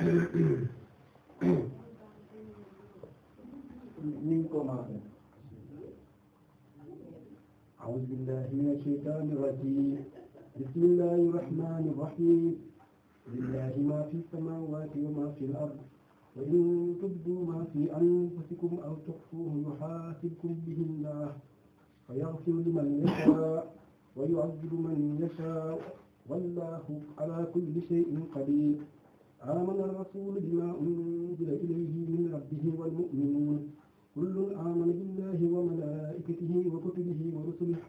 ni ñu commencé أعوذ بالله من الشيطان الرجيم بسم الله الرحمن الرحيم لله ما في السماوات وما في الأرض وإن تبدوا ما في أنفسكم أو تخفوه يحاسبكم به الله فيغفر لمن يشاء ويعذب من يشاء والله على كل شيء قدير amana ar-rasulu bima unzila ilayhi min rabbihi wal mu'minun kullun amana billahi wa malaa'ikatihi wa kutubihi wa rusulihi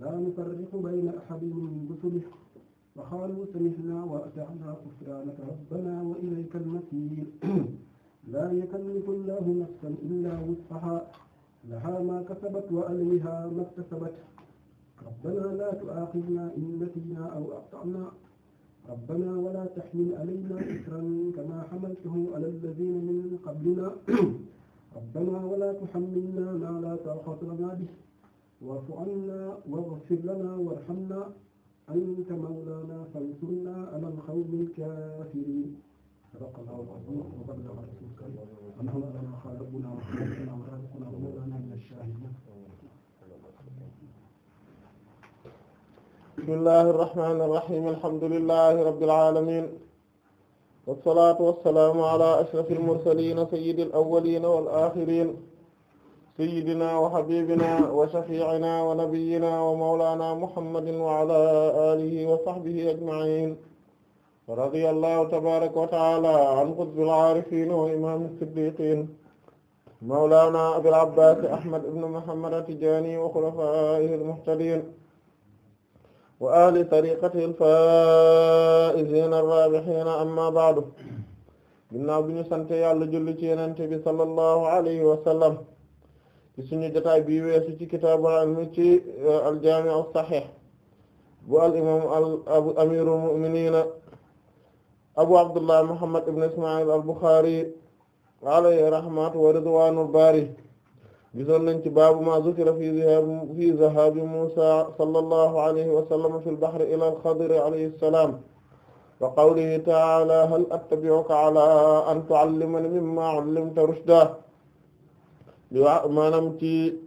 la nufarriqu bayna ahadin min rusulihi wa qaalu sami'na wa ata'na ghufraanaka rabbana wa ilayka al-masiir laa yukallifu llahu nafsan illaa wus'ahaa lahaa maa kasabat wa 'alayhaa maa iktasabat rabbanaa laa tu'aakhidhnaa in nasiinaa aw akhta'naa ربنا ولا تحمل علينا إصرا كما حملته على الذين من قبلنا ربنا ولا تحملنا ما لا طاقة لنا به واعف عنا واغفر لنا وارحمنا أنت مولانا فانصرنا على القوم الكافرين صدق الله العظيم وبلغ رسولك اللهم لنا خالقنا ورزقنا ورزقنا مولانا من الشاهدين bismillahi irrahmani irrahim alhamdulillahi rabbil alamin wassalatu wassalaamu ala ashrafil mursalin sayyidil awwalin wal akhirin sayyidina wa habibina wa shafi'ina wa nabiyyina wa mawlana muhammadin wa ala alihi wa sahbihi ajma'in radiyallahu tabaraka wa ta'ala an qutbil arifin wa imam as-siddiqin mawlana abil abbas ahmad ibn muhammad at-tijani wa khulafaihi al-muhtadin wa ahli tariqatihi al-faa'iziina ar-raabihiina amma ba'du ginnaaw bi ñu sant yàlla julli ci yenente bi sallallahu alayhi wa sallam ci suñu jotaay bi weesu ci kitaabul ilmi ci uh, al-jaami' bu al imaam al abu abdullah muhammad ibn isma'il al-buxaari alayhi rahmatu wa ridwaanul baari gisoon nañ ci baabu ma zukira fi fi zahabi Musa sallallahu alayhi wa sallam fi al-bahri ila al-Khadir alayhi salam wa qawlihi ta'ala hal attabi'uka ala an tu'allimani mimma 'allamta rushda maanaam ci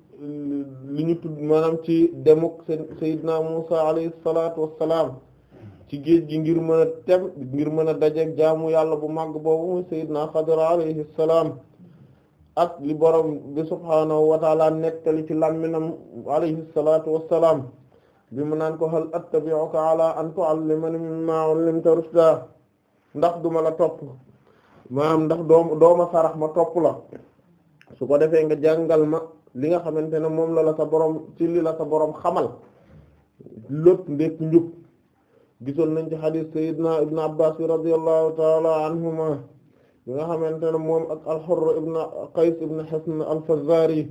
li ñu tudd maanaam ci demuk Seydina Musa alayhi salatu wassalam ci géej gi ngir mën a tem ngir mën a dajeek jaamu yàlla bu màgg boobu Seydina Khadir alayhi salam ak li borom bi subhaanahu wa taala nettali ci làmminam alayhi salaatu wassalaam bi mu naan ko hal attabi'uka ala an tu'allimani mimma 'ullimta rushda ndax duma la topp maam ndax doom dooma sarax ma topp la su ko defee nga jàngal ma li nga xamante ne moom la la sa borom ci li la sa borom xamal lépp ndekk njub gisoon nañ ci hadith sayyidina ibn abbas bi radiyallahu anhuma bi nga xamante ne moom ak al-Hurr ibn Qays ibn Hisn al-Fazzari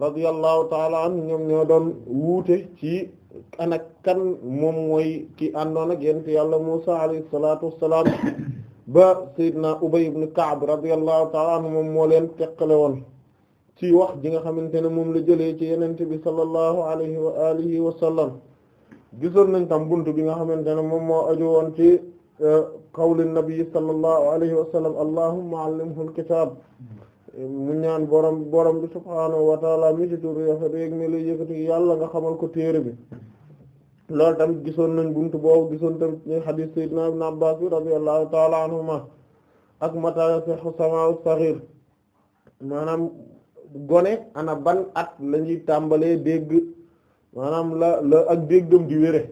radiyallahu taala anhu ñoom ñoo doon wuute ci ana kan moom mooy ki àndoon ak yonent yàlla Muusaa alayhi salaatu wassalaam ba Seydina Ubay ibn Ka'b radiyallahu taala anhu moom moo leen teqale woon ci wax ji nga xamante ne moom la jëlee ci yonent bi sallallahu alayhi wa alihi wa sallam gisoon nañ tam buntu bi nga xamante ne moom moo aju ci qawli nabi sallallahu alayhi wa sallam allahumma allimhu alkitab mu ñaan borom borom bi subhaanahu wa mi ci tur yafe réeg mi lay yàlla nga xamal ko téere bi loolu tamit gisoon nañ buntu boobu gisoon tamit ni hadith sayyidina ibn abbas bi radiyallahu taala anhuma ak mata sexu samau saxir maanaam gone ana ban at la ñuy tàmbalee dégg maanaam la la ak déggam di wére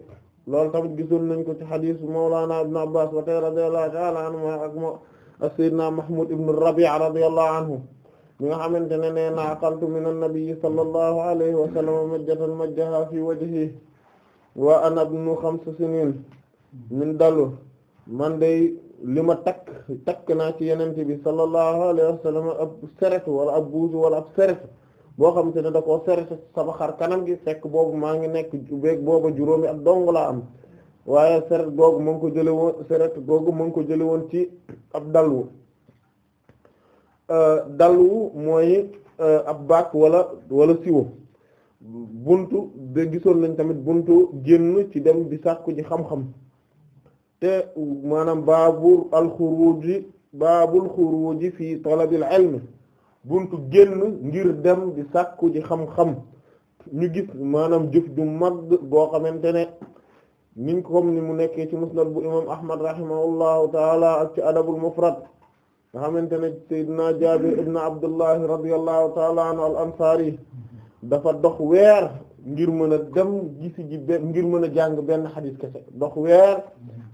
loolu tamit gisoon nañ ko ci xadiis mawlaana ibnu Abbaas ba tey radiyallahu ta'ala anhuma ak ak sayyidina Mahmud ibnu Rabi' radiyallahu anhu mi nga xamante ne nee na aqaltu min an-nabi sallallahu alayhi wa sallam majjatan majjaha fi wajhihi wa ana ibnu xams sinin min dalu man day li ma takk takk naa ci yenente bi sallallahu alayhi wa sallam ab seret wala ab buusu wala ab seret boo xamante ne da koo serré sama xar kanam gi fekk boobu maa ngi nekk beeg booba juróomi ak dong laa am waaye seret googu mu ngi ko jële woon seret googu mu ngi ko jële ci ab dalwu euh, dalwu mooy euh, ab baat walla wala siwo buntu de gisoon nañ tamit buntu génn ci dem di sàkku ji xam-xam te maanaam baabul alxuruuji baabul xuruuji fii talabil ilm buntu génn ngir dem di sàkku ji xam-xam ñu gis maanaam jëf ju mag goo xamante ne niñ ko ni mu nekkee ci musnad bu imam ahmad rahimahullahu taala ak ci adabul mufrad nga xamante ne sayyidina jabir ibn abdullahi radiyallahu taala anhu al ansari dafa dox weer ngir mën a dem gisi ji be ngir mën a jàng benn xadis kese dox weer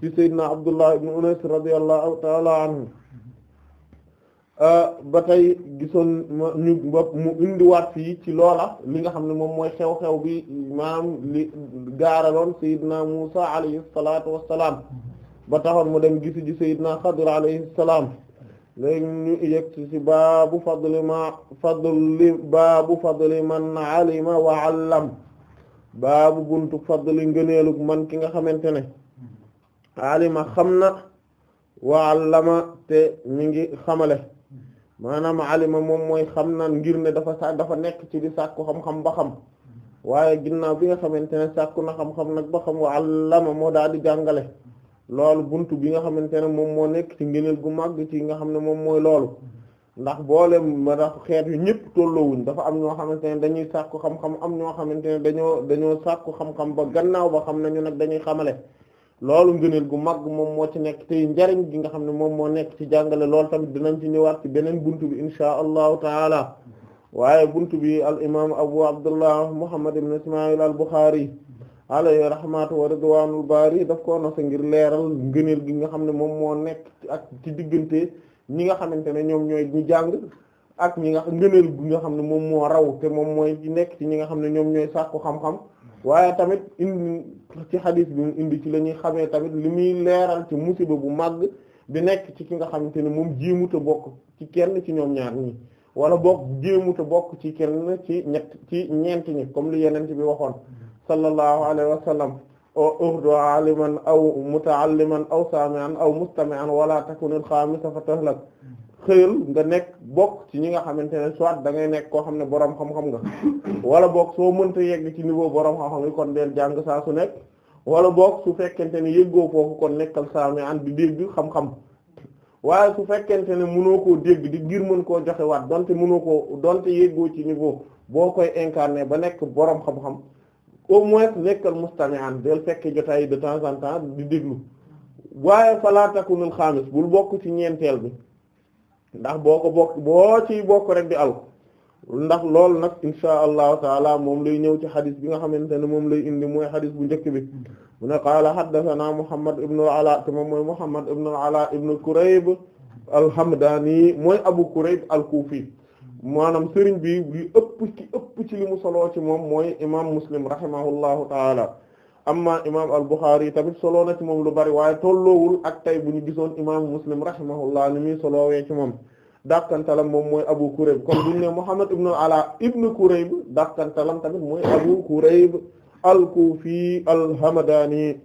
ci sayyidina abdullah ibn unas radiyallahu taala anhu Euh, ba tey gisoon ñu bopp mu indiwaat fii ci loola li nga xam ne moom mooy xew-xew bi maam li gaaraloon Seydina Musa alayhi salaat wa salaam ba taxoon mu dem gisi ji Seydina Xadir salaam léegi ñu yegg ci baabu fadli ma fadli baabu fadli alima wa allam baabu buntu fadli ngëneelug man ki nga xamante ne alima xam na wa allama te mi ngi xamale maanaam alima moom mooy xam naa ngir ne dafa sa dafa nekk ci di sàkku xam-xam ba xam waaye ginnaaw bi nga xamante ne sàkku na xam-xam nag ba xam wa allama moo daal di jàngale loolu bunt bi nga xamante ne moom moo nekk ci ngëneel gu màgg ci nga xam ne moom mooy loolu ndax boole ma dafa xeet yu ñëpp tolloowuñ dafa am ñoo xamante ne dañuy sàkku xam am ñoo xamante ne dañoo dañoo sàkku xam-xam ba gannaaw ba xam nañu nag dañuy xamale loolu ngëneel gu mag moom moo ci nekk te njariñ gi nga xam ne moom moo nekk ci jàngale loolu tamit dinañ ci ñëwaat ci beneen buntu bi insha allahu taala waaye buntu bi al imam abu abdullah muhammad ibn ismail al bukhari alayhi rahmatu wa ridwanul bari daf koo nosa ngir leeral ngëneel gi nga xam ne moom moo nekk ak ci diggante ñi nga xamante ne ñoom ñooy ñu jàng ak ñi nga xam ngëneel gi nga xam ne moom moo raw te moom mooy nekk ci ñi nga xam ne ñoom ñooy sàkku xam-xam waaye tamit indi ci xadis bi mu indi ci lañuy ñuy xamee tamit li muy leeral ci musiba bu màgg bi nekk ci ki nga xamante ne moom jéemuta bokk ci kenn ci ñoom ñaar wala bokk jéemuta bokk ci kenn ci ñett ci ñeent ñi comme li yeneen bi waxoon sallallahu alayhi wa sallam urdu aw aw mutaalliman aw saami'an aw mustami'an wala takunil xaamisa fa tahlak xëyal nga nekk bokk ci ñi nga xamante ne soit da ngay nekk koo xam ne boroom xam-xam nga wala boog soo mënta yegg ci niveau boroom xam-xam kon deel jàng saa su nekk wala boog su fekkente ne yëggoo foofu kon nekkal saa an di dégg xam-xam waaye su fekkente ne mënoo koo dégg di ngir mën koo joxe waat donte mënoo koo donte yëggoo ci niveau boo koy incarné ba nekk boroom xam-xam au moins nekkal mustami'an del fekk jotaay de temps en temps di déglu waaye falaa takunul xaamis bul bokk ci ñeenteel bi ndax boo ko bokk boo ci bokk rek di al ndax loolu nag insha allahu taala moom lay ñëw ci xadis bi nga xamante ne moom lay indi mooy xadis bu njëkk bi mu ne qaala xaddathana muhammad ibnu ala te moom mooy muhammad ibnu ala ibnu kurayb alhamdani mooy abu kurayb alkuufi maanaam sëriñ bi li ëpp ci ëpp ci li mu soloo ci moom mooy imam muslim rahimahullahu taala amma imaam al-Bukhari tamit solo na ci moom lu bari waaye tolloowul ak tey bu ñu gisoon imaamu Muslim rahimahullah ni muy solowee ci moom dàqantalam moom mooy Abu Kurayb kon bu ñu nee Muhammad ibn al-Ala ibn Kurayb dàqantalam tamit mooy Abu Kurayb al-Kufi al-Hamadani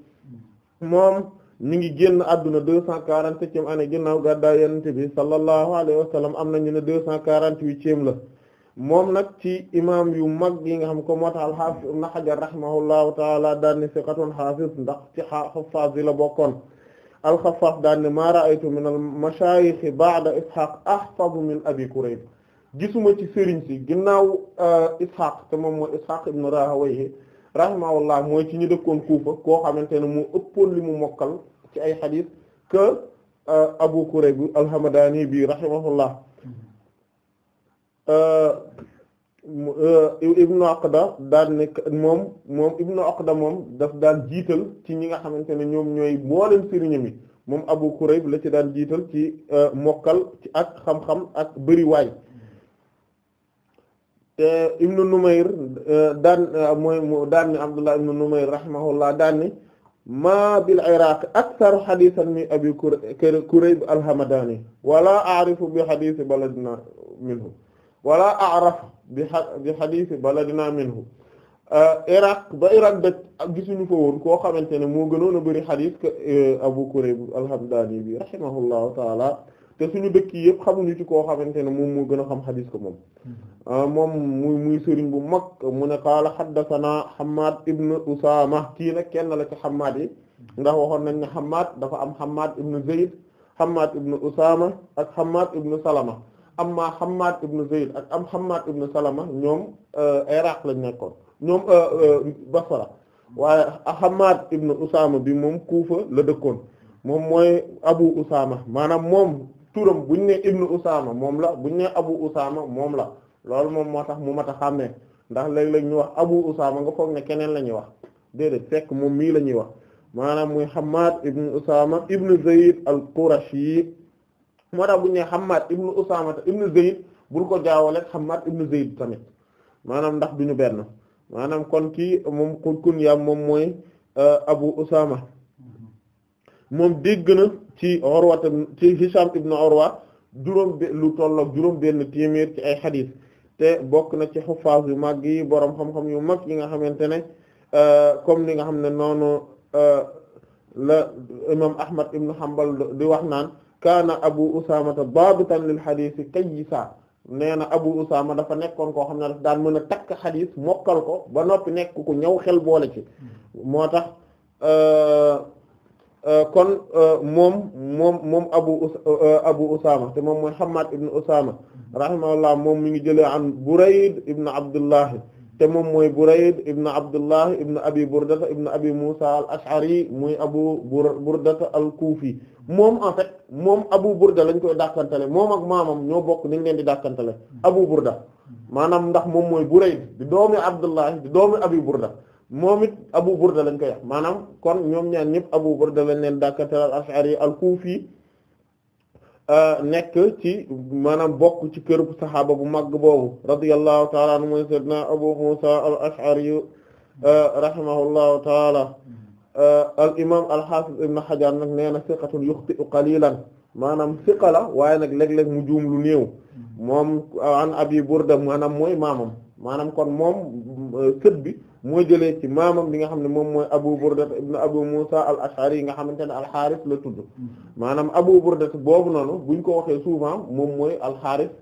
moom ñu ngi génn àdduna deux cent quarante-septième année ginnaaw gàddaay Yonent bi sallallahu alayhi wa sallam am nañu ne deux cent quarante-huitième la moom nag ci imam yu mag yi nga xam ko moo tax al-Hafiz Ibn Hajar rahimahullahu taala daan ne siqatun hafiz ndax ci xa yi la bokkoon al-Xaffaaf daan ne ma ra'aytu min al-mashayikh ba'da Ishaq ahfazu min Abi Kurayb gisuma ci sëriñ si ginnaaw uh, Ishaq te moom mooy Ishaq ibn Rahawayhi rahimahullah mooy ci ñu dëkkoon Kuufa koo xamante ne mu ëppoon li mu mokkal ci ay xadiis que uh, Abu Kurayb al-Hamadani bi rahimahullah Euh, euh, ibnu Aqda daan ne moom moom ibnu Aqda moom daf daan jiital ci ñi nga xamante ne ñoom ñooy mboolem sëriñam yi moom Abu Kurayb la ci daan jiital ci euh, mokkal ci ak xam-xam ak bëriwaay te ibnu Numayr daan mooy mu daan ne Abdullah ibnu Numayr rahimahullah daan ne ma bil iraq aktharu xadisan min abi Kurayb al-Hamadani wala a'rifu bi xadisi baladina minhu wala araf bi bi xadiisi baladina minhu euh, Iraq ba Iraq dëkk gisuñu fa woon koo xamante ne moo gënoon a bëri xadiis que euh, Abu Kurayb al-Hamdani bi rahimahullahu taala te suñu dëkk yëpp xamuñu ci ko xamante ne moom moo gën a xam xadiis ko moom euh, moom muy muy sëriñ bu mag mu ne qaala xaddasanaa Hammaad ibn Usaama kii nag kenn la ci Hammaad yi ndax waxoon nañ ne Hammaad dafa am Hammaad ibn Zayd Hammaad ibn Usaama ak Hammaad ibn Salama amma Hammad ibn Zayd ak am Hammad ibn Salama ñoom euh, Iraq lañ nekkoon ñoom euh, euh, Basra waaye Hammad ibn Usama bi moom Kufa la dëkkoon moom mooy Abu Usama maanaam moom turam buñ ne ibn Usama moom la bu ñu ne Abu Usama moom la loolu moom moo tax mu mat a xàmmee ndax léeg-léeg ñu wax Abu Usama nga foog ne keneen la ñuy wax déedéet fekk moom mii la ñuy wax maanaam muy Hammad ibn Usama ibn Zayd al-Qurashi moo tax bu ñu nee Hammad ibn Usaama ibn bul ko jaawale Hammad ibn Zayd tamit maanaam ndax duñu benn maanaam kon kii moom kon kunyaam moom mooy euh, Abu Usaama moom dégg na ci Urwa ci Hisham ibn Urwa juróom lu tolloog juróom benn téeméer ci ay xadiis te bokk na ci xufaas yu mag yi boroom xam-xam yu mag yi nga xamante ne euh, comme ni nga xam ne noonu euh, la imam Ahmad ibn Hanbal di wax naan kaana abu usaamata baabitan lil xadiisi kayyisaa nee na abu usaama dafa nekkoon koo xam ne daf daan mën a takk xadiis mokkal ko ba noppi nekk ku ñëw xel boole ci moo tax euh, euh, kon euh, moom moom moom abu abu usaama te moom mooy Hammaad ibn usaama rahimahullah moom mu ngi jëlee an burayd ibn abdullahi te moom mooy Burayd ibn Abdullah ibn Abi Burdata ibn Abi Musa al-Ash'ari muy Abu Burdata al-Kufi moom en fait moom Abu Burda lañ koy dàkkantale moom ak maamam ñoo bokk ni ñu leen di dàkkantale Abu Burda maanaam ndax moom mooy Burayd di doomi Abdullah di doomi Abi Burda moom it Abu Burda lañ koy wax maanaam kon ñoom ñaan ñëpp Abu Burda lañ leen dàkkantale al-Ash'ari al-Kufi Euh, nekk ci maanaam bokk ci kër saxaaba bu màgg boobu radiyallahu taala anhu mooy sayyidina Abu Musa al-Ash'ari euh, rahimahullahu taala euh, al imam al-Hafiz ibn Hajar nag nee na siqatun yuxti'u qalilan maanaam siqa la waaye nag léeg mu juum lu néew hmm. moom an Abi Burda maanaam mooy maamam maanaam kon moom Euh, sët bi moo jëlee ci maamam li nga xam ne moom mooy Abu Burda ibn Abu Musa al-Ash'ari yi nga xamante ne al-Harith la tudd maanaam Abu Burda boobu noonu buñ ko waxee souvent moom mooy al-Harith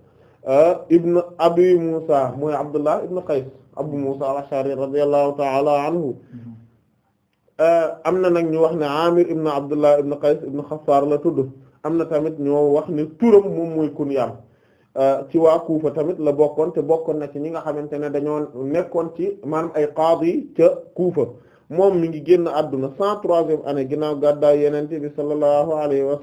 euh, ibn Abi Musa mooy Abdullah ibn Qays Abu Musa al-Ash'ari radiyallahu ta'ala euh, am na nag ñu wax ne Amir ibn Abdullah ibn tudd am na tamit ñoo wax ne turam moom mooy kunyam Euh, ci waa Kuufa tamit la bokkoon te bokkoon na ci ñi nga xamante ne dañoo nekkoon ci maanaam ay qaadi ca Kuufa moom mi ngi génn àdduna cent troisième année ginnaaw gàddaay yeneen bi sallallahu alayhi wa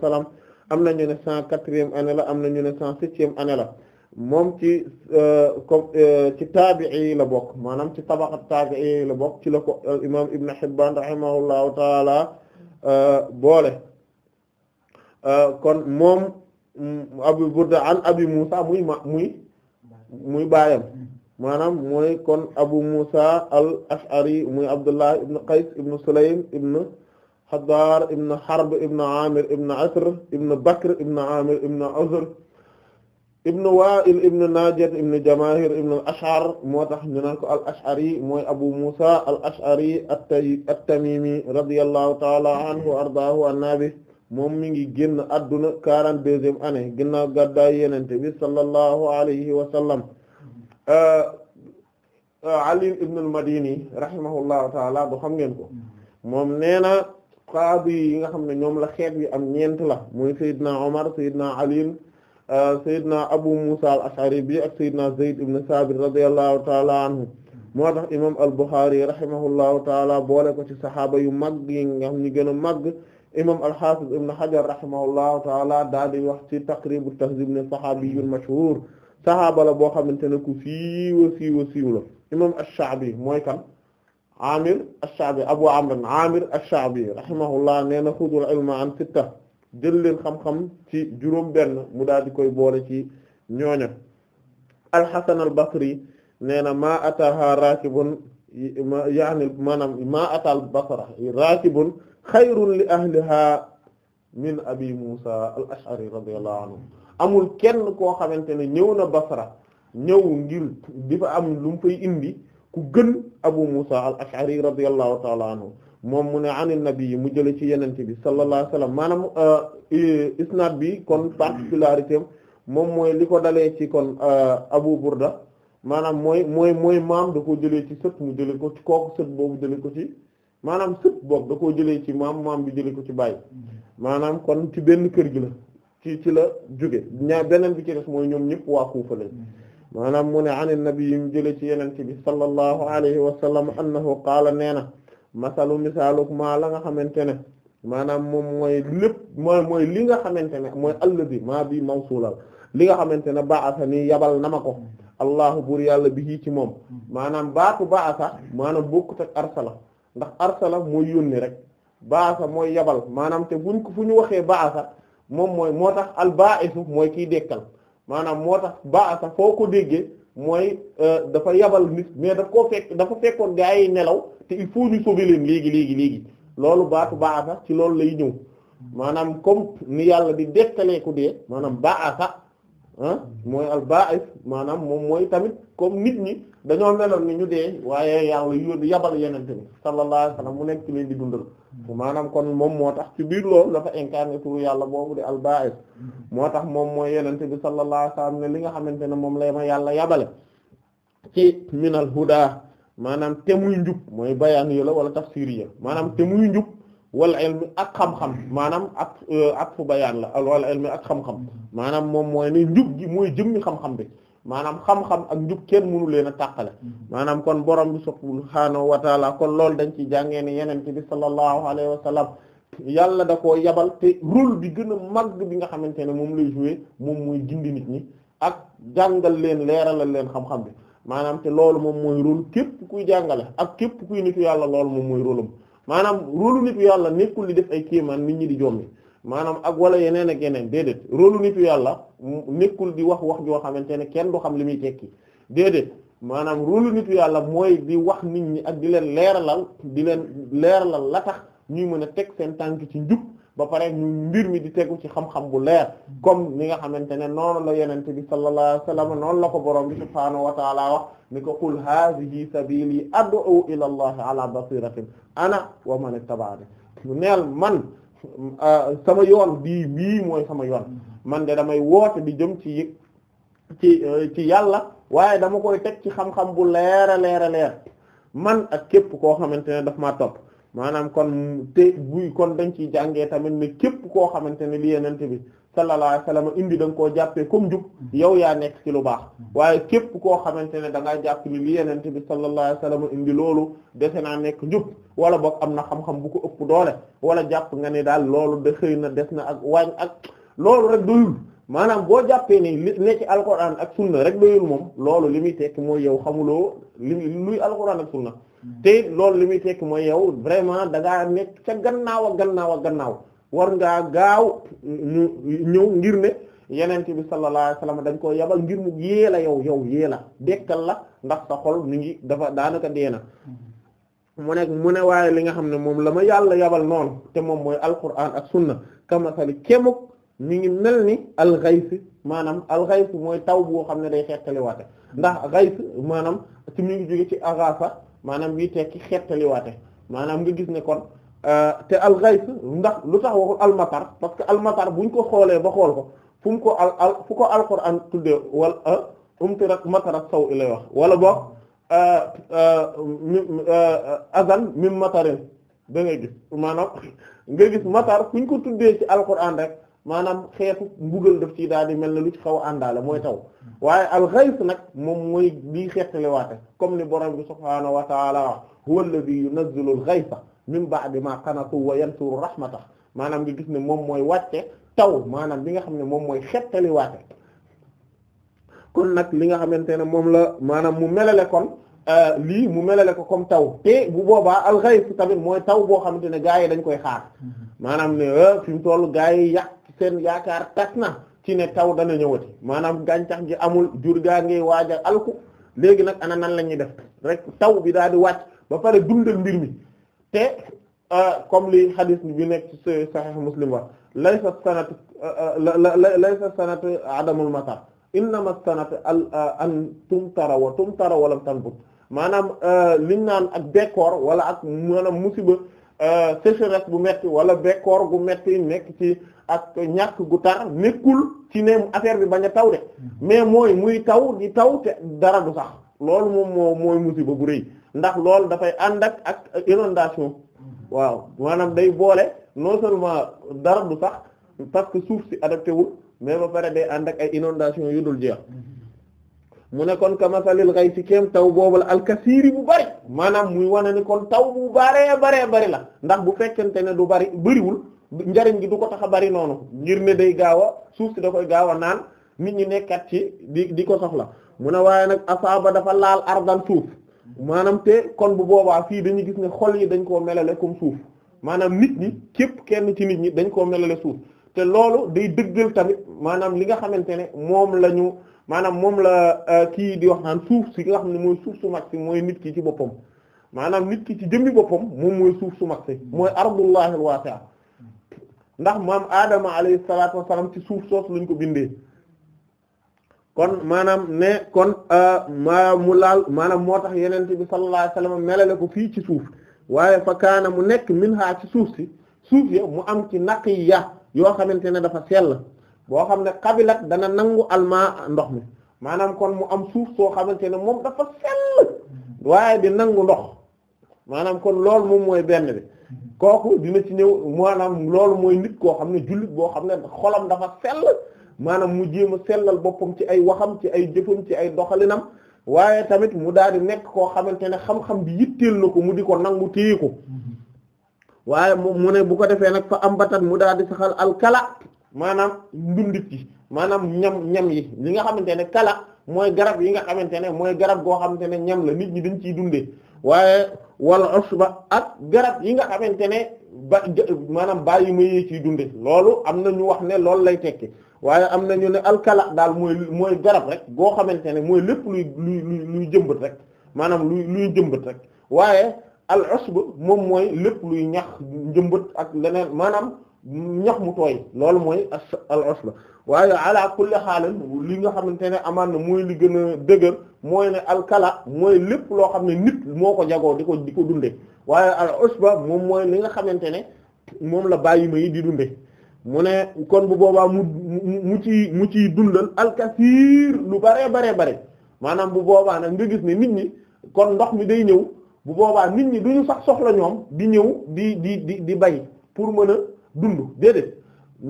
am na ñu ne cent quatrième année la am na ñu ne cent septième année la moom ci euh, comme euh, ci taabi'i la bokk maanaam ci tabaxat taabi'i la bokk ci la ko imaam Ibn Hibbaan rahimahullahu taala boole kon moom. Abu Burda an Abi Musa muy ma muy muy baayam maanaam mooy kon Abu Musa al Ash'ari muy Abdullah ibn Qays ibn Sulaym ibn Hadar ibn Harb ibn Amir ibn Asr ibn Bakr ibn Amir ibn Uzr ibn Wa'il ibn Najid ibn Jamahir ibn al-Ash'ar moo tax ñu naan ko al-Ash'ari mooy Abu Musa al-Ash'ari at-Tamimi radiyallahu ta'ala anhu wa ardaahu an-nabi moom mi ngi génn adduna quarante-deuxième année ginnaaw gàddaay yenente bi sallallahu alayhi wa sallam euh, euh, Ali ibn al-Madini rahimahullahu taala bu xam ngeen ko moom nee na qaadi yi nga xam ne ñoom la xeet bi am ñeent la mooy Seydina Omar Seydina Ali euh, Seydina Abu Musa al-Ash'ari bi ak Seydina Zayd ibn Sabit radiyallahu taala anhu moo tax imam al-Bukhari rahimahullahu taala boole ko ci saxaaba yu mag yi nga xam ñu gën a mag imam al-Hafiz ibn Hajar rahimahullahu taala daal di wax ci Taqrib at-Tahdhib ne sahabiyyun mashhur sahaaba la boo xamante ne ku siiwa siiwa siiw la imam ash-Sha'bi mooy kan Amir ash-Sha'bi Abu Amr Amir ash-Sha'bi rahimahullah nee na xudul ilma an sitta jël leen xam-xam ci juróom benn mu daal di koy boole ci ñooña al-Hasan al-Basri nee na ma ataha raakibun yaani maanaam ma atal basra raakibun xayrun li ahliha min abi musa al ashari radiyallahu anhu amul kenn koo xamante ne ñëw na basra ñëw ngir di fa am lu mu fay indi ku gën abu musa al ashari radiyallahu ta'ala anhu moom mu ne an nabi mu jële ci yenente bi sallallahu alayhi wasallam maanaam euh, isnad bi kon particularité moom mooy li ko dalee ci kon euh, abu burda maanaam mooy mooy mooy maam da ko jëlee ci sët mu jële ko ci kooku sët boobu jële ko ci maanaam sët boog da koo jëlee ci maam maam bi jëlee ko ci baay maanaam kon ci benn kër gi la ci ci la jóge ñaa beneen bi ci des mooy ñoom ñëpp waa Kuufa lañ maanaam mu ne an nabi yi mu jëlee ci yenente bi sallallahu alayhi wa sallam annahu qaala nee na masalu misaaluk maa la nga xamante ne maanaam moom mooy lépp mooy mooy li nga xamante ne mooy alladi maa bi mawsuulal li nga xamante ne ba'asa ni yabal na ma ko allahu buur yàlla bi ci moom maanaam baatu ba'asa maanaam bokkut ak arsala ndax arsala mooy yónni rek baasa mooy yabal maanaam te buñ ko fu ñu waxee baasa moom mooy moo tax al ba'isu mooy kiy dekkal maanaam moo tax baasa foo ko déggee mooy euh, dafa yabal nit mais daf ko fekk dafa fekkoon gaa yi nelaw te il faut ñu sauver leen léegi léegi léegi loolu baatu baasa ci loolu lay ñëw maanaam comme ni yàlla di dekkalee ku maanaam baasa Ah, mooy al ba'is maanaam moom mooy tamit comme nit ñi dañoo meloon ni ñu dee waaye yàlla yóon yabal yenente bi sallallahu alayhi wa sallam mu nekk ci leen di dundal maanaam kon moom moo tax ci biir loolu dafa incarné turu yàlla boobu di al ba'is moo tax moom mooy yenente bi sallallahu alayhi wa ne li nga xamante ne moom lay ma yàlla yabale ci minal huda maanaam te muy njub mooy bayaan yi la wala tafsir maanaam te njub wal ilmi ak xam-xam maanaam ak ak fu bayaan la wal ilmi ak xam-xam maanaam moom mooy ne njub gi mooy jëmmi xam-xam bi maanaam xam-xam ak njub kenn mënu leen a tàqale maanaam kon borom bi subhaanahu wa taala kon loolu dañ ci jàngee ne yeneen bi sallallahu alayhi wa sallam yàlla da koo yabal te rôle di gën a màgg bi nga xamante ne moom lay jouer moom mooy jindi nit ñi ak jàngal leen leeralal leen xam-xam bi maanaam te loolu moom mooy rôle képp kuy jàngale ak képp yàlla loolu moom mooy rôle maanaam rôle nitu yàlla nekkul li def ay kéemaan nit ñi di jommi maanaam ak wala yeneen ak yeneen déedéet rôle nitu yàlla nekkul di wax wax joo xamante ne kenn du xam li muy tekki déedéet maanaam rôle nitu yàlla mooy di wax nit ñi ak di leen leeralal di leen leeralal la tax ñuy mën a teg seen tànk ci njub ba pare ñu mbir mi di tegu ci xam-xam bu leer comme ni nga xamante ne noonu la yenente bi sallallahu alayhi noonu la ko borom bi subhaanahu wa ta'ala wax ni ko qul haadihi sabiili ad'u ila allahi ala basiratin ana wa man ittaba'ani neel man sama yoon bii bii mooy sama yoon man de damay woote di jëm ci yëg ci ci yàlla waaye dama koy teg ci xam-xam bu leer a leer man ak képp koo xamante ne daf ma topp maanaam kon te guy kon dañ ciy jàngee tamit ne képp koo xamante ne li yenente bi sallallahu alayhi wasallam indi da nga koo jàppee comme jub yow yaa nekk ci lu baax waaye képp koo xamante ne da ngaa jàpp ni li yenente bi sallallahu indi loolu dese naa nekk njub wala boog am na xam-xam bu ko ëpp doole wala jàpp nga ne daal loolu de xëy na des na ak waañ ak loolu rek doyul maanaam boo jàppee ni li ne ci alquran ak sunna rek doyul moom loolu li muy tekki mooy yow xamuloo li luy alquran ak sunna te loolu li muy tekk mooy yow vraiment da ngaa nekk ca gannaaw ak gannaaw ak gannaaw war ngaa gaaw ñëw ngir ne yenente bi sallallahu alayhi wasallam dañ ko yabal ngir mu yee la yow yow yee la dekkal la ndax sa xol mi ngi dafa daanaka dee na mu nekk mu ne waaye li nga xam ne moom la ma yàlla yabal noonu te moom mooy alquran ak sunna kamasali kémuk mi ngi mel ni alxays maanaam alxays mooy taw boo xam ne day xettaliwaate ndax xays maanaam ci mi ngi jóge maanaam bii tekki xettaliwaate maanaam nga gis ne kon euh, te alxays ndax lu tax waxul almatar parce que almatar ñu ko xoolee ba xool ko fu mu ko al al fu ko alquran tuddee wala euh, umtirat matarat saw ilay wax wala boog euh, azan min matarin da ngay gis maanaam nga gis matar fuñ ko tuddee ci alquran rek maanaam xeetu mbugal daf ci daal di mel na lu ci xaw àndaale mooy taw waaye alxays nag moom mooy lii xeetaliwaate comme ni borom bi subhaanahu wa ta'ala huwa alladhi yunazzilu al-ghaytha min ba'di ma qanatu wa yansuru tax maanaam nga gis ne moom mooy wàcce taw maanaam li nga xam ne moom mooy xeetaliwaate kon nag li nga xamante ne moom la maanaam mu melale kon euh, lii mu melale ko comme taw te bu boobaa alxays tamit mooy taw boo xamante ne gaa yi dañ koy xaar mm-hmm. seen yaakaar tas na ci ne taw dana ñëwati maanaam gàncax gi amul jur gaa ngi waaj a alku léegi nag ana nan la ñuy def rek taw bi daal di wàcc ba pare dundal mbir mi te euh, comme li hadith bi nekk ci sahih muslim wax laysa sanatu euh, euh, laysa sanatu adamul matar innama sanatu al an tumtara wa tumtara wa lam tanbut maanaam liñ naan ak décor wala ak maanaam musiba Euh, sécheresse bu metti wala bekkoor gu metti nekk ci ak ñàkk gu tar nekkul ci ne affaire bi bañ a taw de mm-hmm. mais mooy muy taw di taw te dara du sax loolu moom moo mooy musiba bu rëy ndax loolu dafay ànd ak ak inondation mm-hmm. waaw maanaam day boole non seulement dara du sax parce que suuf si adapté wu mais ba pare day ànd ak ay inondation yu dul jeex mm-hmm. mu ne kon ka masalil xay si kéem taw boobal alkasiiri bu bari maanaam muy wane ni kon taw bu baree baree bari la ndax bu fekkente ne du bari bariwul njariñ gi du ko tax a bari noonu ngir ne day gaaw a suuf si da koy gaaw a naan nit ñi nekkat ci di di ko soxla mu ne waaye nag asaaba dafa laal ardan suuf maanaam te kon bu boobaa fii dañuy gis ne xol yi dañ koo melale comme suuf maanaam nit ñi képp kenn ci nit ñi dañ koo melale suuf te loolu day dëggal tamit maanaam li nga xamante ne moom la maanaam moom la euh, kii di wax naan suuf si nga xam ne mooy suuf su mag si mooy nit ki ci boppam maanaam nit ki ci jëmmi boppam moom mooy suuf su mag si mooy ardullahi alwasi'a ndax maam Adama alayhi salaatu wassalaam ci suuf soos lañ ko bindee kon maanaam ne kon euh, ma mu laal maanaam moo tax yeneen bi sallallahu alayhi wasallam melale ko fii ci suuf waaye fa kaana mu nekk minha ci suuf si suuf ya mu am ci naqiya yoo xamante ne dafa sell boo xam ne kabilat dana nangu almaa ndox mi maanaam kon mu am suuf soo xamante ne moom dafa sell waaye di nangu ndox maanaam kon loolu moom mooy benn bi kooku dina ci ñëw maanaam loolu mooy nit koo xam ne jullit boo xam ne xolam dafa sell maanaam mu jéem a sellal boppam ci ay waxam ci ay jëfam ci ay doxalinam waaye tamit mu daal di nekk koo xamante ne xam-xam bi yitteel na ko mu di ko nangu téye ko mhm. waaye mu ne bu ko defee nag fa am batat mu daal di saxal alkala maanaam ndundit yi maanaam ñam ñam yi li nga xamante ne kala mooy garab yi nga xamante ne mooy garab goo xamante ne ñam la nit ñi dañ ciy dundee waaye wala osba ak garab yi nga xamante ne ba maanaam bàyyi ma yee ciy dunde loolu am na ñu wax ne loolu lay tekki waaye am na ñu ne alkala daal mooy mooy garab rek goo xamante ne mooy lépp luy luy luy jëmbat rek maanaam luy luy jëmbat rek waaye al osba moom mooy lépp luy ñax jëmbat ak leneen maanaam ñax mu tooy loolu mooy al asla waaye ala kulli xaalan li nga xamante ne amaan na mooy li gën a dëgër mooy ne alkala mooy lépp loo xam ne nit moo ko jagoo di ko di ko dunde waaye al usba moom mooy li nga xamante ne moom la bàyyi ma yi di dunde mu ne kon bu boobaa mu mu ci mu ciy dundal alkasiir lu baree baree bare maanaam bu boobaa nag nga gis ne nit ñi kon ndox mi day ñëw bu boobaa nit ñi duñu sax soxla ñoom di ñëw di di di di bay pour mën a dund déedéet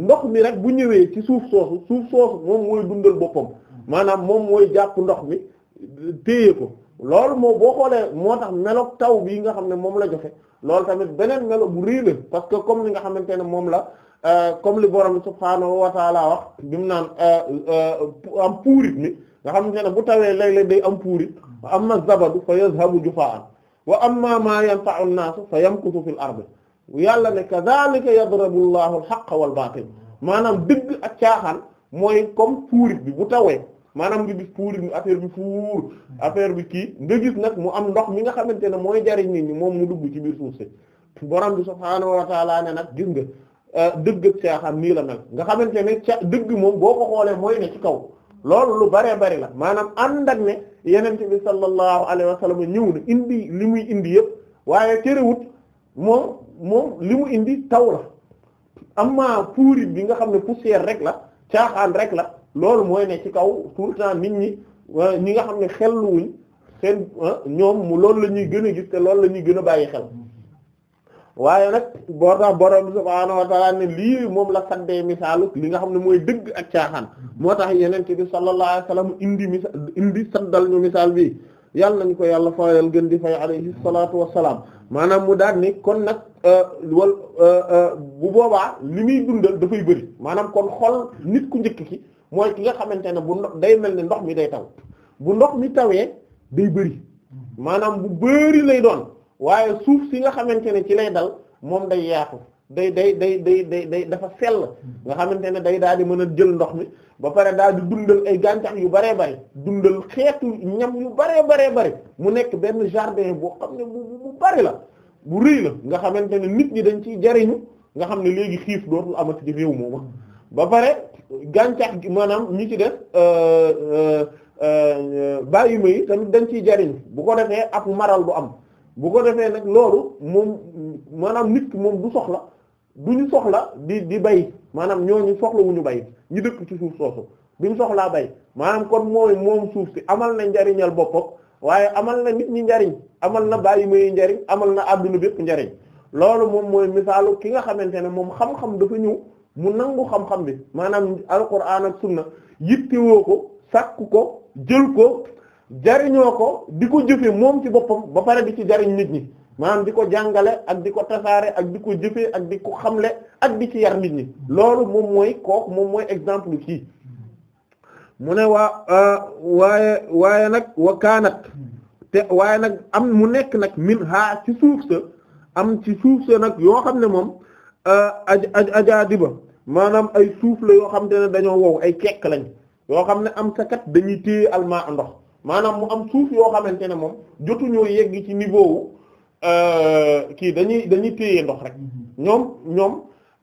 ndox mi rek bu ñëwee ci suuf soosu suuf soosu moom mooy dundal boppam maanaam moom mooy jàpp ndox mi téye ko loolu moo boo xoolee moo tax meloog taw bii nga xam ne moom la joxe loolu tamit beneen melo bu rëy la parce que comme li nga xamante ne moom la euh, comme li borom subhaanahu wa taala wax bi euh, euh, am puurit mi nga xamante ne bu tawee léeg-léeg day am puurit wa amma zabadu fa yazhabu jufa'an wa amma ma yanfa'u fil ardi yàlla ne kazaalika yadribu llaahu al-haqqa wal baatil maanaam dëgg ak caaxaan mooy comme fuurit bi bu tawee maanaam nga gis fuurit bi affaire bi fuur bi kii nga nag mu am ndox mi nga xamante ne mooy jariñ nit ñi moom mu dugg ci biir suuf si borom bi subhaanahu wa ta'aala ne nag gis nga euh, dëgg ak caaxaan nii la nag nga xamante ne ca dëgg moom boo ko xoolee mooy ne ci kaw loolu lu baree bari la maanaam ànd ak ne yenente bi sallallahu alayhi wa sallam ñëw na indi li muy indi yëpp waaye terewut moom moom li mu indi taw la amma puuri bi nga xam ne poussière rek la caaxaan rek la loolu mooy ne ci kaw tout temps nit ñi euh, ñi nga xam ne xelluwuñ seen euh, ñoom loolu la ñuy gën a gis te loolu la ñuy gën a bàyyi xel waaye nag boo tax borom subhaanahu wa ta'ala ne lii moom la saddee misaalu li nga xam ne mooy dëgg ak caaxaan moo tax yeneen bi sallallahu alayhi wa sallam indi misaal indi saddal ñu misaal bi yàlla nañ ko yàlla fayal gën di fay alayhi salaatu wassalaam maanaam mu daal ni kon nag euh, wal euh, euh, bu boobaa li muy dundal dafay bëri maanaam kon xol nit ku njëkk ki mooy ki nga xamante ne bu ndox day mel ne ndox mi day taw bu ndox mi tawee day bëri maanaam bu bëri lay doon waaye suuf si nga xamante ne ci lay dal moom day yaatu day day day day day day dafa sell nga xamante ne day daal di mën a jël ndox mi ba pare daal di dundal ay gàncax yu baree bare dundal xeetu ñam yu baree baree bare mu nekk benn jardin boo xam ne bu bari la bu rëy la nga xamante ne nit ñi dañ ciy jariñu nga xam ne léegi xiif dootul amati ci réew mooma ba pare gàncax gi maanaam ñi ci def euh, euh, euh, bàyyi ma yi tamit dañ ciy jariñu bu ko defee ak maral bu am bu ko defee nag loolu moom maanaam nit ki moom du soxla du ñu soxla di di bay maanaam ñooñu soxla wu ñu bay ñu dëkk ci suuf soosu du ñu soxlaa bay maanaam kon mooy moom suuf si amal na njariñal boppam waaye amal na nit ñi njariñ amal na bàyyi mayi njariñ amal na adduna bépp njariñ loolu moom mooy misaalu ki nga xamante ne moom xam-xam dafa ñëw mu nangu xam-xam bi maanaam alquran ak sunna yittewoo ko sàkku ko jël ko jariñoo ko di ko jëfe moom ci boppam ba pare di ci jariñ nit ñi maanaam di ko jàngale ak di ko tasaare ak di ko jëfee ak di xam xamle ak di ci yar nit ñi loolu moom mooy kook moom mooy exemple kii mu ne waa euh, waaye waaye nag wa kaanat te waaye nag am mu nekk nag min ha ci suuf sa am ci suuf sa nag yoo xam ne moom euh, aj aj ajaadiba maanaam ay suuf la yoo xam te ne dañoo wow ay kekk lañ yoo xam ne am sakat dañuy téye almaa ndox maanaam mu am suuf yoo xamante ne moom jotuñoo yegg ci niveau Euh, kii dañuy dañuy téye ndox rek mhm. ñoom ñoom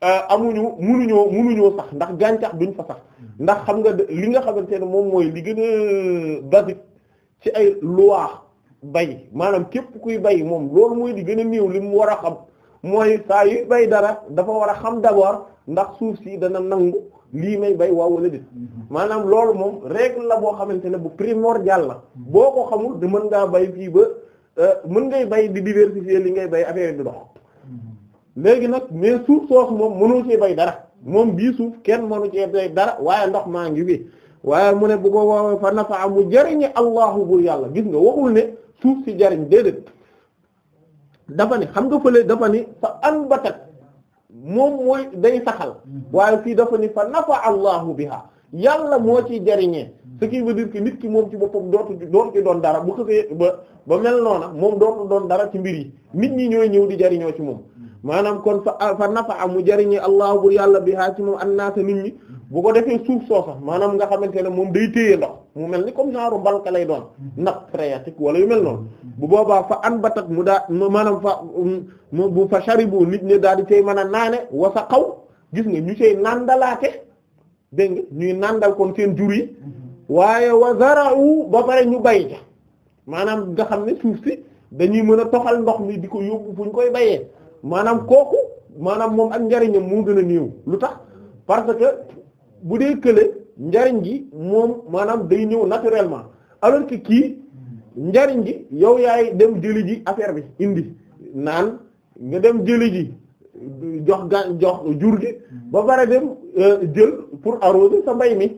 euh, amuñu munuñoo munuñoo sax ndax gàncax duñ fa sax mhm. ndax xam nga li nga xamante ne moom mooy li gën a basique ci ay loi bay maanaam képp kuy bay moom loolu mooy di gën a néew li mu war a xam mooy saa yu bay dara dafa war a xam d'abord ndax suuf si dana nangu lii may bay waaw wala déet mhm. maanaam loolu moom règle la boo xamante ne bu primordial la boo ko xamul da mën ngaa bay fii ba Euh, mën ngay bay di diversifier li ngay bay affaire bi dox léegi nag mais suuf soosu moom mënoo cee bay dara moom bii suuf kenn mënu cee bay dara waaye ndox maa ngi fi waaye mu ne bu ko woowee fa nafa mu jariñe allahu bur yàlla gis nga waxul ne suuf si jariñ déedéet dafa ni xam nga fële dafa ni fa anbatat moom mooy day saxal mm-hmm. waaye fii dafa ni fa nafa allahu biha yàlla moo ci jariñee ce qui veut dire nit ki moom ci boppam dootu dootu ci doon dara bu xësee ba ba mel noona moom dootu doon dara ci mbir yi nit ñi ñëwee ñëw di jariñoo ci moom maanaam kon fa fa nafa mu jariñe allah bu yàlla bi haa ci moom annaata nit ñi bu ko defee suuf soosa maanaam nga xamante ne moom day téye ndox mu mel ni comme genre mbalka lay doon nag phréatique wala yu mel noonu bu boobaa fa an batat mu daa maanaam fa bu fa sharibu nit ñi daal di cay mën a naane wasa xaw gis nga ñu cay nandalaate dégg nga ñuy nandal kon seen jur yi waaye wa zara'u ba pare ñu bay maanaam nga xam ne suuf si dañuy mën a toxal ndox mi di ko yóbbu fu ñu koy bayee maanaam kooku maanaam moom ak njariñam moo gën a néew lu tax parce que bu dee kële njariñ gi moom maanaam day ñëw naturellement alors que kii njariñ gi yow yaay dem jëli ji affaire bi indi naan nga dem jëli ji jox gan jox jur gi ba pare dem euh, jël pour arroser sa mbay mi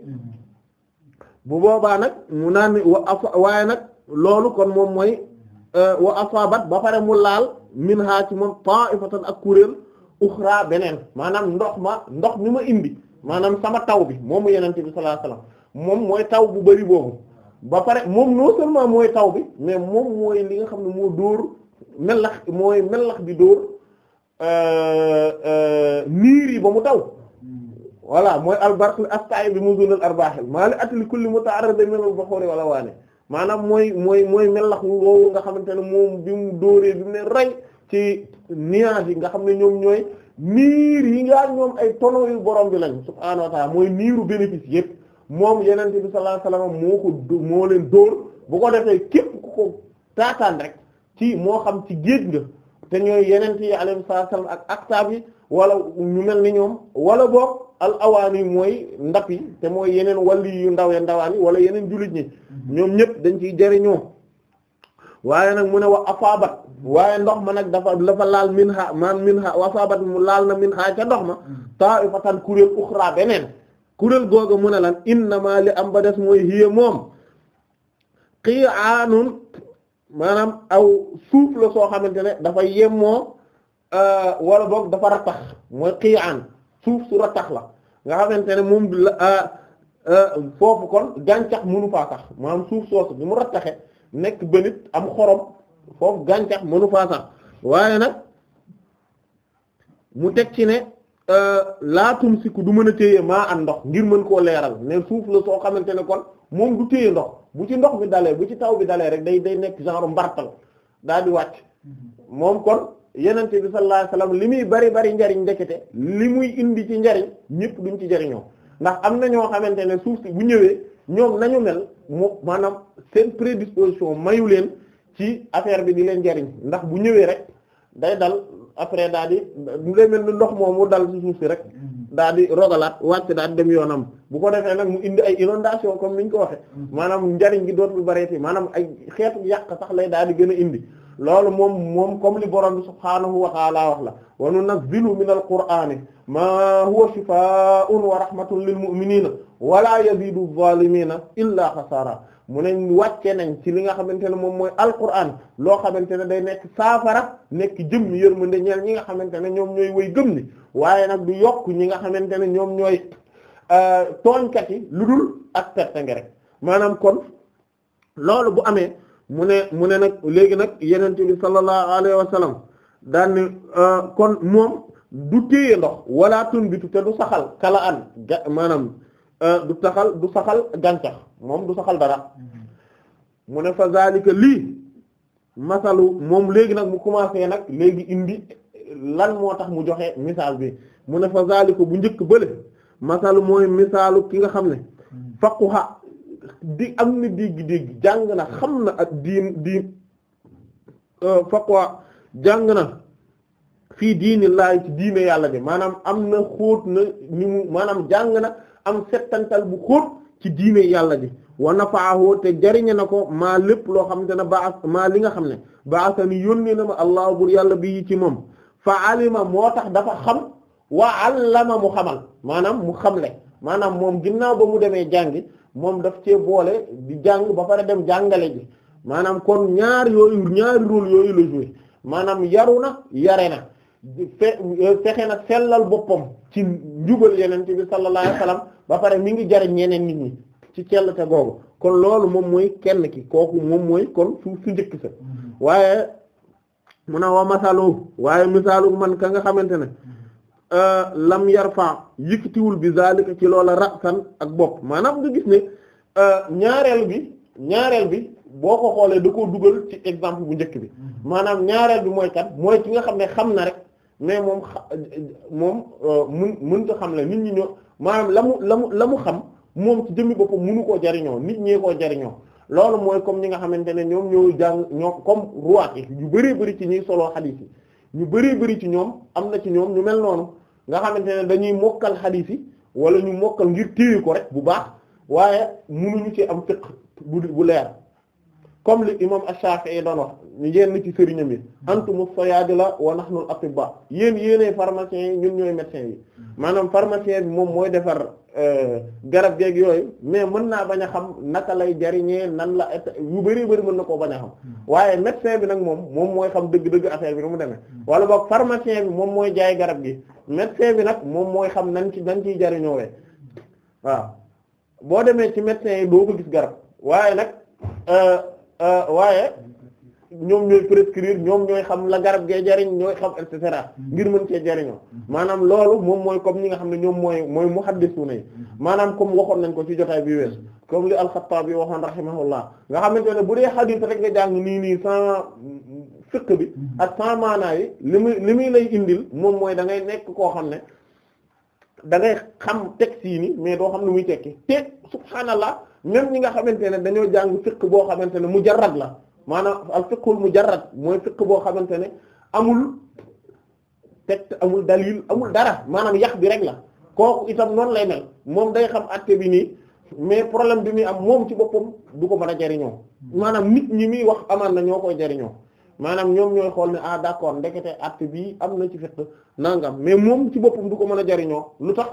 bu boobaa nag mu naan wa waaye nag loolu kon moom mooy euh, wa asaabat ba pare mu laal min ha ci moom ta'ifatan ak kuréel uxra beneen maanaam ndox ma ndox mi ma indi maanaam sama taw bi moomu yenente bi sallallahu alayhi wasallam moom mooy taw bu bari boobu ba pare moom non seulement mooy taw bi mais moom mooy li nga xam ne moo dóor melax mooy melax bi dóor euh, euh, niir ba mu taw voilà mooy albarql astayi bi muzunal arbahil maa li atli kulli muta'arridin min al-bukhuri wala waane maanaam mooy mooy mooy melax woowu nga xamante ne moom bi mu dóoree bi mu ne rey ci nuages yi nga xam ne ñoom ñooy niir yi nga ñoom ay tono yu borom bi lañ subhaanahu wa ta'ala mooy niiru bénéfice yëpp moom yeneen bi sallallahu alayhi wasallam moo ko moo leen dóor bu ko defee képp ku ko taataan rek ci moo xam ci géej nga te ñooy yeneen yi alayhi salaam ak aktaab yi wala ñu mel ni ñoom al awaani mooy ndap yi te mooy yeneen wàlli yu ndaw ya wala yeneen jullit ñi mhm. ñoom ñëpp dañ ciy jëriñoo waaye nag mu wax wa afaabat waaye ndox ma nag dafa dafa laal min ha man min ha wa afaabat mu laal na min ha ca ndox ma mhm. taifatan kuréel uxra beneen kuréel googu mu ne lan innama li am ba des mooy hiya moom xii aanun maanaam aw suuf la soo xamante ne dafa yemmoo euh, wala boog dafa rattax mooy xii aan suuf su rattax la nga xamante ne moom la ah, ah, foofu kon gàncax mënu faa sax maanaam suuf soosu bi mu rattaxe nekk bënit am xorom foofu gàncax mënu faa sax waaye nag mu teg ci ne euh, laatum siku du mën a téye maa am ndox ngir mën koo leeral ne suuf la soo xamante ne kon moom du téye ndox bu ci ndox bi dalee bu ci taw bi dalee rek day day nekk genre mbartal daal di wàcc mm-hmm. moom kon yenente bi sallallahu alayhi wasallam li muy bari bari njariñ ndekete li muy indi ci njariñ ñëpp duñ ci jariñoo ndax am na ñoo xamante ne suuf si bu ñëwee ñoom nañu mel mu maanaam seen prédisposition mayu leen ci affaire bi di leen jariñ ndax bu ñëwee rek day dal après daal di mu lay mel ni ndox moom mu dal ci suuf si rek daal di rogalaat wàcc daal dem yoonam bu ko defee nag mu indi ay inondation comme niñ ko waxe mm. maanaam njariñ gi dootul bareeti maanaam ay xeetu yàq sax lay daal di gën a indi loolu moom moom comme li borom bi subhaanahu wa ta'ala wax la wa nunazzilu min al-qur'ani ma huwa shifaa'un wa rahmatun lil mu'minina wala yazidu adh-dhalimina illa khasara mu ne wàcce nañ ci li nga xamante ne moom mooy alquran loo xamante ne day nekk saafara nekk jëm yërmande ñeel ñi nga xamante ne ñoom ñooy way gëm ni waaye nag du yokk ñi nga xamante ne ñoom ñooy euh, tooñkat yi lu dul ak perte nga rek maanaam kon loolu bu amee mu ne mu ne nag léegi nag yeneen bi sallallahu alayhi wa sallam euh, kon moom du téye ndox wala tunbitu te du saxal kala an ga maanaam euh, du saxal du saxal gàncax moom du saxal dara mu ne fa zalika lii masalu moom léegi nag mu commencé nag léegi indi lan moo tax mu joxe misaal bi mu ne fa zalika bu njëkk bële masalu mooy misaalu ki nga xam ne xa hmm. di am na dégg-dégg jàng na xam na ak diin diin euh, wa jàng na fii diinillaahi ci diine yàlla bi maanaam am na xóot na ni mu maanaam jàng na am settantal bu xóot ci diine yàlla bi wa nafaahu te jariñe na ko maa lépp loo xamante ne ba maa li nga xam ne ni yónnee na ma allah bur yàlla bi ci moom fa alima moo tax dafa xam wa allama mu xamal maanaam mu xamle maanaam moom ginnaaw ba mu demee jàngi moom daf cee boole di jàng ba pare dem jàngale ji maanaam kon ñaar yooyu ñaari rôle yooyu la joué maanaam yaru na yare na fe euh, fexe na sellal boppam ci njubal yeneen ci bi sallallahu alayhi ba pare mi ngi jariñ ñeneen nit ñi ci cellte googu kon loolu moom mooy kenn ki kooku moom mooy kon su su njëkk sa mm-hmm. waaye mun a wa masalu waaye misaalu man ka nga xamante ne mm-hmm. Euh, lam yar yarfa yëkkatiwul bi zalika ci loola ak bopp maanaam nga gis ne euh, ñaareel bi ñaareel bi boo ko xoolee da ko dugal ci exemple bu njëkk bi mhm. maanaam ñaareel bi mooy kat mooy ki nga xam ne xam na rek mais moom moom euh, mun mënta xam ne nit ñi ñoo maanaam la mu la mu la mu xam moom ci jëmmi boppam munu koo jariñoo nit ñee koo jariñoo loolu mooy comme ñi nga xamante ne ñoom ñoo jàng ñoo comme ruwaat yi yu bëree bëri ci ñuy solo xadiis yi ñu bëree bëri ci ñoom am na ci ñoom ñu mel noonu nga xamante ne dañuy mokkal xadiis yi wala ñu mokkal ngir téye ko rek bu baax waaye mënuñu ci am fiqh bu bu leer comme li imam Ash-Shafi'i doon wax ñu yenn ci sëriñam yi antumu sayadila wa nahnu al-atibba yéen yéenay pharmaciens yi ñun ñooy médecins yi maanaam pharmacien bi moom mooy defar Euh, garab geeg yooyu mais mën naa bañ a xam naka lay jariñee nan la yu bari bari mën na koo bañ a xam hmm. waaye médecin bi nag moom moom mooy xam dëgg-dëgg affaire bi nu mu demee hmm. wala boog pharmacien bi moom mooy jaay garab gi médecin bi nag moom mooy xam nan ci nan ciy jariñoowee waaw boo demee ci médecin yi doo ko gis garab waaye nag euh, euh, waaye ñoom ñooy prescrire ñoom ñooy xam la garab gee jariñ ñooy xam et mm-hmm. ngir mën cee jariñoo maanaam loolu moom mooy comme ñi nga xam ne ñoom mooy mooy muhaddisuna yi mm-hmm. maanaam comme waxoon nañ ko ci jotaay bi wees mm-hmm. comme li al-Khattabi waxoon rahimahullah nga xamante ne bu dee hadith rek nga jàng nii nii sans fiqh bi ak sans maanaa yi li muy li muy lay indil moom mooy da ngay nekk koo xam ne da xam texte ni mais doo xam ne muy tekki te subhaanallah même ñi nga xamante ne dañoo jàng fiqh boo xamante ne mujarrad la maanaam al fiqhul mujarrad mooy fiqh boo xamante ne amul texte amul dalil amul dara maanaam yax bi rek la kooku itam noonu lay mel moom day xam àtte bi nii mais problème bi muy am moom ci boppam du ko mën a jariñoo maanaam nit ñi muy wax amaan na ñoo koy jariñoo maanaam ñoom ñooy xool ne ah d'accord ndekete àtte bii am na ci fiqh nangam mais moom ci boppam du ko mën a jariñoo lu tax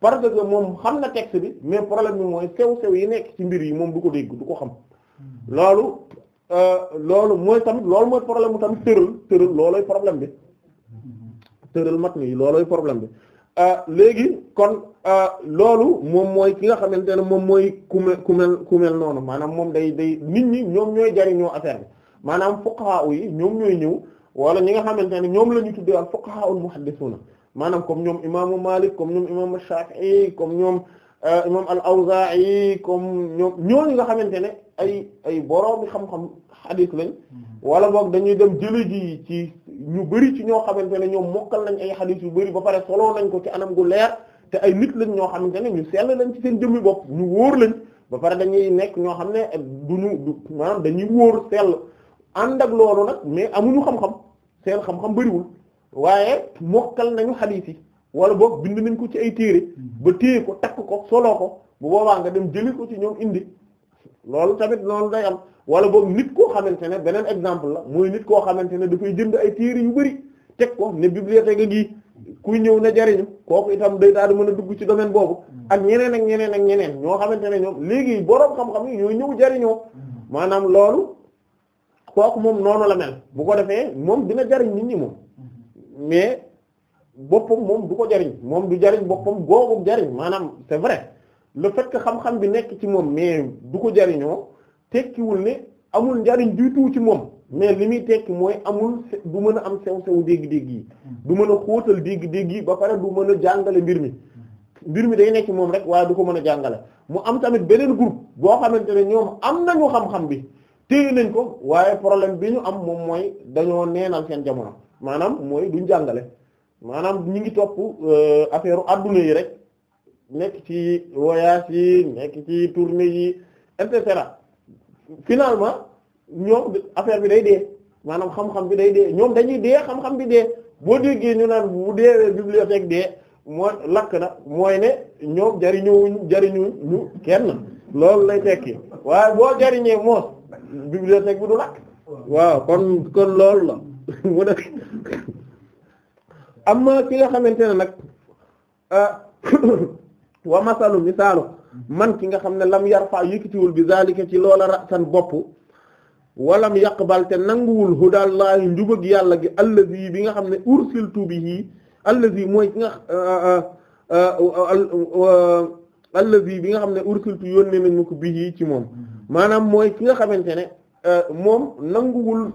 par que moom xam na texte bi mais problème bi mooy sew sew yi nekk ci mbir yi moom du ko dégg du ko xam hmm. loolu Euh, loolu mooy tamit loolu mooy problème mu tamit tëral tëral loolooy problème bi tëral mat ni loolooy problème bi euh, léegi kon euh, loolu moom mooy ki nga xamante ne moom mooy ku mel ku mel ku noonu maanaam moom day day nit ñi ñoom ñooy jariñoo affaire bi maanaam fuqaha yi ñoom ñooy ñëw wala ñi nga xamante ne ñoom la ñu tuddee al fuqaha al maanaam comme ñoom imaamu Malik comme ñoom imaamu Shafi'i comme ñoom. Euh, imam al-Awzaa'i comme ñoom ñooñu nga xamante ne ay ay boroomi xam-xam xadiis lañ mhm. wala boog dañuy dem jële ji ci ñu bari ci ñoo xamante ne ñoom mokkal nañ ay xadiis yu bari ba pare soloo nañ ko ci anam gu leer te ay nit lañ ñoo xamante ne ñu sell lañ ci seen jëmmi bopp ñu wóor lañ ba pare dañuy nekk ñoo xam ne ñu du maanaam dañuy wóor sell ànd ak loolu nag mais amuñu xam-xam seen xam-xam bariwul waaye mokkal nañu xadiis wala boog bind nañ ko ci ay téere mhm. ba téye ko takk ko solo ko bu boobaa nga dem jëli ko ci ñoom indi loolu tamit noonu day am wala boog nit koo xamante ne beneen exemple la mooy nit koo xamante ne dafay jënd ay téere yu bëri teg ko ne bibliothèque a gii kuy ñëw ne jariñu kooku itam day daal di mën a dugg ci domaine boobu mhm. ak ñeneen ak ñeneen ak ñeneen ñoo xamante ne ñoom léegi boroom xam-xam yi ñooy ñëw jariñoo mhm. maanaam loolu kooku moom noonu la mel bu ko defee moom dina jariñ nit ñi moom boppam moom du ko jariñ moom du jariñ boppam googu jariñ maanaam c'est vrai le fait que xam-xam bi nekk ci moom mais du ko jariñoo tekkiwul ne amul njariñ du tout ci moom mais li muy tekki mooy amul du mën a am sew-sew dégg-dégg yi mën a xóotal dégg-dégg yi ba pare du mën a jàngale mbir mi mbir mi day nekk ci moom rek waaye du ko mën a jàngale mu am tamit beneen groupe boo xamante ne ñoom am nañu xam-xam bi téye nañ ko waaye problème bi ñu am moom mooy dañoo neenal seen jamono maanaam mooy duñ jàngale maanaam ñu ngi topp euh, affaire adduna yi rek nekk ci voyage yi nekk ci tournée yi et cetera finalement ñoom affaire bi day dee maanaam xam-xam bi day dee ñoom dañuy dee xam-xam bi dee boo déggee ñu naan bu deewee bibliothèque dee mooy lakk na mooy ne ñoom jariñuwuñ jariñu ñu kenn loolu lay tekki waaye boo jariñee moos bibliothèque bi du lakk waaw kon kon loolu la am na ki nga xamante ne nag ah, wa masalu misaalu man ki nga xam ne lam yar fa yëkkatiwul bi zalika ci loola rasan bopp walam yaqbal te nanguwul hudallaahi njubag yàlla gi allazi bi nga xam ne ursiltu bihi allazi mooy ki nga ah, ah, allazi bi nga xam ne ursiltu yónnee nañu ko bihi ci moom maanaam mooy ki nga xamante ne moom nanguwul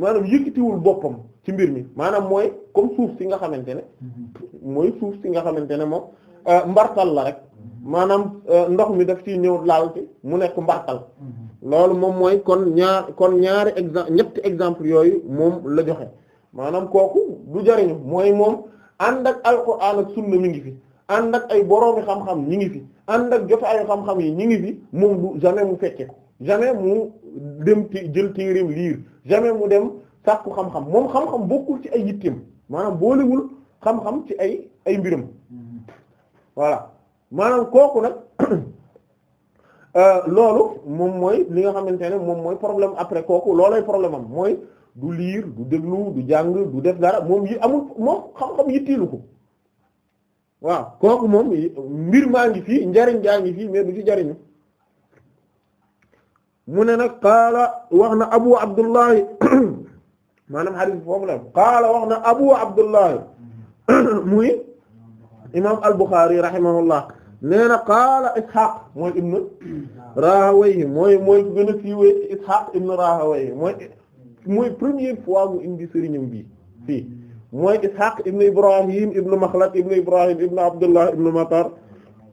maanaam yëkkatiwul boppam ci mbir mi maanaam mooy comme suuf si nga xamante ne mm-hmm. mooy suuf si nga xamante ne moom euh, mbartal la rek mm-hmm. maanaam euh, ndox mi daf ci ñëw laal ci mu nekk mbartal mm-hmm. loolu moom mooy kon ñaar kon ñaari exemple ñetti exemple yooyu moom la joxe maanaam kooku du jariñu mooy moom ànd ak alquran ak sunna mi ngi fi ànd ak ay boroomi xam-xam ñi ngi fi ànd ak jotaayu xam-xam yi ñi ngi fi moom du jamais mu fekke jamais mu dem jël téereem liir jamais mu dem sàkku xam-xam moom xam-xam bokkul ci ay yitteem maanaam boolewul xam-xam ci ay ay mbiram voilà maanaam kooku nag euh, loolu moom mooy li nga xamante ne moom mooy problème après kooku loolay problème mooy du liir du déglu du jàng du def dara moom yi amul moom xam-xam yitteelu ko waaw kooku moom mbir maa ngi fii njariñ jaa ngi fii mais du ci jariñu mu ne nag qaala wax na abu abdullahi maanaam xadis bi foofu la qaala wax na abu abdullahi muy imam al-Bukhari rahimahullah nee na qaala ishaq mooy ibnu rahawayhi mooy mooy gën a siiwee ci ishaq ibnu rahawayhi mooy mooy première fois mu indi sëriñam bi fii mooy ishaq ibnu ibrahim ibnu makhlad ibnu ibrahim ibnu abdullah ibnu matar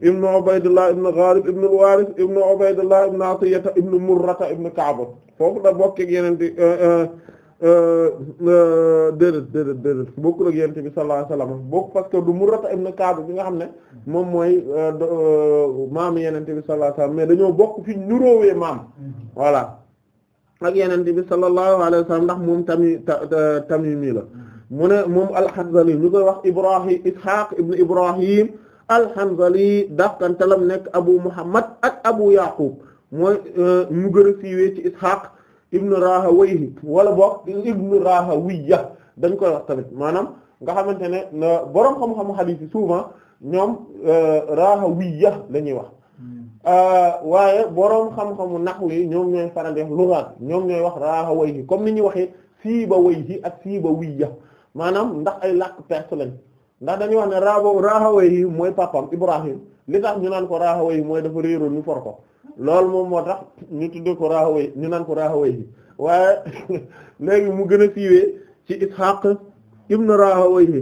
ibnu ubaydullah ibnu ghalib ibnu al-warith ibnu ubaydullah ibnu atiyata ibnu murrata ibnu ka'b foofu la bokk ak yeneen Euh, euh, déedéet déedéet déedéet bokkul ak yonent bi sallallahu alayhi wasallam bokk parce que du Murrata ibn Kaab bi nga xam ne moom mooy euh, maam yeneen bi sallallahu alayhi wasallam mais dañoo bokk fi ñuróowee maam voilà ak yeneen bi sallallahu alayhi wasallam ndax moom tamit Tamimi la mu ne moom al-Hanzali ñu koy wax Ibrahim Ishaq ibn Ibrahim al-Hanzali dafkantalam nekk Abu Muhammad ak Abu Yaqub mooy mu gën a siiwee ci Ishaq ibnu Rahawayhi wala boog ibnu Rahawiyya dañ koy wax tamit maanaam nga xamante ne boroom xam-xamu hadith souvent ñoom euh, Rahawiyya la ñuy wax hmm. euh, waaye boroom xam-xamu nahw yi ñoom ñooy faral di wax lughat ñoom ñooy wax Rahawayhi comme ni ñuy waxee Sibawayhi ak Sibawiyya maanaam ndax ay làkk perse lañ ndax dañuy wax ne Rahawayhi mooy papam Ibrahim li tax ñu naan ko Rahawayhi mooy dafa réeroon ñu for ko loolu moom moo tax ñu tuddee ko Rahawayhi ñu naan ko Rahawayhi waaye léegi mu gën a siiwee ci Ishaq ibn Rahawayhi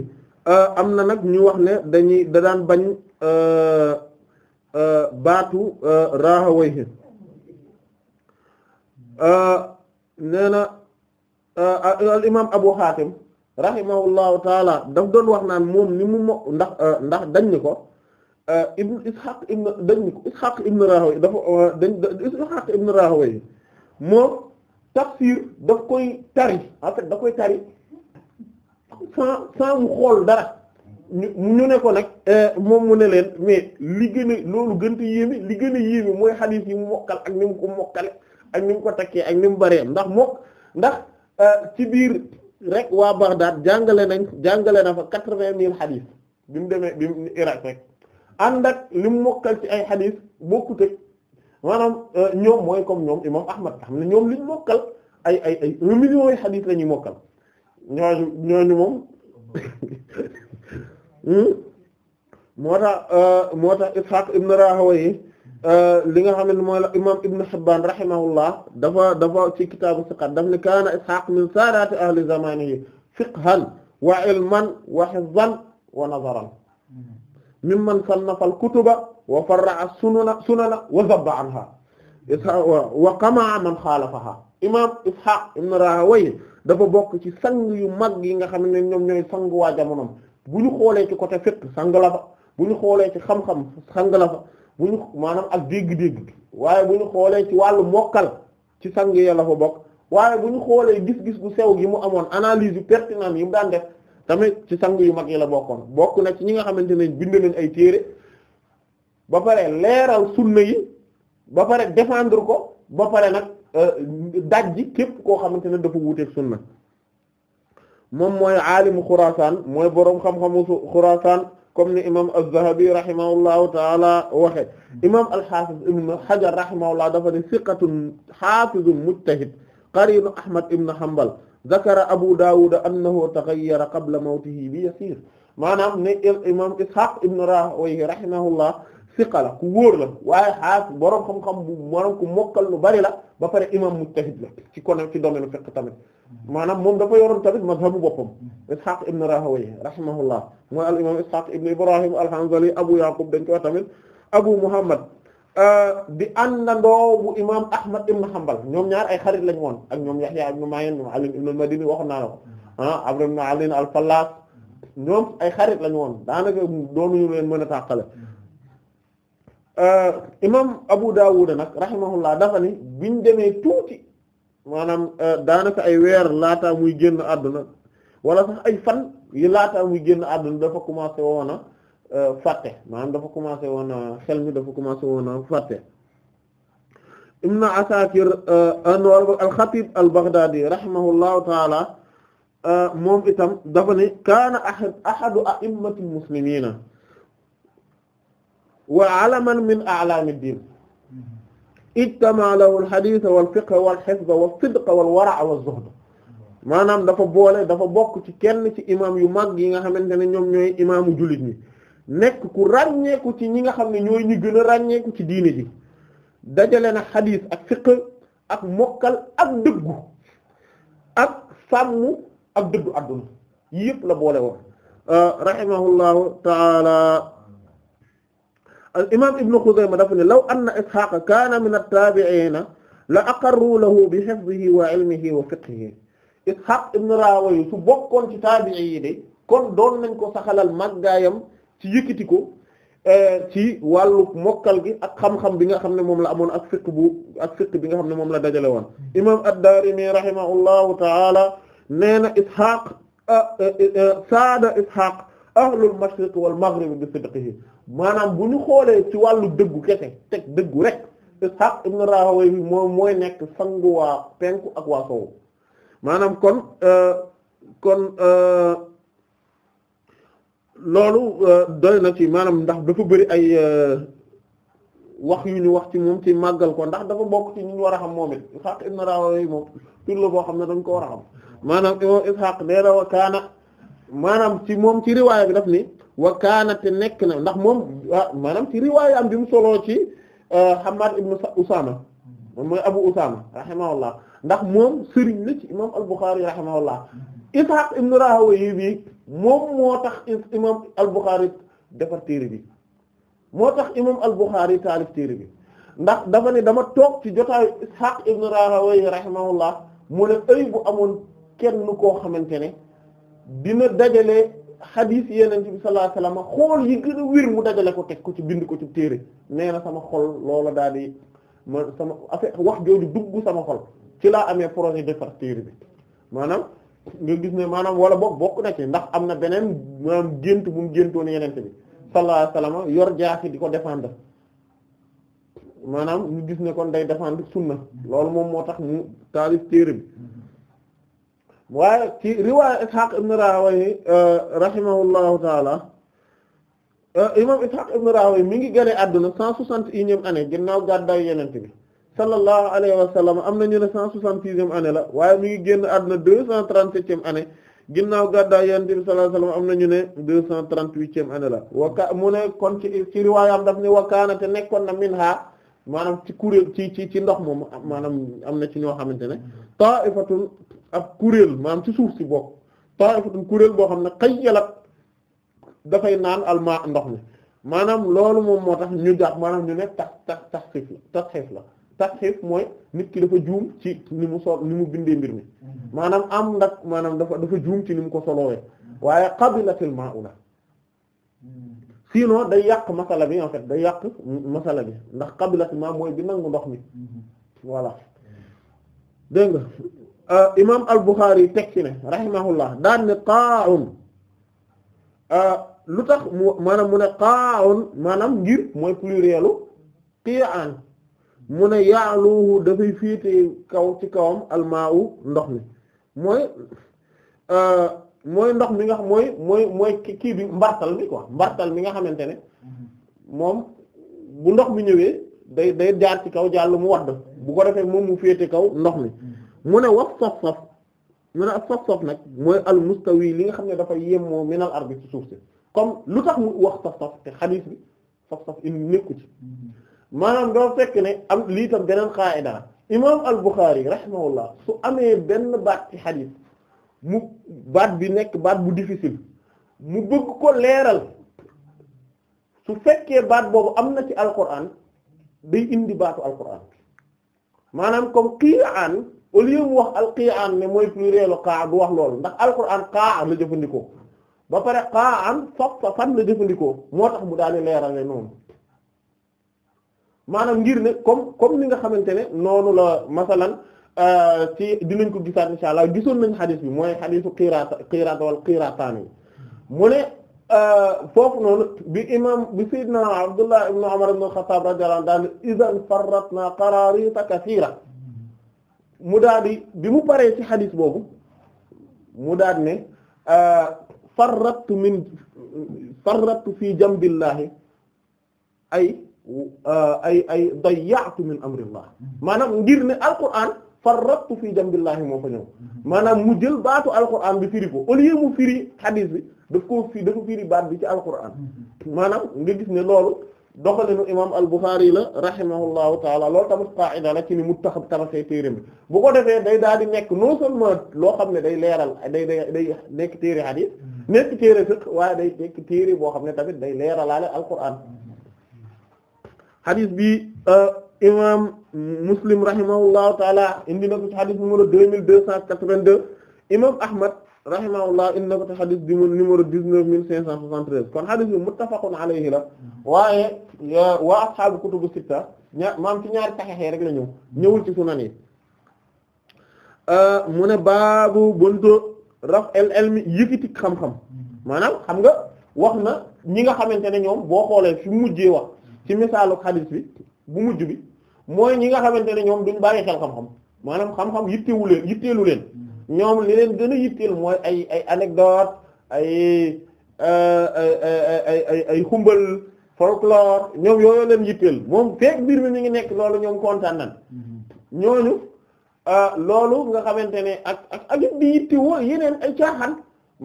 euh, am na nag ñu wax ne dañuy da daan bañ euh, euh, baatu Rahawayhi nee na al imaam Abu Hatim rahimahullahu taala daf doon wax naan moom ni mu mo ndax ndax dañ ni ko. Euh, ibn Ishaq ibn dañ ko Ishaq ibn Rahawayh dafa euh, dañ Ishaq ibn Rahawayh moom tafsir daf koy tari en fait koy tari sans xool dara ñu nekkoon ko nag euh, moom mu ne leen mais li gën loolu gënt a yéeme li gën mooy xadiis yi mu mokkal ak ni mu ko mokkale ak ni mu ko takkee ak ni mu baree ndax mokk ndax ci biir rek waa Baghdad jàngale nañ jàngale na fa quatre-vingt mille xadiis bi demee bi Irak rek ànd ak li mu mokkal ci ay xadis bokkut ak maanaam euh, ñoom mooy comme ñoom imam Ahmad nga xam ne ñoom liñ mokkal ay ay ay un million yi xadis la ñuy mokkal ñooñu ñooñu moom hmm? moo tax euh, moo tax Ishaq ibn Rahawayh euh, li nga xam ne mooy la imam Ibn Hibban rahimahullah dafa dafa ci kitaabu siqat daf ne kaana Ishaq min saadaati ahli zamanihi fiqhan wa ilman wa hifzan wa nazaran mimman sannafa al kutuba wa farra'a sunana sunana wa zabba anha wa qamaa man xaalafaha imam ishaq na rahawayh dafa bokk ci sang yu mag yi nga xam ne ñoom ñooy sang waa jamonom bu ñu xoolee ci côté fiqh sang la bu ñu xoolee ci xam-xam sang la fa bu ñu maanaam ak dégg-dégg waaye bu ñu xoolee ci wàllu mokkal ci sang ya la fa bokk waaye bu ñu xoolee gis-gis gu sew gi mu amoon analyse yu pertinente yi mu daan def tamit ci sang yu mag yi la bokkoon bokk na ci ñi nga xamante ne bind ay tere ba pare leeral sunna yi ba pare défendre ko ba pare nag euh, dajji képp koo xamante ne dafa wuuteeg sunna moom mooy aalimu Xuraasaan mooy boroom xam-xamu Xuraasaan comme ni imam az-Zahabi rahimahullahu taala waxe imam al-Hafiz ibn Hajar rahimahullah dafa ne siqatun xaafizun mujtahid qarinu Ahmad ibn Hanbal zakara abu dawud annahu taghayyara qabla mawtihi bi yasir maanaam ne imam ishaq ibn rahawayh rahimahullah siqa la ku wóor la waaye xaas boroom xam-xam bu maanaam ku mokkal lu bari la ba pare imam mujtahid la ci kon ci domaine fiqh tamit maanaam moom dafa yoroon tamit mazhabu boppam ishaq ibn rahawayh rahimahullah mooy al imam ishaq ibn ibrahim al-hanzali abu yaqub dañ ko wax tamit abu muhammad Euh, di àndandoo bu imaam Ahmad ibn Hanbal ñoom ñaar ay xarit lañu woon ak ñoom Yahya ibn Ma'in ñoom Ali ibn al-Madini waxoon naa la ko mm-hmm. ah al-Fallas mm-hmm. ñoom ay xarit lañ woon daanaka doonuñu leen mën a tàqale mm-hmm. euh, imaam Abu Dawud nag rahimahullah dafa ni biñ demee tuuti maanaam euh, daanaka ay weer laata muy génn àdduna wala sax ay fan yi laata muy génn àdduna dafa commencé woon a. fàtte maanaam dafa commencé woon xel mi dafa commencé woon fàtte Ibn Asakir euh, anwal al-Khatib al-Baghdadi rahimahullahu taala euh, moom itam dafa ne kaana ahad ahadu a'immati al-muslimina wa alaman min a'lami ad-din ijtama lahu al-hadith wal-fiqh wal-hifz was-sidq wal-wara' waz-zuhd maanaam dafa boole dafa bokk ci kenn ci imam yu mag yi nga xamante ne ñoom ñooy imaamu jullit ñi nekk ku ràññeeku ci ñi nga xam ne ñooy ñi gën a ràññeeku ci diine ji dajale na xadiis ak fiqh ak mokkal ak dëggu ak sàmm ak dëggu adduna yëpp la boole woon euh, rahimahullahu taala al imam ibnu Xuzayma dafa ne law anna Isxaaqa kaana min at-taabi'iina la aqarru lahu bi hifzihi wa ilmihi wa fiqhihi Isxaaq ibnu Raawayh su bokkoon ci taabi'i kon doon nañ ko saxalal màggaayam ci yëkkati ko euh, ci wàllu mokkal gi ak xam-xam bi nga xam ne moom la amoon ak fiqh bu ak fiqh bi nga xam ne moom la dajale woon imam ad-Daarimi rahimahullahu taala nee na Isxaaq saada Isxaaq ahlul mashriq wal maghrib bi sidqihi maanaam bu ñu xoolee ci wàllu dëggu kese teg dëggu rek Isxaaq ibn Rahawayh mooy nekk sangu waa penku ak waa maanaam kon euh, kon euh, loolu euh, doy na ci maanaam ndax dafa bëri ay euh, wax yu ñu wax ci moom ci màggal ko ndax dafa bokk ci ñu war a xam moom it Ishaq ibn Rahowi moom tur la boo xam ne dañ ko war a xam maanaam imam Ishaq nee na maanaam ci moom ci riwaaya bi daf ni wa kaana te nekk na ndax moom ah, maanaam ci riwaaya am bi mu soloo ci euh, Hammad ibn Usama mooy Abu Usama rahimahullah ndax moom sëriñ la ci imam al-Bukhari rahimahullah Ishaq ibn Rahawayh bi moom moo tax imam al defar téere bi moo tax imam al-Bukhari taalif téere bi ndax dafa ne dama toog ci jotaayu Ishaq ibn Rahawayh rahimahullah mu ne ay bu amoon kenn koo xamante ne dina dajale xadiis yeneen bi sallallahu alayhi wasallam xool yi gën a wér mu dajale ko teg ko ci bind ko ci téere nee na sama xol loola daal di ma sama affaire wax jooju dugg sama xol ci laa amee projet defar téere bi maanaam nga gis ne maanaam wala boog bokk na ci ndax am na beneen maanaam gént bu mu géntoon yenente bi sallallahu alayhi wasallam yor jaasi di ko défendre maanaam ñu gis ne kon day défendre sunna loolu moom moo tax mu taalif téere bi waaye ci riwaaya Ishaq ibn Rahawayh euh, rahimahullahu taala euh, imam Ishaq ibn Rahawayh mi ngi gane àdduna cent soixante et unième année ginnaaw gàddaay yenente bi sallallahu alayhi wa sallam am nañu ne cent soixante-sixième année la waaye mi ngi génn àdduna deux cent trente-septième année ginnaaw gàddaay yonent bi sallallahu alayhi wa sallam am nañu ne deux cent trente-huitième année la waka mu ne kon ci ci riwaayam daf ne wakkaana te nekkoon na minha maanaam ci kuréel ci ci ci ndox moom maanaam am na ci ñoo xamante ne ta'ifatun ab kuréel maanaam ci suuf si bokk ta'ifatun kuréel boo xam ne xayyalat dafay naan almaa ndox mi maanaam loolu moom moo tax ñu jàpp maanaam ñu ne tax tax tax xiif la tax xiif la tasxiif mooy nit ki dafa juum ci ni mu sol ni bindee mbir mi mm-hmm. maanaam am ndax maanaam dafa dafa juum ci ni ko solowee mm-hmm. waaye qabilatil maula mm-hmm. sinon day yàq masala bi en day yàq masala bi ndax qabilatil ma mooy bi nangu ndox mi voilà dégg nga euh, imaam al-Bukhari teg ci ne rahimahullah daan ne qaa'un euh, lu tax mu maanaam mu ne qaa'un maanaam ngir mooy plurielu qi'an mu ne yaaluuhu dafay féete kaw ci kawam almaawu ndox mi mooy euh, mooy ndox mi nga xam mooy mooy mooy kii bi mbartal mi quoi mbartal mi nga xamante ne moom bu ndox mi ñëwee day day jaar ci kaw jàll mu wax wadd bu ko defee moom mu féete kaw ndox mi mu ne wax sof sof mu ne ab sof sof nag mooy al mustawi li nga xam ne dafa yemmoo minal ardi ci suuf si comme lu tax mu wax sof sof te xadiis bi sof sof in nekku ci maanaam doo fekk ne am lii tam beneen qaa'ida la imaam al-Bukhari rahimahullah su amee benn baat ci xadiis mu baat bi nekk baat bu difficile mu bëgg ko leeral su fekkee baat boobu am na ci alquran day indi baatu alquran maanaam comme qi'aan au lieu mu wax alqi'aan ne mooy plurielu qaa du wax loolu ndax alquran qaa la jëfandikoo ba pare qa'an faf fan la jëfandikoo moo tax mu daal di leeral ne noonu maanaam ngir ne comme comme ni nga xamante ne noonu la masalan euh, ci dinañ ko gisaat insha allah gisoon nañ xadis bi mooy xadisu xiiraata xiiraata wala xiiraataan bi mu ne euh, foofu noonu bi imam bi sayyidina abdullah ibn umar ibn al-khattab radiyallahu anhu daal idan farratna qararita kathira mu daal di bi mu paree ci xadis boobu mu daal ne euh, farrattu min farrattu fi jambillahi ay ay ay dayya'tu min amrillah maanaam ngir ne alquran farrattu fii jambillahi moo fa ñëw maanaam mu jël baatu alquran bi firi ko au lieu mu firi xadiis bi daf koo fi dafa firi baat bi ci alquran maanaam nga gis ne loolu doxalinu imam al-Bukhari la rahimahullahu taala loolu tamit qaida la ci ni mu tax tabaxee téere bi bu ko defee day daal di nekk non seulement loo xam ne day leeral day day day nekk téere xadiis nekk téere fiqh waaye day nekk téere boo xam ne tamit day leeralaale alquran xadis bi euh, imam Muslim rahimahullahu taala indi na ko ci xadis numéro deux mille deux cent quatre-vingt-deux imam Ahmad rahimahullah indi na ko ci xadis bi numéro dix-neuf mille cinq cent soixante-treize kon xadis bi muttafaqun alayhi la waaye waa ashaabu kutubu sitta ñaar maam ci ñaari saxeexee rek la ñëw ñëwul ci sunan yi euh, mu ne baabu buntu raf el elmi yëkkati xam-xam maanaam xam nga wax na ñi nga xamante ne ñoom boo xoolee fi mujjee wax ci misaalu xadiis bi bu mujj bi mooy ñi nga xamante ne ñoom duñ bàyyi xel xam-xam maanaam xam-xam yittewu leen yitteelu leen ñoom li leen gën a yitteel mooy ay ay anecdote ay ay ay ay xumbal folklore ñoom yooyu leen yitteel moom fekk biir mi ñu ngi nekk loolu ñoom kontaan nañ ñooñu ah, loolu nga xamante ne ak ak ak di yittewoo yeneen ay caaxaan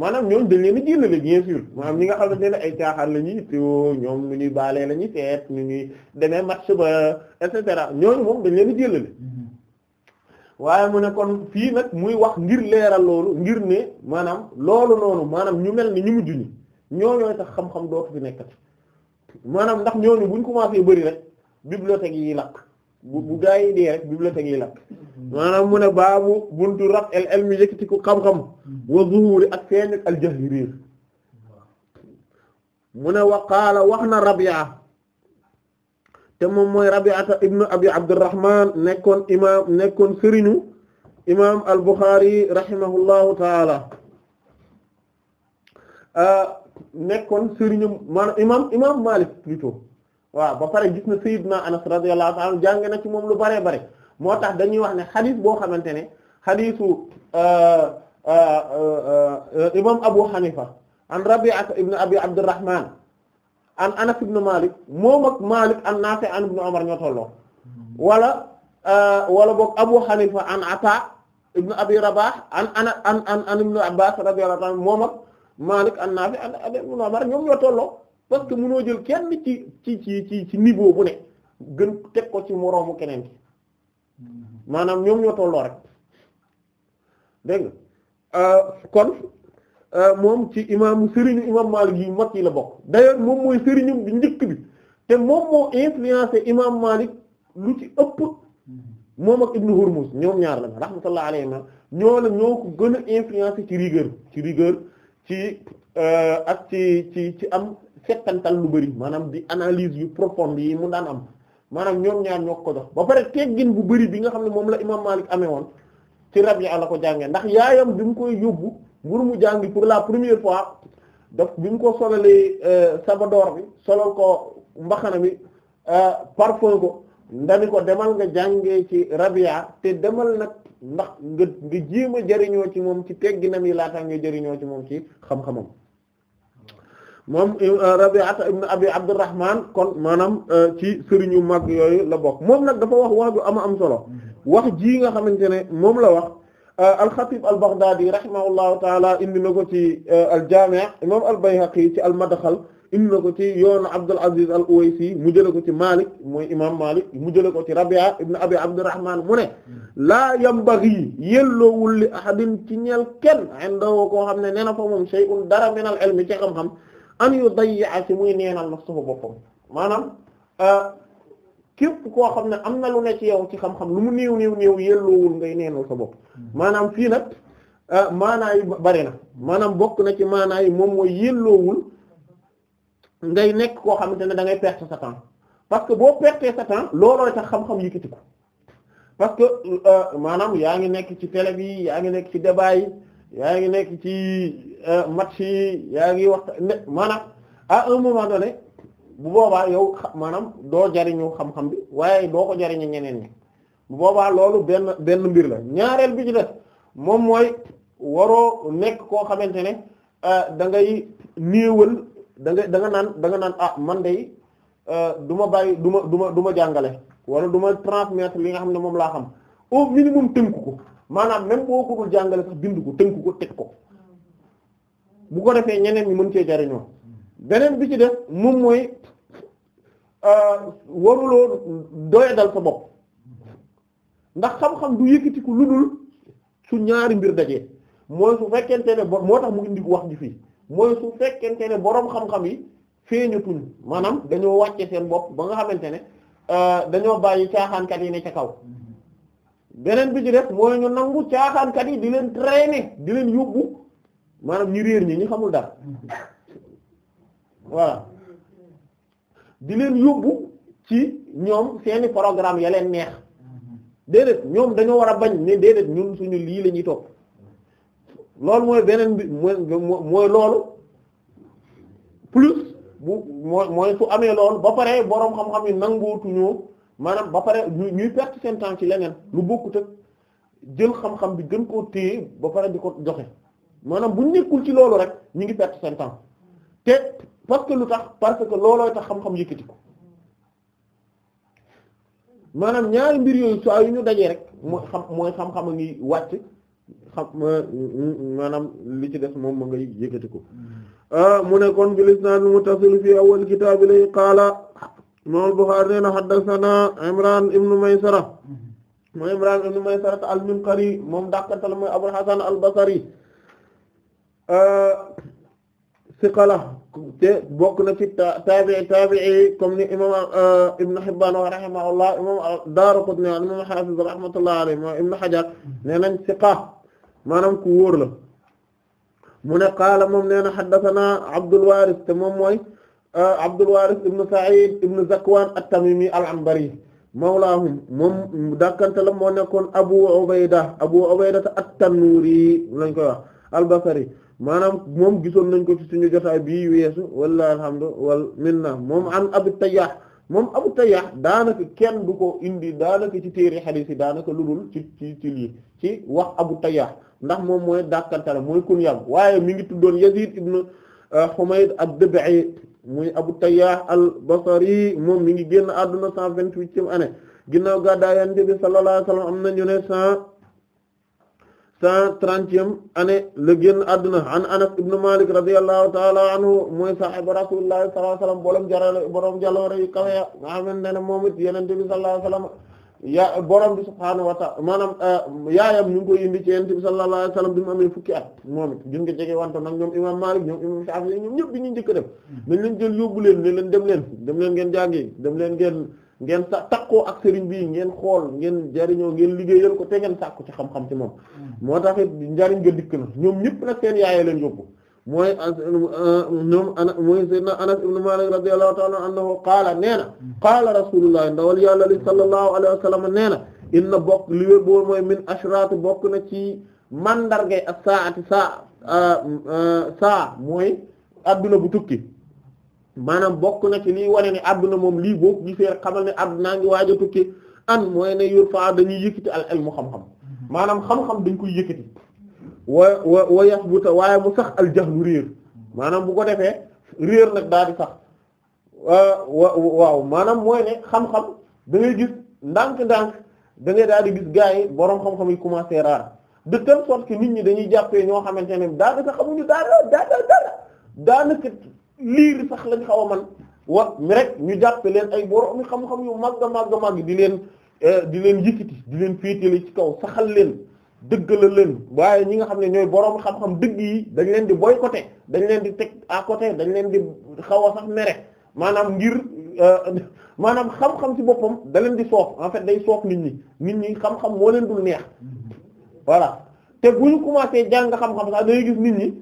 maanaam ñoom dañ leen a jëlale bien sûr maanaam ñi nga xam ne ay caaxaan la ñuy itteewoo ñoom nu ñuy baalee la ñuy seet nu ñuy demee match ba et cetera ñooñu moom dañ leen di jëlale mm-hmm. waaye mu ne kon fii nag muy wax ngir leeral loolu ngir ne maanaam loolu noonu maanaam ñu mel ni ñu mujj ñi tax xam-xam dootu fi nekkati maanaam ndax ñooñu buñ commencé bari rek bibliothèque yi làq bu bu gaa yi dee rek bibliothèque yi lakk maanaam mu ne baabu buntu rab el el mi yëkkati ko wa zuhuri ak feeñ ak aljahiriir mu wa qaala wax na Rabi'a te moom mooy Rabi'ata ibnu abi Abdurrahman nekkoon imaam nekkoon sëriñu imaam al Bukhari taala ah, nekkoon sëriñu maanaam imaam imaam Malik plutôt. waaw ba pare gis na Sayyidna Anas radiyallahu ta'ala jànge na ci moom lu bare bare moo tax dañuy wax ne xadis boo xamante ne xadisu euh, euh, euh, imam Abu Hanifa an Rabi'a ibn Abi Abdurrahman an Anas ibn Malik moom Malik an Nafi' an ibn Umar wala wala boog Abu Hanifa an Ata an an an an ibn Abbas radiyallahu ta'ala moom ak Malik ñoom ñoo tolloo parce que mënoo jël kenn ci ci ci ci ci niveau bu ne gën teg ko ci moroomu keneen ki maanaam ñoom ñoo tolloo rek dégg nga euh, kon euh, moom ci imaamu sëriñu imam Maalik yu mag yi la bokk d'ailleurs moom mooy sëriñu bi njëkk bi te moom moo influencé imam Maalik lu ci ëpp moom ak Ibn Hurmuz ñoom ñaar la rahmatullah alayhima ñoo la ñoo ko gën a influencé ci rigueur ci rigueur ci euh, ak ci ci ci am settantal lu bëri maanaam di analyse yu profonde yi mu daan am maanaam ñoom ñaar ñoo ko jox ba pare teggin bu bëri bi nga xam ne moom la imam Malik ame woon ci Rabi'a la ko jàngee ndax yaayam bi mu koy yóbbu mburu mu jàngi pour la première fois daf bi mu ko solalee euh, sabadoor bi solal ko mbaxana bi euh, parfum ko ndani ko demal nga jàngee ci Rabi'a te demal nag ndax nga nga jéem a jëriñoo ci moom ci tegginam yi laata nga jëriñoo ci moom ci xam-xamam moom euh, Rabi'ata ibn Abi Abdurrahman kon maanaam euh, ci sëriñu mag yooyu la bokk moom nag dafa wax wax ju ama am solo wax ji nga xamante ne moom la wax euh, al-Khatib al-Baghdadi rahimahullahu taala indi na ko ci al-Jami' imam al-Bayhaqi ci al-Madkhal indi na ko ci yoonu Abdul Aziz al-Uwaysi mu jële ko ci Malik mooy imam Malik mu jële ko ci Rabi'a ibn Abi Abdurrahman mu ne laa yambaghi yelloowul li ahadin ci ñeel kenn indoo koo xam ne nee na fa moom shay'un dara min al-ilmi ci xam an yu dayya ci muy neenal nafsuhu boppam maanaam euh, képp koo xam ne am na lu ne ci yow ci xam-xam lu mu néew néew néew yelloowul ngay neenal sa bopp hmm. maanaam fii nag euh, maanaa yi bari na maanaam bokk na ci maanaa yi moom mooy yelloowul ngay nekk koo xamante ne da ngay perte sa temps parce que boo pertee sa temps loolooy tax xam-xam yëkkati ko parce que euh, maanaam yaa ngi nekk ci tele bi yaa ngi nekk ci débat yi yaa ngi nekk ci euh, match yi yaa ngi wax ne maanaam à un moment bu boobaa yow maanaam doo jariñu xam-xam bi waaye doo ko jariñu ñeneen ñi bu boobaa loolu benn benn mbir la ñaareel bi ci def moom mooy waroo nekk koo xamante ne euh, da ngay néewal danga nga naan danga nga naan ah man day euh, du ma bàyyi du ma du ma du ma jàngale walla du ma transmettre li nga xam ne moom laa xam au minimum tënku ko maanaam même boo ko dul jàngale sax bind ko tënk ko teg ko bu ko defee ñeneen ñi mën cee jariñoo beneen bi ci def moom mooy euh, waruloo doyadal sa bopp ndax xam-xam du yëkkati ko lu dul su ñaari mbir dajee mooy su fekkente ne moo tax mu indi wax ji fii mooy su ne boroom xam-xam yi feeñatuñ maanaam dañoo wàcce seen bopp ba nga xamante ne euh, dañoo bàyyi caaxaankat yi ne ca kaw beneen bi ci def mooy ñu nangu caaxaankat yi di leen traîner di leen yóbbu maanaam ñu réer ñi ñu xamul dara waa di leen yóbbu ci ñoom seeni programme ya leen neex déedéet ñoom dañoo war a bañ ni déedéet ñun suñu lii lañuy topp loolu mooy beneen bi mooy mooy loolu plus bu mooy su amee lool ba pare boroom xam-xam yi nangootuñoo maanaam ba pare ñuy perte seen temps ci leneen lu bokkut ak jël xam-xam bi gën koo téye ba pare di ko joxe maanaam bu nekkul ci loolu rek ñu ngi perte seen temps te parce que lu tax parce que loolooy tax xam-xam yëkkati ko maanaam ñaari mbir yooyu saa yu ñu dajee rek mooy xam mooy xam a ngi wàcc xam maanaam li ci des moom ma ngay yëkkati ko mm. euh, mu ne kon bilisnaadil muttasil fi awwal kitaabi lay qaala imam Bukhari nee na haddathana Imran ibn Maysara mooy Imran ibn Maysara al-Minqari moom dàqantal mooy Abul Hasan al-Basri siqala te bokk na ci tabii tabii comme ni imam Ibn Hibban wa rahimahullah imam Daraqutni imam Hafiz rahmatullah alayhi mooy Ibn Hajar nee nañ siqa maanaam ku wóor la mu ne qaala moom nee na haddathana Abdul Waris te moom mooy Euh, Abdul Waaris ibn Sa'id ibn Zakwan at-Tamimi al-Anbari mawlaahum moom dàkkante la moo nekkoon Abu Ubayda Abu Ubayda at-Tannuuri lañ koy wax al-Basri maanaam moom gisoon nañ ko ci suñu jotaay bii weesu walla alhamdu wal minna moom an Abi Tayyah moom Abu Tayyah daanaka kenn du ko indi daanaka ci téere xadiis yi daanaka ludul ci ci ci lii ci wax Abu Tayyah ndax moom mooy dàkkante la mooy kun yàgg waaye mi ngi tuddoon Yazid ibn Euh, Humayd ad-Dubai muy Abu Tayyah al-Basri moom mi ngi génn àdduna cent vingt-huitième année ginnaaw gàddaay Yonent bi sallallahu alayhi am na ñu ne cent cent trentième année la gén àdduna an Anas ibn Malik radiyallahu ta'ala anhu mooy sahiba Rasulullah sallallahu alayhi wa sallam borom nga xamante ne moom it Yonent bi sallallahu yaa borom bi subhaanahu wa ta'ala maanaam eh, yaayam ñu ngi koy indi ci yonent bi sallallahu alayhi wasallam bi mu amee fukki at moom it gis nga jege wante nag ñoom imam Maalik ñoom imam Shaafi'i ñoom ñëpp def dañ leen jël yóbbu leen ne leen dem leen dem leen ngeen jàngi dem leen ngeen ngeen sa takkoo ak sëriñ bi ngeen xool ngeen jariñoo ngeen liggéeyal ko te ngeen sàkku ci xam-xam ci moom hmm. moo tax it njariñ nga dikk na ñoom ñëpp nag seen yaaya leen yóbbu mooy as uh, ñoom ana mooy sayyidina Anas ibn Malik radiyallahu ta'ala anhu qaala nee na rasulullah ndawal yàlla li sallallahu alayhi wa nee na inna bokk li wér bool mooy min ashraat bokk na ci mandargay as-saa'ati saa uh, uh, saa mooy adduna bu tukki maanaam bokk na ci liy wane ne adduna moom lii boo gisee rek xamal ne addunaa ngi waaj a tukki an mooy ne yurfa dañuy yëkkati al ilmu xam-xam maanaam xam-xam dañ koy yëkkati wa wa wa yasbuta waaye mu sax aljahlu réer maanaam bu ko defee réer nag daal di sax waaw maanaam mooy ne xam-xam da gis ndànk-ndànk dangay ngay daal di gis gars yi boroom xam-xam yi commencé raar de telle sorte que nit ñi dañuy jàppee ñoo xamante ne daanaka xamuñu daara daara daara daanaka liir sax lañ xaw a mën wa mi ñu jàppe leen ay boroom yu màgg a màgg a màgg di leen eh, di leen yëkkati di leen féetale ci kaw saxal leen dëggala leen waaye ñi nga xam ne ñooy boroom xam-xam dëgg yi dañ leen di boycotter dañ leen di teg à côté dañ leen di xaw a sax mere maanaam ngir euh, maanaam xam-xam ci boppam da leen di soof en fait day soof nit ñi nit ñi xam-xam leen dul neex voilà te bu ñu commencé jàng xam-xam nit ñi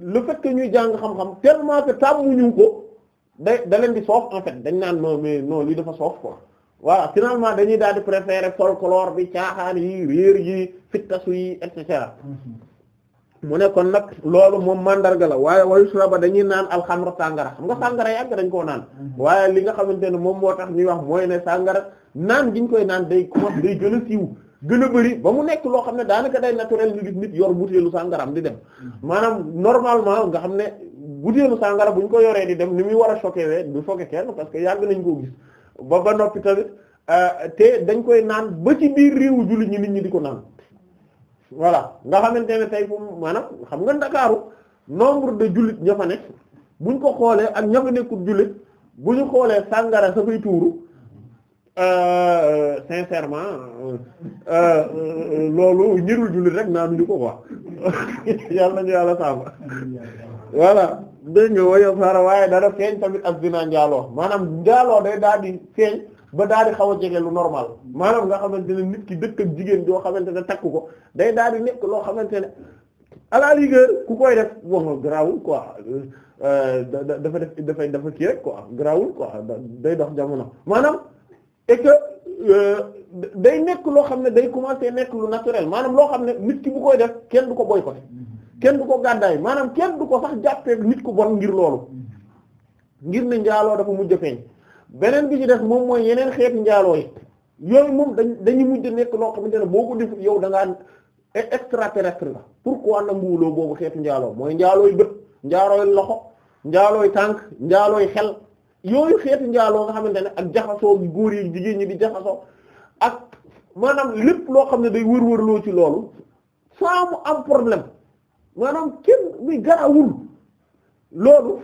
le fait ñuy jàng xam-xam tellement que ko da da leen di soof en dañ naan non mais non lii dafa soof quoi waaw finalement dañuy daal di préférer folklore bi caaxaan yi réer yi fittasu yi et cetera mhm. mu ne kon nag loolu moom mandarga la waaye wayusra ba dañuy naan alxamra sàngara xam nga mhm. sàngara yàgg dañ koo naan mhm. waaye li nga xamante ne moom moo tax ñuy wax mooy ne sàngara naan giñ koy naan day commence day gën a siiw gën a bëri ba mu nekk loo xam ne daanaka day naturel ñu gis nit yor butéelu sàngaram di dem maanaam normalement nga xam ne butéelu sàngara bu ñu ko yoree di dem ni muy war a choqué wee du choqué kenn parce que nañ koo ba ba noppi tamit euh, te dañ koy naan ba ci biir réewu jullit ñi nit ñi di ko naan voilà nga xamante ne tey fu maanaam xam nga ndakaaru nombre de jullit ña fa nekk buñ ko xoolee ak ña fa nekkul jullit bu ñu xoolee sàngara sa fay tuuru euh, sincèrement euh, loolu ñërul jullit rek naanuñu ko quoi yàlla nañu yàlla saama voilà dégg nga wayo sara waaye dara feeñ tamit ak zina njaaloo maanaam njaaloo day daal di feeñ ba daal di xaw a jege lu normal maanaam nga xamante ne nit ki dëkk jigéen joo xamante ne takku ko day daal di nekk loo xamante ne à la rigueur ku koy def bon grawul euh, def dafay dafa kii rek quoi grawul day dox jamono maanaam et que euh, day nekk loo xam ne day commencer nekk lu naturel maanaam loo xam ne nit ki bu koy def kenn du ko boycotté kenn du ko gàddaay maanaam kenn du ko sax jàppee nit ko bon ngir loolu ngir ne njaaloo dafa mujj feeñ beneen bi ci def moom mooy yeneen xeeti njaaloo yi yooyu moom dañ dañuy mujj nekk loo xamante ne ko def yow da ngaa e- extraterrestre la pourquoi nanguwuloo boobu xeetu njaaloo mooy njaalooy bët njaalooy loxo njaalooy tànk njaalooy xel yooyu xeetu njaaloo nga xamante ne ak jaxasoo gi góor yi jigéen ñi di jaxasoo ak maanaam lépp loo xam ne day wër-wër loo ci loolu saa mu am problème maanaam kenn muy garawul loolu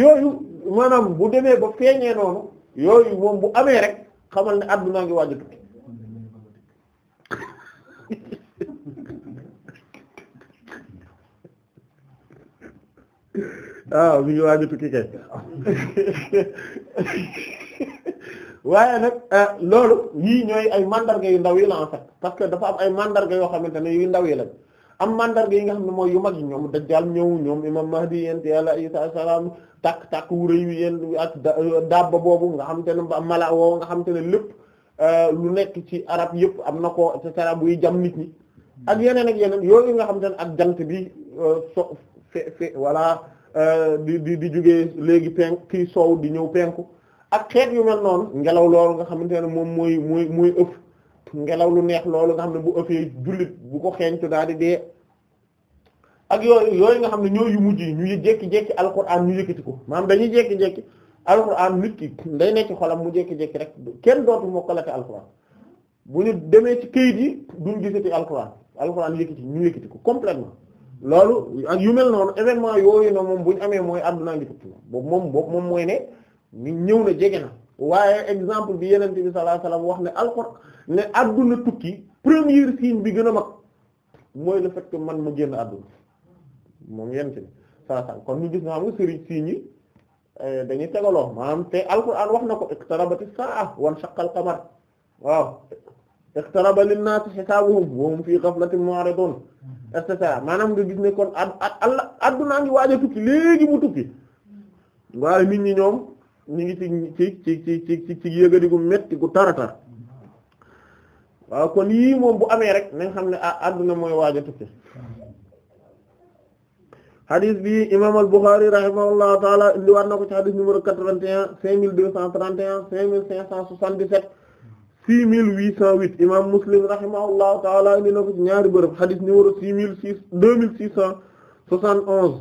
yooyu maanaam bu demee ba feeñee noonu yooyu moom bu amee rek xamal ni àdduna ah, ngi waaj a tukki kay waaye nag eh, loolu yii ñooy ay mandarga yu ndaw yi la en fait parce que dafa am ay mandarga yoo xamante ne yu ndaw yi lañ am mandarga yi nga xam ne mooy yu mag yi ñoom dajjal ñëw ñoom imam mahdi yent yàlla isa salaam tàkk tàkk wu rëy wi yent ak dabba boobu nga xam te ne mala woo nga xam te ne lépp euh, lu nekk ci arab yëpp am na ko et cetera buy jam nit ñi ak yeneen ak yeneen yoo yooyu nga xam te ne ak jant bi euh, so fe fe voilà euh, di di di léegi penk kii soow di ñëw penku ak xeet yu noon ngelaw loolu nga xamante ne moom mooy mooy mooy ngelaw lu neex loolu nga xam ne bu ëffee jullit bu ko xeeñtu daal di dee ak yooyu yooyu nga xam ne ñëw yu mujj yi ñu jékki-jékki alxuraan ñu yëkkati ko maanaam dañuy jékki-jékki alxuraan nit ki day nekki xolam mu jékki-jékki rek kenn dootu mokkalati alxuraan bu ñu demee ci kayit yi duñ gisati alxuraan alxuraan yëkkati ñu yëkkati ko complètement loolu ak yu mel noonu événement yooyu na moom bu ñu amee mooy àdduna ngi tukki boobu moom boobu moom mooy ne ñëw na jege na waaye exemple bi yeneen bi sallallahu alayhi wasallam wax ne alxuraan ne adduna tukki premier signe bi gën a mag mooy le fait man ma génn adduna moom yenn ci saa saa kon ñu gis nga xam nga sëriñ signes yi eh, dañuy tegaloo maam te alxuraan wax na ko iqtarabati sa'a wan shaqqal qamar waaw iqtaraba linnaasi xisaabuhum wa hum fii ghaflatin mu'ridun et cetera maanaam nga gis ne kon ad ad addunaa ngi waaj a tukki léegi mu tukki waaye nit ñi ñoom. ñu ngi ci ci ci ci ci ci yëgadi gu metti gu taratar waaw kon yii moom bu amee rek na xam ne ah adduna mooy waaj a tukki hadith bi imam al-Bukhari rahimahullahu taala indi waat na ko ci hadith numéro quatre-vingt et cinq mille deux cent trente et cinq mille cinq cent soixante-dix-sept six mille huit cent huit imam Muslim rahimahullahu taala indi na ko ci ñaari bërëb hadith numéro six mille six deux mille six cent soixante onze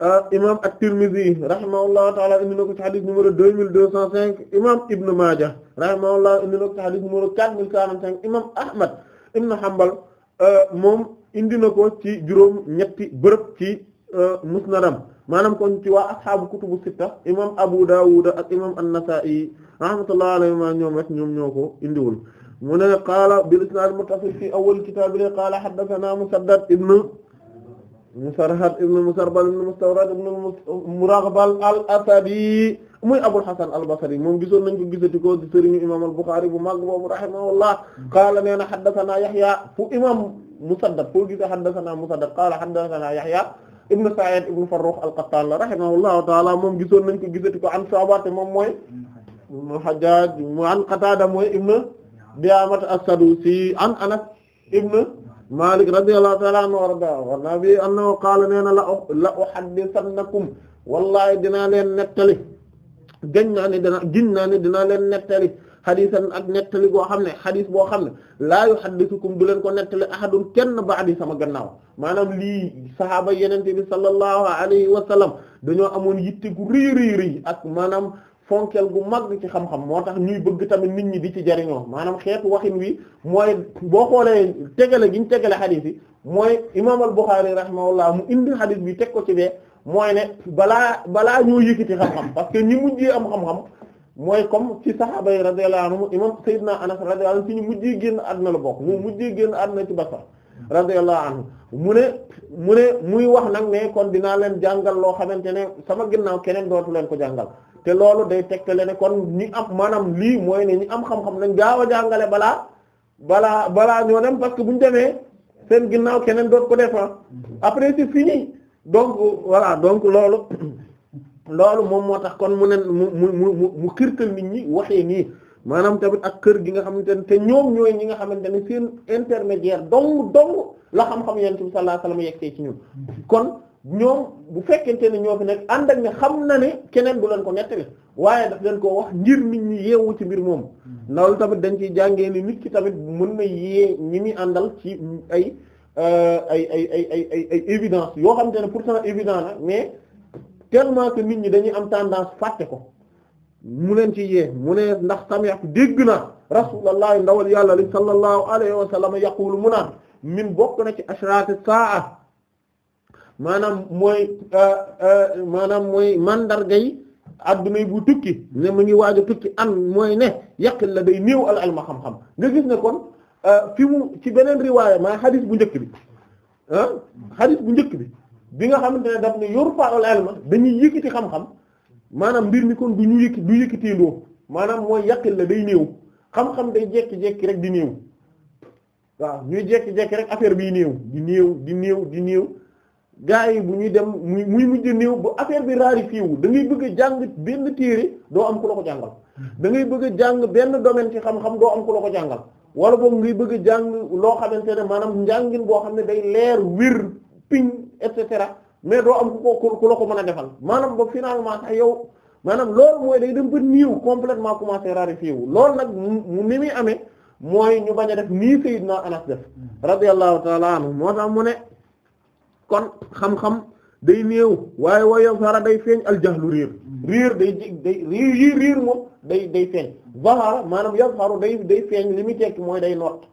Ah, imam at-Tirmidhi rahimahullahu taala indi na ko ci xadis numéro deux mille deux cent cinq imam Ibn Maaja rahimahullah indi na ko ci xadis numéro quatre mille quarante imam Ahmad ibn Hanbal ah, moom indi na ko ci juróom ñetti bërëb ci ah, musnadam maanaam kon ci waa ashaabu kutubu sitta imam Abu Dawud ak imam an-Nasa'i rahmatullahi alayhima ñoom rek ñoom ñoo ko indiwul mu ne qaala bil isnaad muttasil fi awwal kitaab bi qaala haddathana Musaddad ibn Musarhad ibn Musarbal ibn Mustawrad ibn Muraghbal al-Asadi muy Abul Hasan al-Basri moom gisoon nañ ko gisati ko sëriñu imam al-Bukhari bu mag boobu rahimahullah qaala nee na haddathana Yahya fu imam Musaddad foo gisee haddathana Musaddad qaala haddathana Yahya ibn Sa'id ibn Farrukh al-Qattan rahimahullahu ta'ala moom gisoon nañ ko gisati ko an Shu'ba moom mooy Hajjaj an Qatada mooy ibn Diyamat as-Sadusi an Anas ibn Malik radiyallahu ta'ala anhu warda war naa bi annahu qaala nee na la la uhaddithannakum wallahi dinaa leen nettali gën naa ne dina gin naa ne dinaa leen nettali xadisan ak nettali boo xam ne xadis boo xam ne laa yuhaddithukum du leen ko nettali ahadun kenn ba'di sama gannaaw maanaam lii sahaaba yenente bi sallallahu alayhi wa sallam dañoo amoon yitte gu rëy rëy rëy ak maanaam fonkeel gu mag ci xam-xam moo tax ñuy bëgg tamit nit ñi di ci jariñoo maanaam xeetu waxin wi mooy boo xoolee tegale gi ñu tegale xadiis yi mooy imaam al-Bukhari rahimahullah mu indi xadiis bi teg ko ci bee mooy ne balaa balaa ñoo yëkkati xam-xam parce que ñi mujjee am xam-xam mooy comme ci saxaaba yi radiyallahu anhum imaam Seydina Anas radiyallahu anhu ci ñu mujjee génn àdduna la bokk ñu mujjee génn àdduna ci Basra radiyallahu anhu mu ne mu ne muy wax nag ne kon dinaa leen jàngal loo xamante ne sama ginnaaw keneen dootu leen ko jàngal te loolu day tegtale ne kon ñi am maanaam lii mooy ne ni am xam-xam nañ gaaw a jàngale balaa balaa balaa ñoo dem parce que bu ñu demee seen ginnaaw keneen dootu ko def ah. mm-hmm. après c'est fini donc voilà donc loolu loolu moom moo tax kon mu ne mu mu mu mu kirtal nit ñi waxee nii. maanaam tamit ak kër gi nga xam ne te ñoom ñooy ñi nga xamante ne seen intermédiaire dong dong la xam-xam yonent bi sallallahu alayhi wasallam yegsee ci ñun kon ñoom bu fekkente ne ñoo fi nekk ànd ak ne xam na ne keneen du leen ko nettali waaye daf leen koo wax ngir nit ñi yeewu ci mbir moomu loolu tamit dañ ciy jàngee ni nit ki tamit mën na yee ñi muy àndal ci ay euh, ay ay ay ay ay ay évidence yoo xamante ne pour pourtant évident la mais tellement que nit ñi dañuy am tendance fàtte ko mu leen ci yee mu ne ndax sami'tu dégg naa rasulullah ndawal yàlla li sallallahu alayhi wa sallam yaqulu mu naan min bokk na ci ashrati saa maanaam mooy euh, euh, maanaam mooy mandargay adduna bu tukki ne mu ngi waaj a tukki am mooy ne yaqil la day néew al alma xam-xam nga gis ne kon euh, fi mu ci beneen riwaaya maa xadis bu njëkk bi ah xadis bu njëkk bi bi nga xamante ne daf ne yurfa al alma dañuy yëkkati xam-xam maanaam mbir mi kon du ñu yëkki du yëkkiteendoo maanaam mooy yàqil la day néew xam-xam day jekki-jekki rek di néew waaw ñuy jekki-jekki rek affaire bi néew di néew di néew di néew gaa yi bu ñuy dem muy muy mujj néew ba affaire bi raarifié wu da ngay bëgg a jàng benn téere doo am ku la ko jàngal da ngay bëgg jàng benn domaine ci xam-xam doo am ku la ko jàngal wala boobu ngay bëgg a jàng loo xamante ne maanaam njàngin boo xam ne day leer wir ping et cetera mais doo am ku ko ku la ko mën a defal maanaam ba finalement sax yow maanaam lool mooy day dem ba niiw complètement commencé raréfié wu loolu nag mu ni muy amee mooy ñu bañ a def nii Seydina Anas def radiyallahu taala anhu moo tax mu ne kon xam-xam day néew waaye wayo sara day feeñ aljahlu riir riir day day riir yi riir moom day day feeñ zahara maanaam yazharu day day feeñ li muy tekki mooy day noot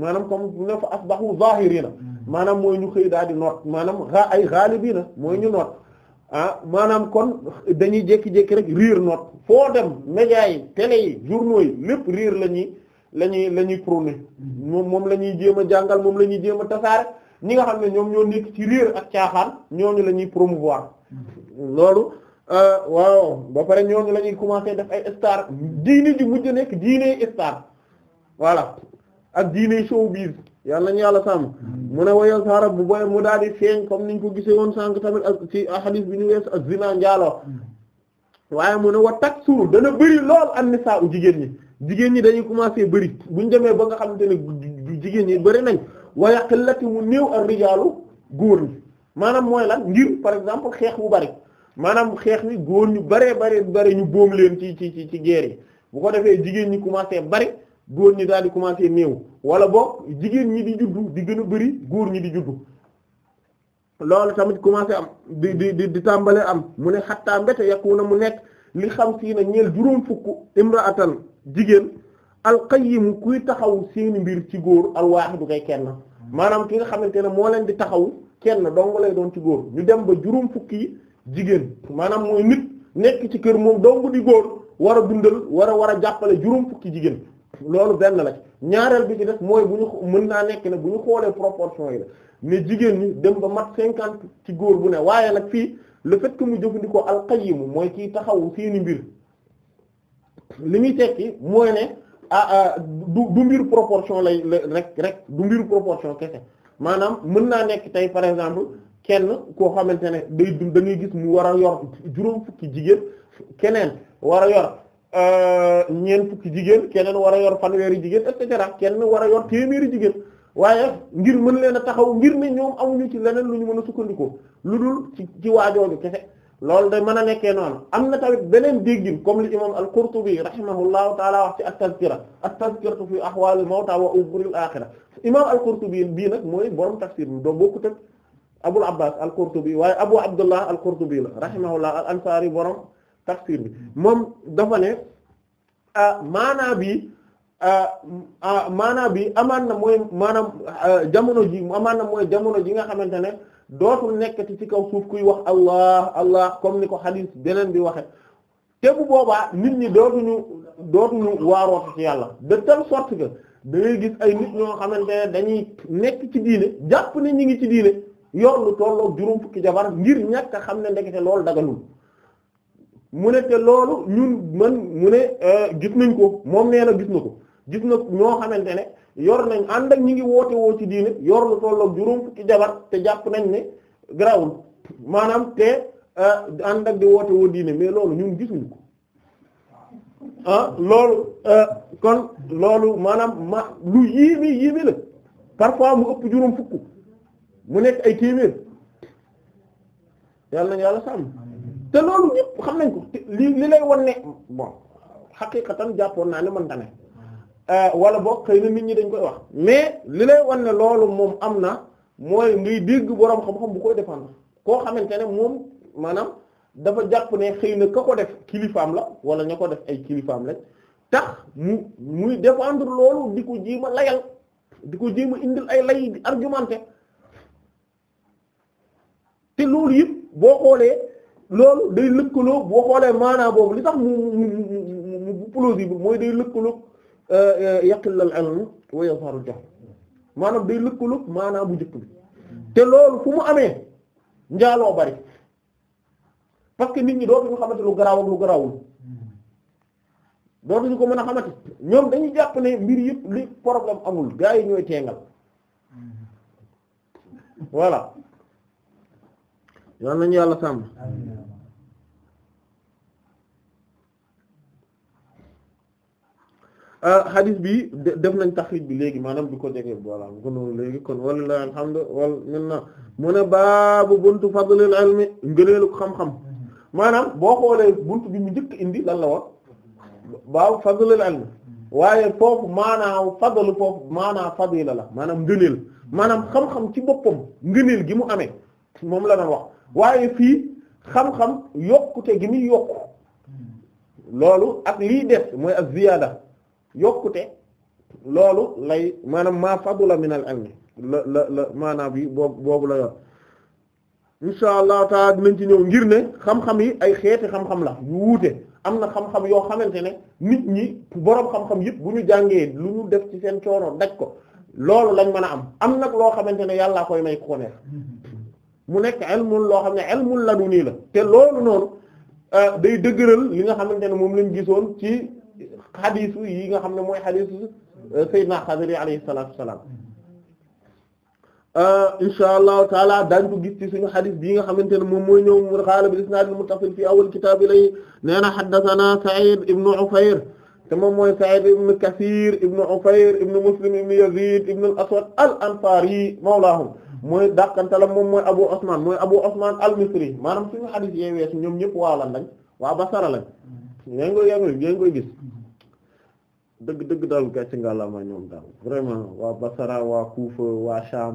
maanaam comme ne fa asbahu zahirina maanaam mooy ñu xëy daal di noot maanaam xa ay xaalibiina mooy ñu noot ah maanaam kon dañuy jékki-jékki rek riir noot foo dem médias yi télé yi journaux yi lépp riir la ñuy la ñuy la ñuy prôné moom moom la ñuy jéem a jàngal moom la ñuy jéem a tasaare ñi nga xam ne ñoom ñoo nekk ci riir ak caaxaan ñooñu la ñuy promouvoir loolu euh, waaw ba pare ñooñu la ñuy commencer def ay star diine ji mujj nekk diine star voilà ak diine showbiz yàlla nañu yàlla sàmm mu ne wayal saara bu boye mu daal di feeñ comme ñu ko gisee woon sànq tamit ak ci hadith bi ñu wees ak zina njaaloo hmm. waaye mu ne wa tak suru dana bëri lool an nisaa u jigéen ñi jigéen ñi dañuy commencé bëri buñ demee ba nga xamante ne jigéen ñi bëri nañ waaye qillati wu néew ak rijaalu góor ñi maanaam mooy lan ngir par exemple xeex bu bari maanaam xeex ni góor ñu baree bari bare ñu boom leen ci ci ci ci guerre yi bu ko defee jigéen ñi commencé bari góor ñi daal di commencer néew wala bo jigéen ñi di juddu di gën a bari góor ñi di juddu loolu tamit commencer am di di di di tàmbale am mu ne xattaa mbete yàqu na mu nekk li xam si na ñeel juróom fukk imraatan jigéen alqayimu kuy taxaw seeni mbir ci góor alwaaxidu kay kenn maanaam ki nga xamante ne moo leen di taxaw kenn dong lay doon ci góor ñu dem ba juróom fukk jigéen maanaam mooy nit nekk ci kër moom dong di góor war a dundal war a war a jàppale juróom fukki jigéen loolu benn la ñaareel bi ci def mooy bu ñu mën naa nekk ne bu ñu xoolee proportion yi la ne jigéen ñi dem ba mat cinquante ci góor bu ne waaye nag fii le fait que mu jëfandikoo alqayimu mooy kii taxawu seeni mbir li muy tekki mooy ne ah du du mbir proportion lay rek rek du mbir proportion kese maanaam mën naa nekk tey par exemple kenn koo xamante ne day dund da gis mu war a yor juróom fukki jigéen keneen war a yor Euh, ñeent fukki jigéen keneen war a yor fanweeri jigéen et cetera kenn war a yor téeméeri jigéen waaye ngir mën leen a taxaw ngir ne ñoom amuñu ci leneen lu ñu mën a sukkandikoo lu dul ci ci waajooju kese loolu day mën a nekkee noonu am na tamit beneen déggin comme li imam al-Qurtubi rahimahullahu taala wax ci at-tazkira at-tazkiratu fi ahwalil mawta wa umuril axira imam al-Qurtubi bii nag mooy borom tafsir bi doo bokkut ak Abul Abbas al-Qurtubi waaye Abu Abdullah al-Qurtubi la rahimahullah al-Ansari borom tafsir bi moom dafa ne ah, maanaa bi ah, ah, maanaa bi amaan na mooy maanaam jamono ji amaan na mooy jamono ji nga xamante ne dootul nekkati ci kaw suuf kuy wax allah allah comme ni ko xadiis beneen bi waxe te boobaa nit ñi dootuñu dootuñu waaroote ci yàlla de telle sorte que da gis ay nit ñoo xamante ne dañuy nekk ci diine jàpp ne ñi ngi ci diine yor lu tollook juróom fukki jabar ngir ñàkk xam ne ndekete loolu dagalul mu ne loolu ñun man mu ne euh, gis nañ ko moom nee na gis na ko gis na ñoo xamante ne yor nañ ànd ak ñi ngi woote woo ci diine yor lu tollook juróom fukki jabar te jàpp nañ ne grawul maanaam te euh, ànd ak di woote woo diine mais loolu ñun gisuñu ko ah loolu euh, kon loolu maanaam ma lu yéeme yéeme la parfois mu ëpp juróom fukk mu nekk ay téeméer yàlla nañ yàlla sàmm te loolu ñëpp xam nañ ko li li lay wan ne bon xaqiqatan jàppoon naa ne man tane euh, wala boog xëy na nit ñi dañ koy wax mais li lay wan ne loolu moom am na mooy ngay dégg boroom xam-xam bu koy défendre koo xamante ne moom maanaam dafa jàpp ne xëy na ka ko def kilifaam la wala ña ko def ay kilifaam lañ tax mu muy défendre loolu di ko jéem a layal di ko jéem a indil ay lay di argumenté te loolu yëpp boo xoolee. loolu day lëkkaloo boo xoolee maanaam boobu li tax mu mu mu mu plausible mooy day lëkkaloo euh, yaqil al ilm wa yazharu al jahl maanaam day lëkkaloo maanaam bu njëkk bi te loolu fu mu amee njaaloo bari parce que nit ñi dootuñu xamante lu garaaw ak lu garaawul dootuñu ko mën a xamante ñoom dañuy jàpp ne mbir yëpp li problème amul gaa yi ñooy teengal voilà. yal nañu yàlla sàmm. Euh, hadith bi def nañ taxrij bi léegi maanaam bi ko jege voilà bu ko noonu léegi kon walillahi alhamdu wal minna mu ne baabu buntu fadlil ilmi ngëneelu xam-xam maanaam boo xoolee buntu bi mu njëkk indi lan la wax baabu fadlil ilmi waaye foofu maanaaw fadlu foofu maanaa fadila la maanaam ngëneel maanaam xam-xam ci boppam ngëneel gi mu amee moom la doon wax waaye fii xam-xam yokkute gi muy yokku loolu ak liy def mooy ak ziyaada yokkute loolu lay maanaam maa fadula min al ilmi la la la maanaam yi boobu boobu la yor insha allah taala dinañ ci ñëw ngir ne xam-xam yi ay xeeti xam-xam la yu wuute am na xam-xam yoo xamante ne nit ñi boroom xam-xam yëpp bu ñu jàngee lu ñu def ci seen coono daj ko loolu lañ mën a am am nag loo xamante ne yàllaa koy may ko neex mu nekk ilmul loo xam ne ilmul laduni la te loolu noonu euh, day dëgëral li nga xamante ne moom lañ gisoon ci xadiisu yi nga xam ne mooy xadiisu euh, Seydina Xadir yi alayhi salaatu wa salaam euh, insha allahu taala daañ ko gis ci suñu xadiis bii nga xamante ne moom mooy ñëw mu xaala bi isnaadil muttasil fii awal kitaab ilay nee na xaddasanaa Saïd ibnu Ufayr te moom mooy Saïd ibnu Kasiir ibnu Ufayr ibnu Muslim ibnu Yaziid ibnu al-Aswad al-Ansaari mawlaahum mooy dàqantala moom mooy Abu Osman mooy Abu Osman al-Misri maanaam suñu xadiis yee weesu ñoom ñëpp waa lan lañ waa Basara lañ yaa ngi koy yaa ngi koy gis dëgg dëgg daal gàcce ngàllama ñoom daal vraiment waa Basara waa Kufa waa Sham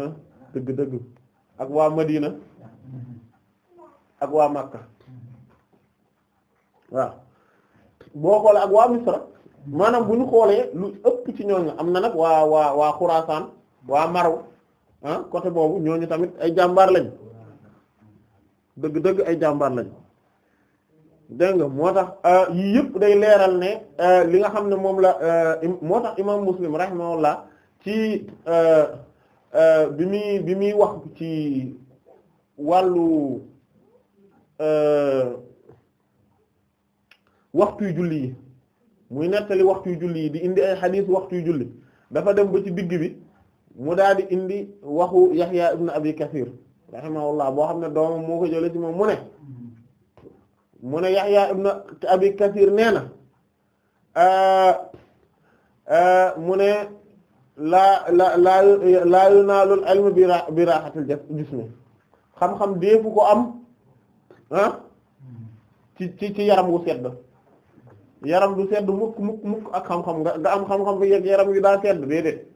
ah dëgg dëgg ak waa Madina ak waa Makka waaw boo xoolee ak waa Misra maanaam bu ñu xoolee lu ëpp ci ñooñu am na nag waa waa waa Xuraasaan waa Marw ah côté boobu ñooñu tamit ay jàmbaar lañ dëgg dëgg ay jàmbaar lañ dégg nga moo tax euh, yii yëpp day leeral ne euh, li nga xam ne moom la euh, moo tax imam muslim rahimahullah ci bi muy bi muy wax ci wàllu waxtuy julli yi muy nettali waxtuy julli yi di indi ay xadiis waxtuy julli dafa dem ba ci digg bi mu daal di indi waxu Yaxya ibn Abi Kathir rahimahullah boo xam ne doomam moo ko jëlee ci moom mu ne mu ne Yahya na Abi Kathir nee na ah, ah, mu ne laa la laa laa yunaalul ilmu bi raaxatil jismi xam-xam deefu ko am ah ci ci ci yaram wu sedd yaram du sedd mukk mukk mukk ak xam-xam nga am xam-xam bi yegg yaram yu daa sedd déedéet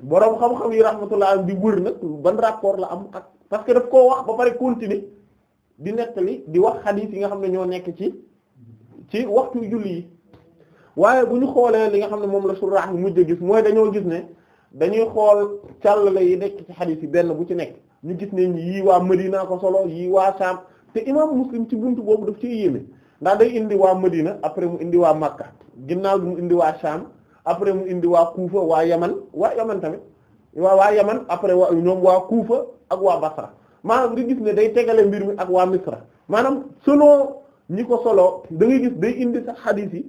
boroom xam-xam yi rahmatullah di wër ban rapport la am ak parce que daf koo wax ba pare continuer di nettali di wax xadiis yi nga xam ne ñoo nekk ci ci waxtu julli yi waaye bu ñu xoolee li nga xam ne moom la surraax bi mujj gis mooy dañoo gis ne dañuy xool càllale yi nekk ci xadiis yi benn bu ci nekk ñu gis ne yii waa Medina ko solo yii waa Saam te imam Muslim ci bunt boobu daf ci yéeme ndax day indi waa Medina après mu indi waa Makka ginnaaw mu indi waa Saam après mu indi waa Kuufa waa Yaman waa Yaman tamit waa waa Yaman après waa ñoom waa Kuufa ak waa Basra maanaam nga gis ne day tegale mbir mi ak waa misra maanaam selon ñi ko solo dangay gis day indi sax xadiis yi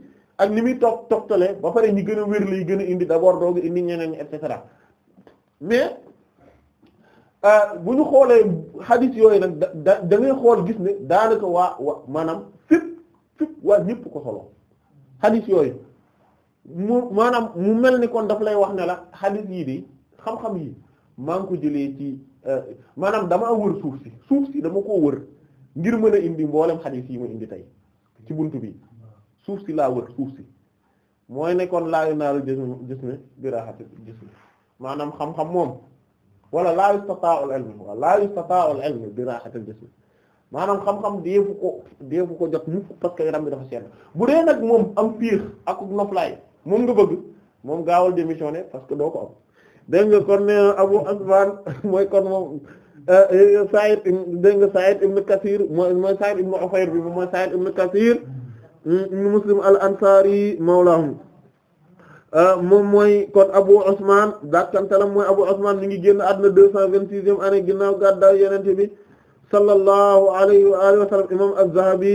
ak ni muy toog togtale ba pare ñi gën a wér lay gën a indi d'abord dooga indi ñeneen ñi et cetera mais euh, bu ñu xoolee xadiis yooyu nag da da ngay xool gis ne daanaka waa wa maanaam fépp fépp waa ñépp ko solo xadiis yooyu mu maanaam mu mel ni kon daf lay wax ne la xadiis yi di xam-xam yi maa ngi ko jëlee ci Euh, maanaam damaa wër suuf si suuf si dama koo wër ngir mën a indi mboolem xadiis yi ma indi tey ci bunt bi suuf si laa wër suuf si mooy ne kon laayu naalu jism jismi bi raxati jismi maanaam xam-xam moom wala laa yustataa'ul laa yustataa'ul ilmi bi raxatil maanaam xam-xam deefu ko deefu ko jot ñu parce que yaram bi dafa sedd bu dee nag moom am fiix ak noflaay moom nga bëgg moom gaawal démissionner parce que doo ko am dégg nga kon nee na Abu Asman mooy kon moom euh, Sa'id dégg nga Sa'id ibn Kathir mooy mooy Sa'id ibn Ufayr bi mooy Sa'id ibn Kathir ibn Muslim al-Ansari mawlahum euh, moom mooy kon Abu Usman dakkantalam mooy Abu Usman mi ngi génn àdduna deux cent vingt-sixième année ginnaaw gàddaay Yonent bi sallallahu alayhi wa alihi wa sallam imam az-Zahabi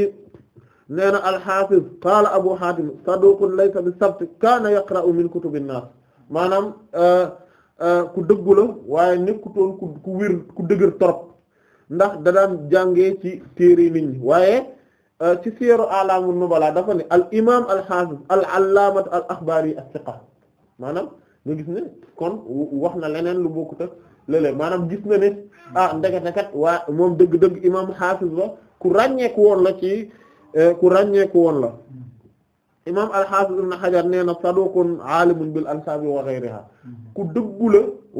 nee na al-Hafiz qaala Abu Hatim saduqun laysa bi sabt kaana yaqra'u min kutubin nas maanaam euh, Euh, ku dëggu la waaye nekkutoon ku ku wér ku dëgër trop ndax da daan jàngee ci téere nit ñi waaye euh, ci siyaru alaamu nubala dafa ne al imaam al hafiz al allaamat al axbaari as siqa maanaam nga gis ne kon wax na leneen lu bokkut ak léeg maanaam gis na ne ah ndekete waa moom dëgg-dëgg imaam hafiz ba ku ràññeeku woon la ci euh, ku ràññeeku woon la. imaam al-Hafiz ibn Hajar nee na saduqun aalimun bil ansaabi wa ghayriha ku dëggu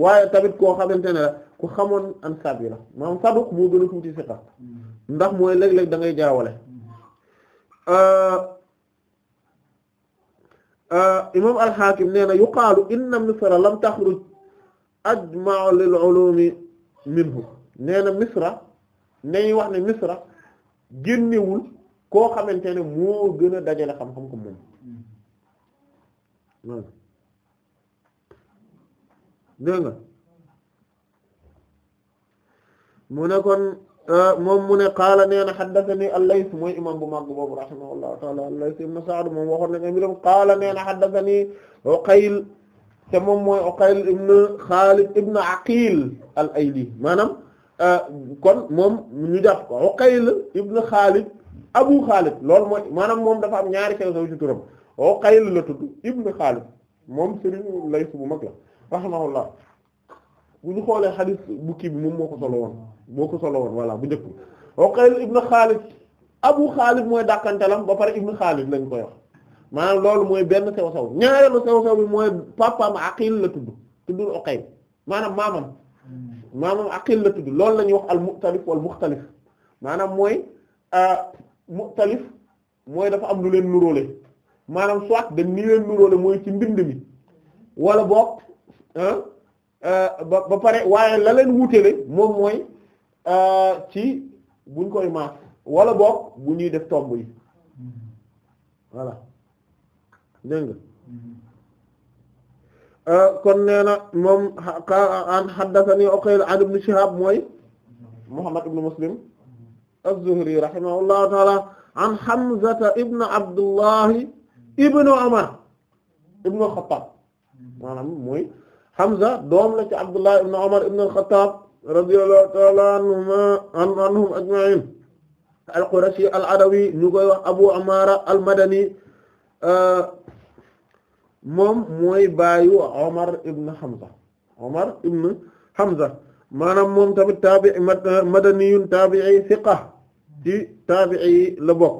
waaye tamit koo xamante ne la ku xamoon ansaab yi la maanaam saduq moo gën a tuuti siqa ndax mooy léeg-léeg da ngay imaam al-Hakim nee na yuqaalu inna misra lam taxruj ajma'u lil ulumi minhu nee na misra nañuy wax ne misra génnewul koo xamante ne moo gën a dajale xam-xam ko moom dégg nga mu ne kon euh, moom mu ne qaala nee na xaddathani al-Layth mooy imam bu mag boobu rahimahullahu taala al-Layth ibn Sa'd moom waxoon nañ mbiram qaala nee na xaddathani Uqayl te moom mooy Uqayl ibn Khalid ibn Aqil al-Ayli maanaam euh, kon moom ñu jàpp ibn Khalid Abu Xaalid loolu mooy maanaam moom dafa am ñaari xew saw ci turam Uqayl la moom la rahimahullah bu ñu xoolee xadis bu kii bi moom moo ko solo woon bu njëkk Uqayl ibnu Xaalid Abu Xaalid mooy dàkkantalam ba pare ibnu Xaalid lañ koy wax maanaam loolu mooy benn sew saw ñaareelu sew saw bi mooy papaam Aqil la tudd maanaam maamam maamam Aqil la tudd loolu la ñuy wax al muxtalif wal muxtalif maanaam mooy euh, muxtalif mooy dafa am lu leen nuróole maanaam soit dañ ni leen nuróole mooy ci mbind mi walla boog euh, ba ba pare waaye la leen wuutele moom mooy euh, ci buñ koy maas wala boog bu ñuy def tomb yi voilà dégg euh, kon nee na moom an haddathani Uqayl an ibn Shihab mooy Muhammad ibn Muslim az-Zuhri rahimahullahu taala an Hamza ibn Abdullahi ibn Umar ibn al-Khattab maanaam mooy Hamza doom la ci Abdullah ibn Umar ibn al-Khattab radiyallahu taala anhuma anhum ajma'in al-Qurashi al-Adawi ñu koy wax Abu Amara al-Madani euh, moom mooy baayu Omar ibn Hamza Omar ibn Hamza maanaam moom tamit tabi'i madaniyun tabi'i thiqa ci taabi'i yi la bokk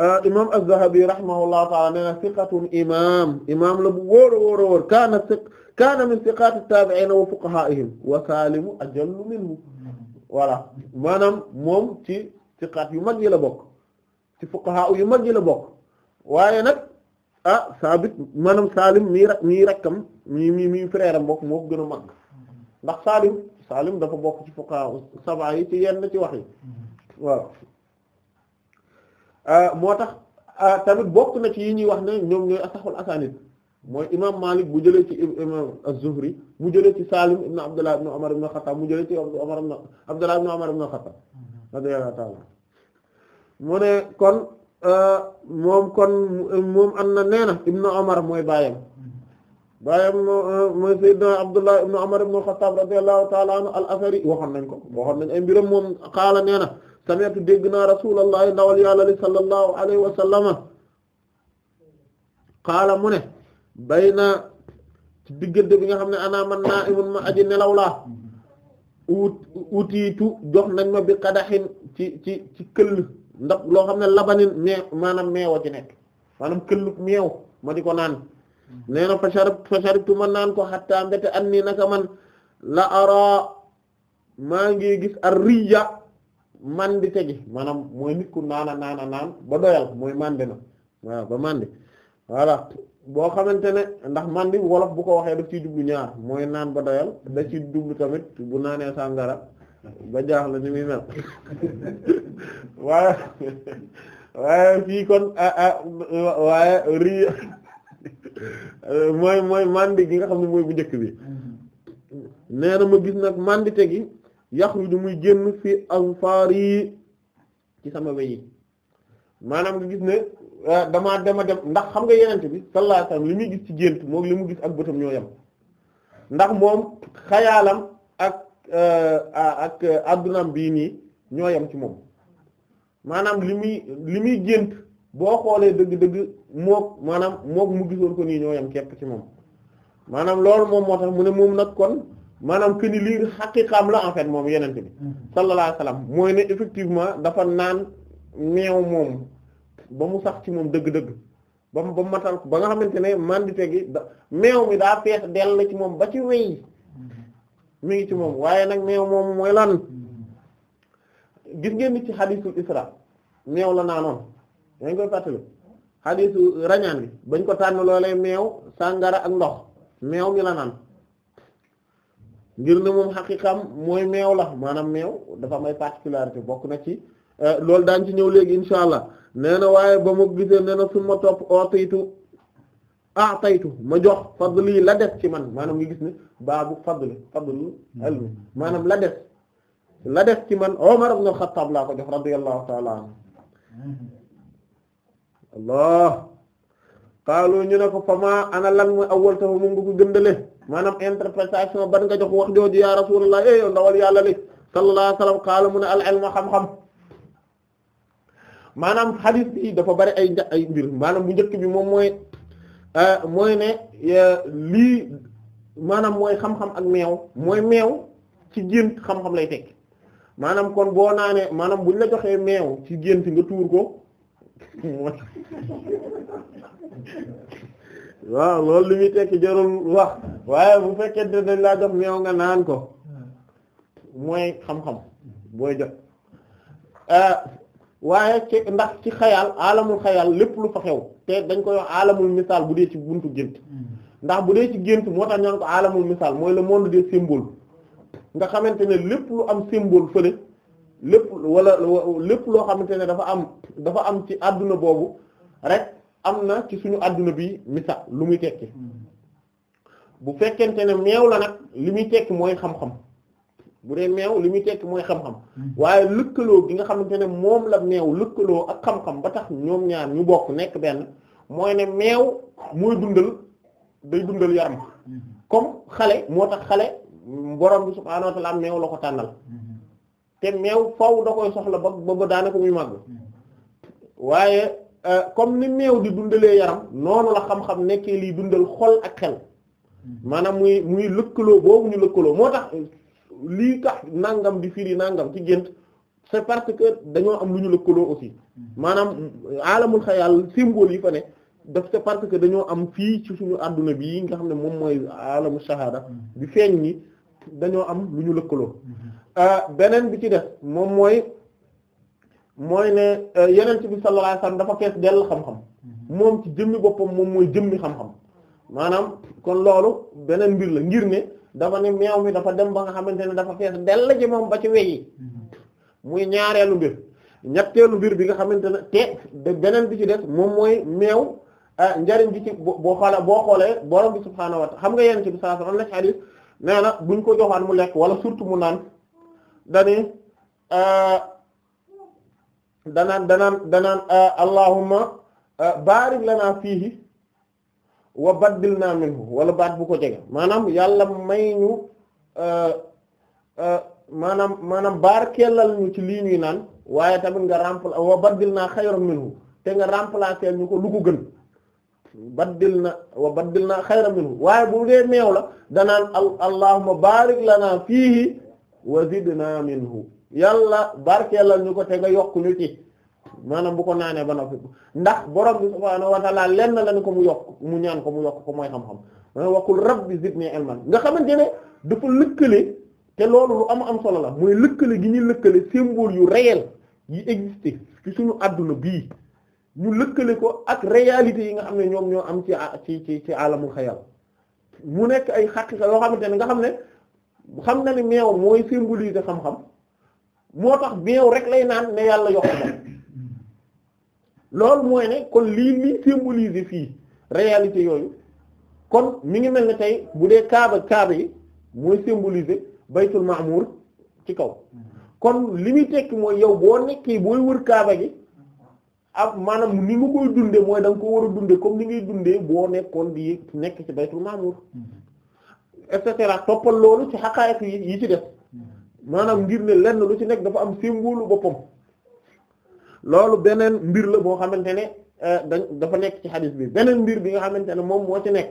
ah, imam az-Zahabi rahimahullahu ta'ala nee na siqatun imam imam la bu wóor a wóor a wóor kaana siq kaana min siqaati taabi'iina wa fuqahaa'ihim wa Saalimu ajallu minhu voilà maanaam moom ci siqaat yu mag yi la bokk ci fuqahaa yu mag yi la bokk waaye nag ah Saabit maanaam Saalim mii rak mii rakkam mii mii mii frère am bokk moo ko gën a mag ndax Saalim Salim dafa bokk ci fuqaha sab'a yi ci yenn ci wax yi waaw ah, moo tax ah, tamit bokk na ci yi ñuy wax ne ñoom ñooy asaxul asanid mooy imam Malik bu jëlee ci imam az-Zuhri mu jëlee ci Salim ibn Abdullah ibn Umar ibn Khattab mu jëlee ci Umar ibn Abdullah ibn Umar ibn Khattab radiyallahu mu ne kon ah, moom kon moom am na nee na ibn Umar mooy baayam baayam euh, mooy Seydina Abdullah ibn Umar ibn al-Khattab ta'ala anhu al waxoon nañ ko waxoon nañ ay mbiram moom xaala nee na sami'tu dégg naa rasulullahi ndawal yàlla li sallallahu alayhi wa sallama xaala mu ne bay na ci diggante bi nga xam ne ana man ma aji nelaw laa ut utiitu jox nañ ma bi qadahin ci ci ci këll ndax loo xam ne labanin mais maanaam meew a ci nekk maanaam këllug meew ma di ko naan nee fa sharib fa sharibtu man naan ko xatta mbéte an nii naka man la ara maa ngi gis ar riya man tegi maanaam mooy nit ku naana naana naan ba doyal mooy mande na waaw ba mande voilà boo xamante ne ndax mandi wolof bu ko waxee daf ciy jublu ñaar mooy naan ba doyal da ci jublu tamit bu naanee sàngara ba jaax la ni muy mel waaye waaye fii kon riya Euh, mooy mooy mandi gi nga xam ne mooy bu njëkk bi mm-hmm. nee na ma gis nag mandite gi yaxruju muy génn fi anfaar yi ci sama we yi maanaam nga gis ne euh, dem a dem ndax xam nga yenente bi sallallahu alayhi li muy gis ci gént moom li mu gis ak bëtam ñoo yem ndax moom xayaalam ak euh, ak addunaam bii nii ñoo yam ci moom maanaam li muy li muy gént boo xoolee dëgg-dëgg mook maanaam mook mu gisoon ko nii ñoo yam képp ci moom maanaam loolu moom moo tax mu ne moom nag kon maanaam que ni lii xaqiqaam la en moom yenente bi mm-hmm. sallallahu alayhi wasallam mooy ne effectivement dafa naan meew moom ba mu sax ci moom dëgg-dëgg ba ba ba nga xamante ne mandite gi mi daa feex dell ci moom ba ci wey mu mm-hmm. ngi ci moom waaye nag meew moom mooy lan mm-hmm. gis ngeen ni ci xadiisul isra meew la naanoon dañ koy fàttali xadiisu rañaan bi bañ ko tànn loolee meew sàngara ak ndox meew mi la naan ngir ne moom xaqiqam mooy meew la maanaam meew dafa am ay bokk na ci eh, loolu daan ci ñëw léegi insha allah nee na waaye ba ma gisee nee na su ma topp otaytu ah ma jox fadli la des ci man maanaam nga gis ne baabu fadli fadlu elmi maanaam la des la des ci man Umar ibn Khattab laa ko jox radiyallahu ta'ala allah qaalu ñu ne ko fama ana lan mooy awal tafa moom nga ko gëndale maanaam interprétation ban nga jox wax jooju ya rasulullah e eh, yow ndawal yàlla li sallallahu alayhi wasallam mu ne al ilmu xam-xam maanaam xadis bi dafa bari ay ay mbir maanaam bu njëkk bi moom mooy euh, mooy ne lii maanaam mooy xam-xam ak meew mooy meew ci gént xam-xam lay tekk maanaam kon boo naanee maanaam buñ la joxee meew ci gént nga tuur ko mooy waaw loolu li muy tekki jarul wax waaye bu fekkente dañ laa jox meew nga naan ko mooy xam-xam booy jot ah, waaye ci ndax ci xayal alamul xayaal lépp lu fa xew te dañ koy wax alamul misaal bu dee ci buntu gént ndax bu dee ci gént moo tax ñaan ko alamul misaal mooy le monde des symboles nga xamante ne lépp lu am symbole fële lépp wala lépp loo xamante ne dafa am dafa am ci àdduna boobu rek am na ci suñu àdduna bi misa lu muy tekki bu fekkente ne meew la nag li muy tekki mooy xam-xam bu dee meew li muy tekki mooy xam-xam hmm. waaye lëkkaloo gi nga xamante ne moom la meew lëkkaloo ak xam-xam ba tax ñoom ñaar ñu bokk nekk benn mooy ne meew mooy dundal day dundal yaram hmm. comme xale moo tax xale borom bi subhaanahu wa ta'ala meew la ko tànnal hmm. te meew faw da koy soxla ba ba daanaka muy màgg waaye euh, comme ni meew di dundalee yaram noonu la xam-xam nekkee liy dundal xol ak xel maanaam muy muy lëkkaloo boobu ñu lëkkaloo moo tax lii ka nangam di firi nangam ci gént c'est parce que dañoo am lu ñu lëkkaloo aussi maanaam alamul xayal symbole yi fa ne daf c'est parce que dañoo am fii ci suñu àdduna bii nga xam ne moom mooy alamu shahada bi feeñ ni dañoo am lu ñu lëkkaloo mm-hmm. euh, beneen bi ci def moom mooy mooy ne euh, yenent bi sallallahu alayhi wasallam dafa fees dell xam-xam mm-hmm. moom ci jëmmi boppam moom mooy jëmmi xam-xam maanaam kon loolu beneen mbir la ngir ne dafa ne meew mi dafa dem ba nga xamante ne dafa fees dell ci moom ba ci weyi mm-hmm. muy ñaareelu mbir ñetteelu mbir bi nga xamante ne te beneen bi ci def moom mooy meew euh, njariñ bi ci boo xoolee boo xoolee borom bi subhaanahu xam nga yenent bi sallallahu alayhi wasallam am nee na buñ ko joxaan mu lekk wala surtout mu naan dani euh, danaan danaan danaan euh, allahumma euh, barik lana fiihi wa baddil naa minhu wala baat bu ko jege maanaam yàlla may ñu maanaam maanaam barkeelal ñu ci lii ñuy naan waaye tamit nga rempla wa baddil naa xayran minhu te nga remplacer ñu ko lu ko gën baddil na wa baddil na xayran minhu waaye bu dee meew la danaan allahumma barik lana fiihi wa zidna minhu yàlla barkeelal ñu ko te nga yokk ñu ci maanaam bu ko naanee ba noppi ndax borom bi subhaanahu wa ta'ala lenn lañ ko mu yokk mu ñaan ko mu yokk ko mooy xam-xam ma bi rabbi zidni ilman nga xamante ne dafa lëkkale te loolu lu am am solo la mooy lëkkale gi ñuy lëkkale symbole yu réel yi existé ci suñu àdduna bii ñu lëkkale ko ak réalité yi nga xam ne ñoom ñoo am ci ci ci ci alamul xayal mu nekk ay xaqiqa yoo xamante ne nga xam ne xam na ne meew mooy symboliser xam-xam moo tax meew rek lay naan ne yàlla yox ko loolu mooy ne kon lii lii symboliser fii réalité yooyu kon mu ngi mel ni tey bu dee kaaba kaaba yi mooy symboliser baytul ma'mur ci kaw kon li muy tekki mooy yow boo nekkee booy wër kaaba gi ab maanaam ni nga koy dunde mooy da nga ko war a dunde comme ni ngay dunde boo nekkoon di nekk ci baytul maamur mm-hmm. et cetera toppal loolu ci xaqaayiq yi ci def mm-hmm. maanaam ngir ne lenn lu ci nekk dafa am symbole boppam loolu beneen mbir la boo xamante ne euh, dañ dafa nekk ci xadis bi beneen mbir bi nga xamante ne moom moo ci nekk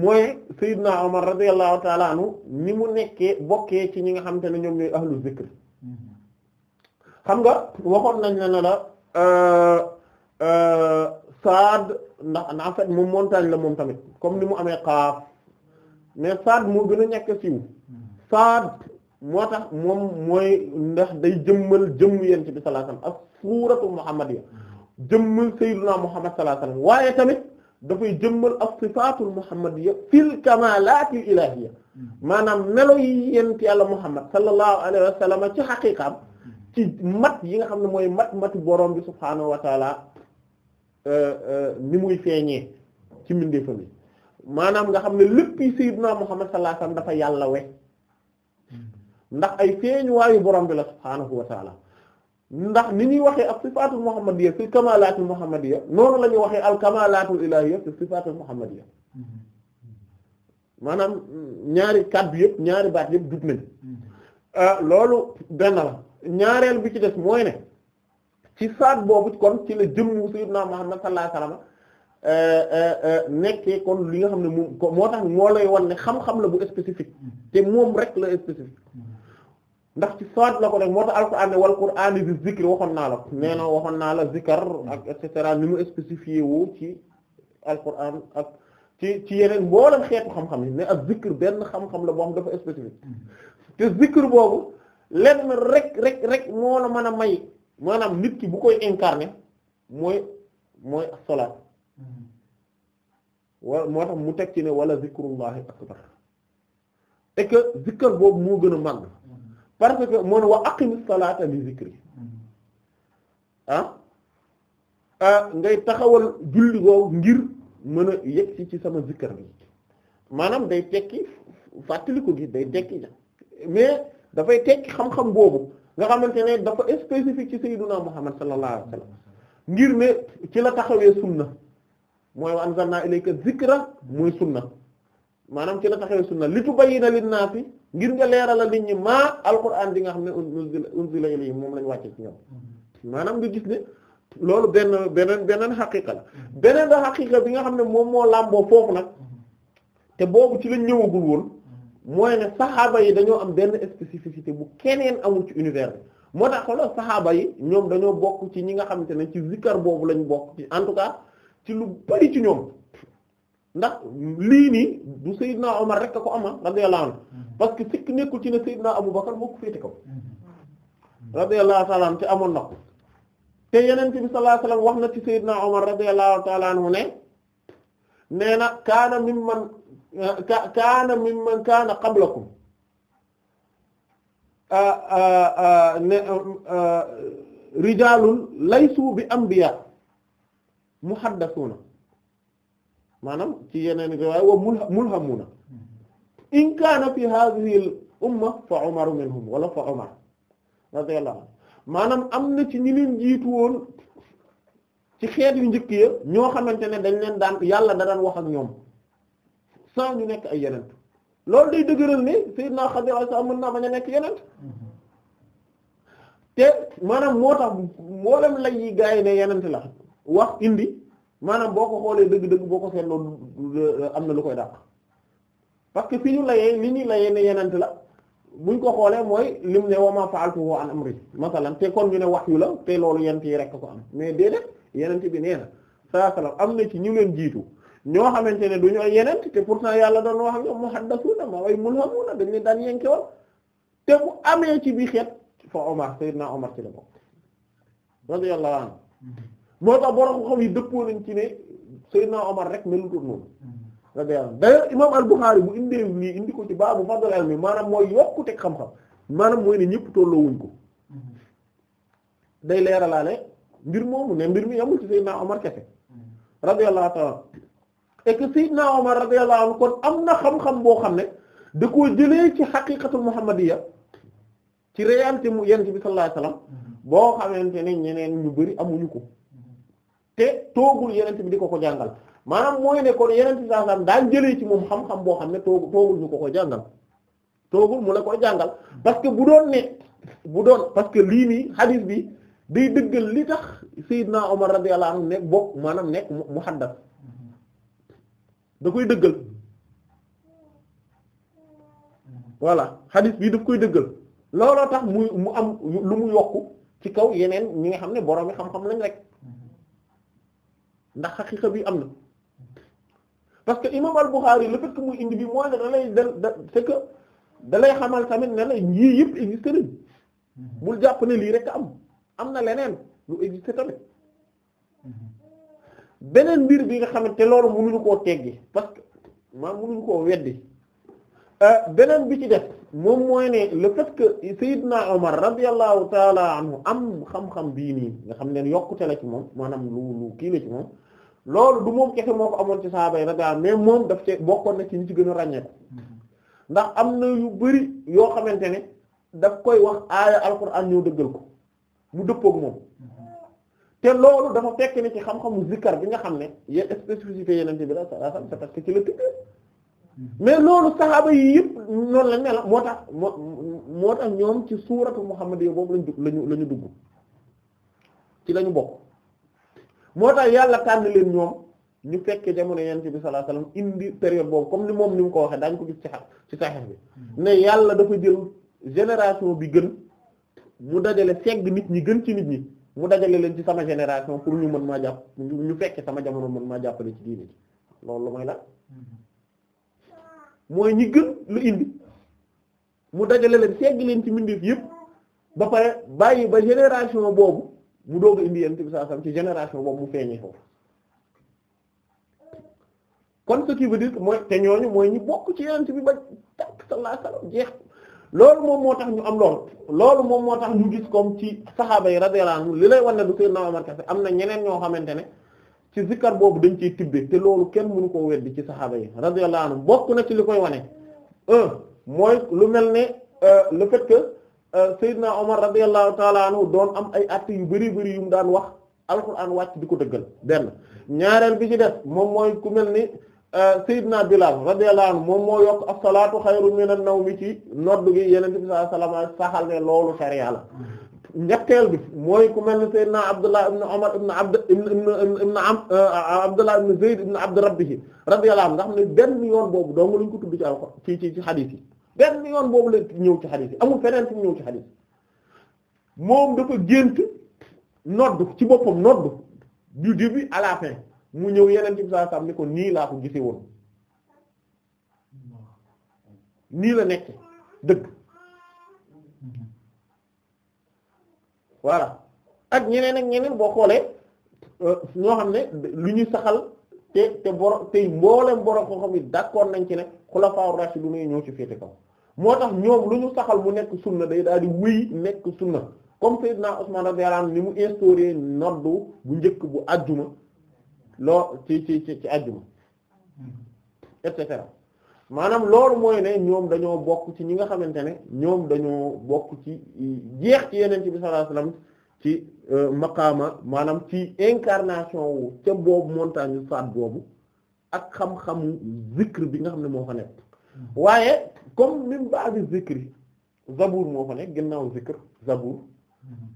mooy Seydina Omar radiyallahu taala ni mu nekkee bokkee ci ñi nga xam xamante ne ñoom ñooy ahlu zikr mm-hmm. xam nga waxoon nañ ne la Euh, euh, saad ndax en fait moom montagne la moom tamit comme ni mu amee xaaf mais saad moo gën a ñàkk siiw saad moo tax moom mooy ndax day jëmmal jëmm yent bi sallallahu alayhi wasallam ak suuratu muhammadiyya jëmmal sayyiduna muhammad sallallahu alayhi wasallam waaye tamit dafay jëmmal ak sifaatul muhammadiyya fil kamaalaati ilaahiyya hmm. maanaam melo yi yent yàlla muhammad sallallahu alayhi wasallam ci xaqiiqaam ci mat yi nga xam ne mooy mat matu borom bi subhaanahu wa taala euh, euh, ni muy feeñee ci mbindeefam yi maanaam nga xam ne lépp yi sayyidina Muhammad sallallahu alayhi dafa yàlla we ndax ay waayu borom bi la subhaanahu wa taala ndax ni ñuy waxee ak sifaatul muhammadiyya fi kamaalaatul muhammadiyya noonu la ñuy waxee al kamaalaatul ilaahiyya fi sifaatul muhammadiyya maanaam ñaari kàddu yëpp ñaari baat yëpp jub nañ euh, loolu benn la ñaareel bi ci des mooy ne ci saat boobu kon ci la jëmmu sayyidna Muhammad sallallahu alayhi wa sallam euh, euh, euh, nekkee kon li nga xam ne moom moo tax moo lay wan ne xam-xam la bu spécifique te moom rek la spécifique ndax ci saat la ko rek moo tax al alquran ne wal qur'ani di zikr waxoon naa la nee na waxoon naa la zikar ak et cetera ni mu spécifié wu ci alquran ak ci ci yeneen mboolam xeetu xam-xam yi ne ak zikr benn xam-xam la boo xam dafa spécifique mm-hmm. te zikr boobu lenn rek rek rek moo la mën a may maanaam nit ki bu koy incarner mooy mooy as walla wa moo tax mu teg ci ne wala zikrullahi akbar et que zikkar boobu moo gën a màgg parce que moo ne wa aqimis salaata li zikri ah? ah ngay taxawal julli googu ngir mën a yegg ci sama zikkar bi maanaam day tekki fàttaliku gi day tekki mais dafay tekki xam-xam boobu nga xamante ne dafa spécifique ci sayyiduna Muhammad sallallahu alayhi wasallam ngir ne ci la taxawee sunna mooy wa anzalna ilayka zikra muy sunna maanaam ci la taxawee sunna li tubayyina linnaasi ngir nga leeralal nit ñi maa alquran bi nga xam ne unzila ilayhi moom lañ wàcce ci ñoom maanaam nga gis ne loolu benn beneen beneen xaqiqa la beneen la xaqiqa bi nga xam ne moom moo làmboo foofu nag te boobu ci lañ ñëwagul woon mooy ne saxaaba yi dañoo am benn spécificité bu keneen amul ci univers moo tax loolu saxaaba yi ñoom dañoo bokk ci ñi nga xamante ne ci zikkar boobu lañu bokk ci en tout cas ci lu bari ci ñoom ndax lii nii du na Omar rek a ko ama radiyallahu anhu mm-hmm. parce que sikk nekkul ci ne Seydina Abu Bakar moo ko féete kaw mm-hmm. Mm-hmm. radiyallahu ta'ala anhu te amoon na ko te Yonent bi sallallahu alayhi wasallam wax na ci Seydina Omar radiyallahu ta'ala anhu ne nee na kaana mimman kaana mimman kaana qablakum rijaalun laysu bi anbiya muhaddasuuna maanaam ci yeneen riwaaya wa mulhamuuna in kaana fi haadihi al fa Umaru minhum wala fa Umar radiyallahu anhu maanaam am na ci ñi leen ci xeet yu njëkk ya ñoo xamante ne dañ leen daan yàlla da daan wax ak ñoom sans ñu nekk ay yenent loolu day dëgëral ni Seydina Xadir alayhi salaam mën naa bañ a nekk yenent te maanaam moo tax mboolem lay yi gaa yi ne yenent la wax indi maanaam boo ko xoolee dëgg-dëgg boo ko seetloo am na lu koy dàq parce que fi ñu layee li ñu layee ne yenent la buñ ko xoolee mooy lim ne wama faaltu woo an amri masalan te kon ñu ne wax yu la te loolu yent yi rek ko am mais déedéet yenent bi nee na saa salaam am na ci ñu leen jiitu ñoo xamante ne duñu ay yeneen te pourtant yàlla doon wax nga muhaddasuna ma way mulhamuna dañ leen daan yenke woon te bu amee ci biir xeet fa Omar Seydina Omar ci la bokk radiyallahu anhu moo tax borom xam yi dëppoo nañ ci ne Seydina Omar rek melutoon noonu radiyallahu anhu d'ailleurs imam al-Bukhari bu indee lii indi ko ci baabu fadl al-ilmi maanaam mooy yokkuteg xam-xam maanaam mooy ne ñëpp tolloowuñ ko day leeralaale mbir moomu ne mbir mi yamul ci Seydina Omar kese radiyallahu et que Seydina Omar radiyallahu anhu kon am na xam-xam boo xam ne da koo jëlee ci xaqiqatul muhammadiyya ci réalité mu yent bi sallallahu alayhi wasallam boo xamante ne ñeneen ñu bari amuñu ko te toogul yenent bi di ko ko jàngal maanaam mooy ne kon yenent bi sallallahu daan jëlee ci moom xam-xam boo xam ne toog ñu ko ko jàngal toogul mu la koy jàngal parce que bu doon ne bu doon parce que lii nii hadith bi day dëggal li tax Seydina Omar radiyallahu anhu nekk bokk maanaam nekk muhaddas da koy dëggal voilà xadis bii daf koy dëggal looloo tax muy mu am lu mu yokku ci kaw yeneen ñi nga xam ne borom yi xam-xam lañ rek ndax xaqiqa bi am na parce que imam al-Bukhari le mu indi bi mooy ne lay da c'est que da xamal tamit ne la yii yëpp existé nañ bul jàpp ne lii rek am am na leneen lu existé tamit beneen mbir bi nga xamante loolu mënuñu koo teggi parce que maa mënuñu koo weddi euh, beneen bi ci def moom mooy ne le fait que Seydina Omar radiyallahu taala am xam-xam bii nii nga xam ne yokkute la ci moom maanaam lu lu kii la ci moom loolu du moom kese moo ko amoon ci saaba yi radiyallahu mais moom daf ci bokkoon na ci ñu ci gën a ràññeeku mm-hmm. ndax am na yu bari yoo xamante ne daf koy wax aaya alquran ñëw dëggal ko mu dëppook moom mm-hmm. te loolu dafa fekk ni ci xam-xamu zikkar bi nga xam ne yéen spécificité yeneen bi la sallallahu alayhi wasallam parce que ci la tëdd mm-hmm. mais loolu saxaaba yi yëpp noonu lañ ne moo tax moo moo tax ñoom ci suuratu Muhammad yi boobu lañ lañu lañu dugg ci lañu bokk moo tax yàlla tànn leen ñoom ñu fekkee jamono yeneen bi sallallahu alayhi wasallam indi période boobu comme ni moom ni mu ko waxee daañu ko gis ci xa ci saxeex bi mm-hmm. ne yàlla dafa jël génération bi gën mu dajale segg nit ñi gën ci nit ñi. mu dajale leen ci sama génération pour ñu mën maa jàpp ñu fekke sama jamono mën maa jàppale ci diine ji loolu mooy la mooy ñi gën lu indi mu dajale leen segg leen ci mbindeef yëpp ba pare bàyyi ba génération boobu mu doog indi yent bi saa sam ci génération boobu mu feeñee foofu kon ce qui veut dire mooy te ñooñu mooy ñi bokk ci yent bi ba takk sallallahu alayhi jeex loolu moom moo tax ñu am lool loolu moom moo tax ñu gis comme ci saxaaba yi radiyallahu anhu li lay wan ne du Seydina Omar kese am na ñeneen ñoo xamante ne ci zikkar boobu dañ ciy tibbe te loolu kenn mënu koo weddi ci saxaaba yi radiyallahu anhu bokk na ci li koy wane un mooy lu mel ne euh, lu fait que euh, Seydina Omar radiyallahu ta'ala doon am ay att yu bari bari yu mu daan wax alxuraan wàcc di ko dëggal benn ñaareel bi ci def moom mooy ku mel ni Euh, Seydina Bilal radiyallahu anhu moom moo yokk as-salaatu xayrun minan nawmi ci nodd gi Yonent bi sallallahu alayhi wasallam saxal ne loolu sariya la ñetteel bi mooy ku mel ne Seydina Abdullah ibn Umar ibn Abd ibn ibn euh, ne benn yoon boobu dong lañ ko tudd ci alxuraan ci ci yi benn yoon boobu la ñëw ci xadiis yi amul feneen fu mu ñëw ci xadiis moom dafa gént nodd ci boppam nodd du début à la fin. mu ñëw yeneen ci saa saam ni ko nii laa ko gisee woon nii la nekk dëgg voilà ak ñeneen ak ñeneen boo xoolee euh, ñoo xam ne lu ñu saxal te te boro te mbooleem borom ko yi d'accord nañ ci ne xulafaa rashidun yi ñoo ci féete kaw moo tax ñoom lu ñu saxal mu nekk sunna day daal di wéy nekk sunna comme Seydina Usman radiyallahu anhu ni mu instauré noddu bu njëkk bu àjjuma loo ci ci ci ci ajjuma et cetera maanaam loolu mooy ne ñoom dañoo bokk ci ñi nga xamante ne ñoom dañoo bokk ci jeex ci yeneen ci bi euh, ci alayhi wasallam maanaam ci incarnation wu ca boobu montagne faat boobu ak xam-xamu zikr bi nga xam ne moo fa nekk waaye comme min ba'di zikri zabuur moo fa nekk ginnaaw zikr zabuur mm-hmm.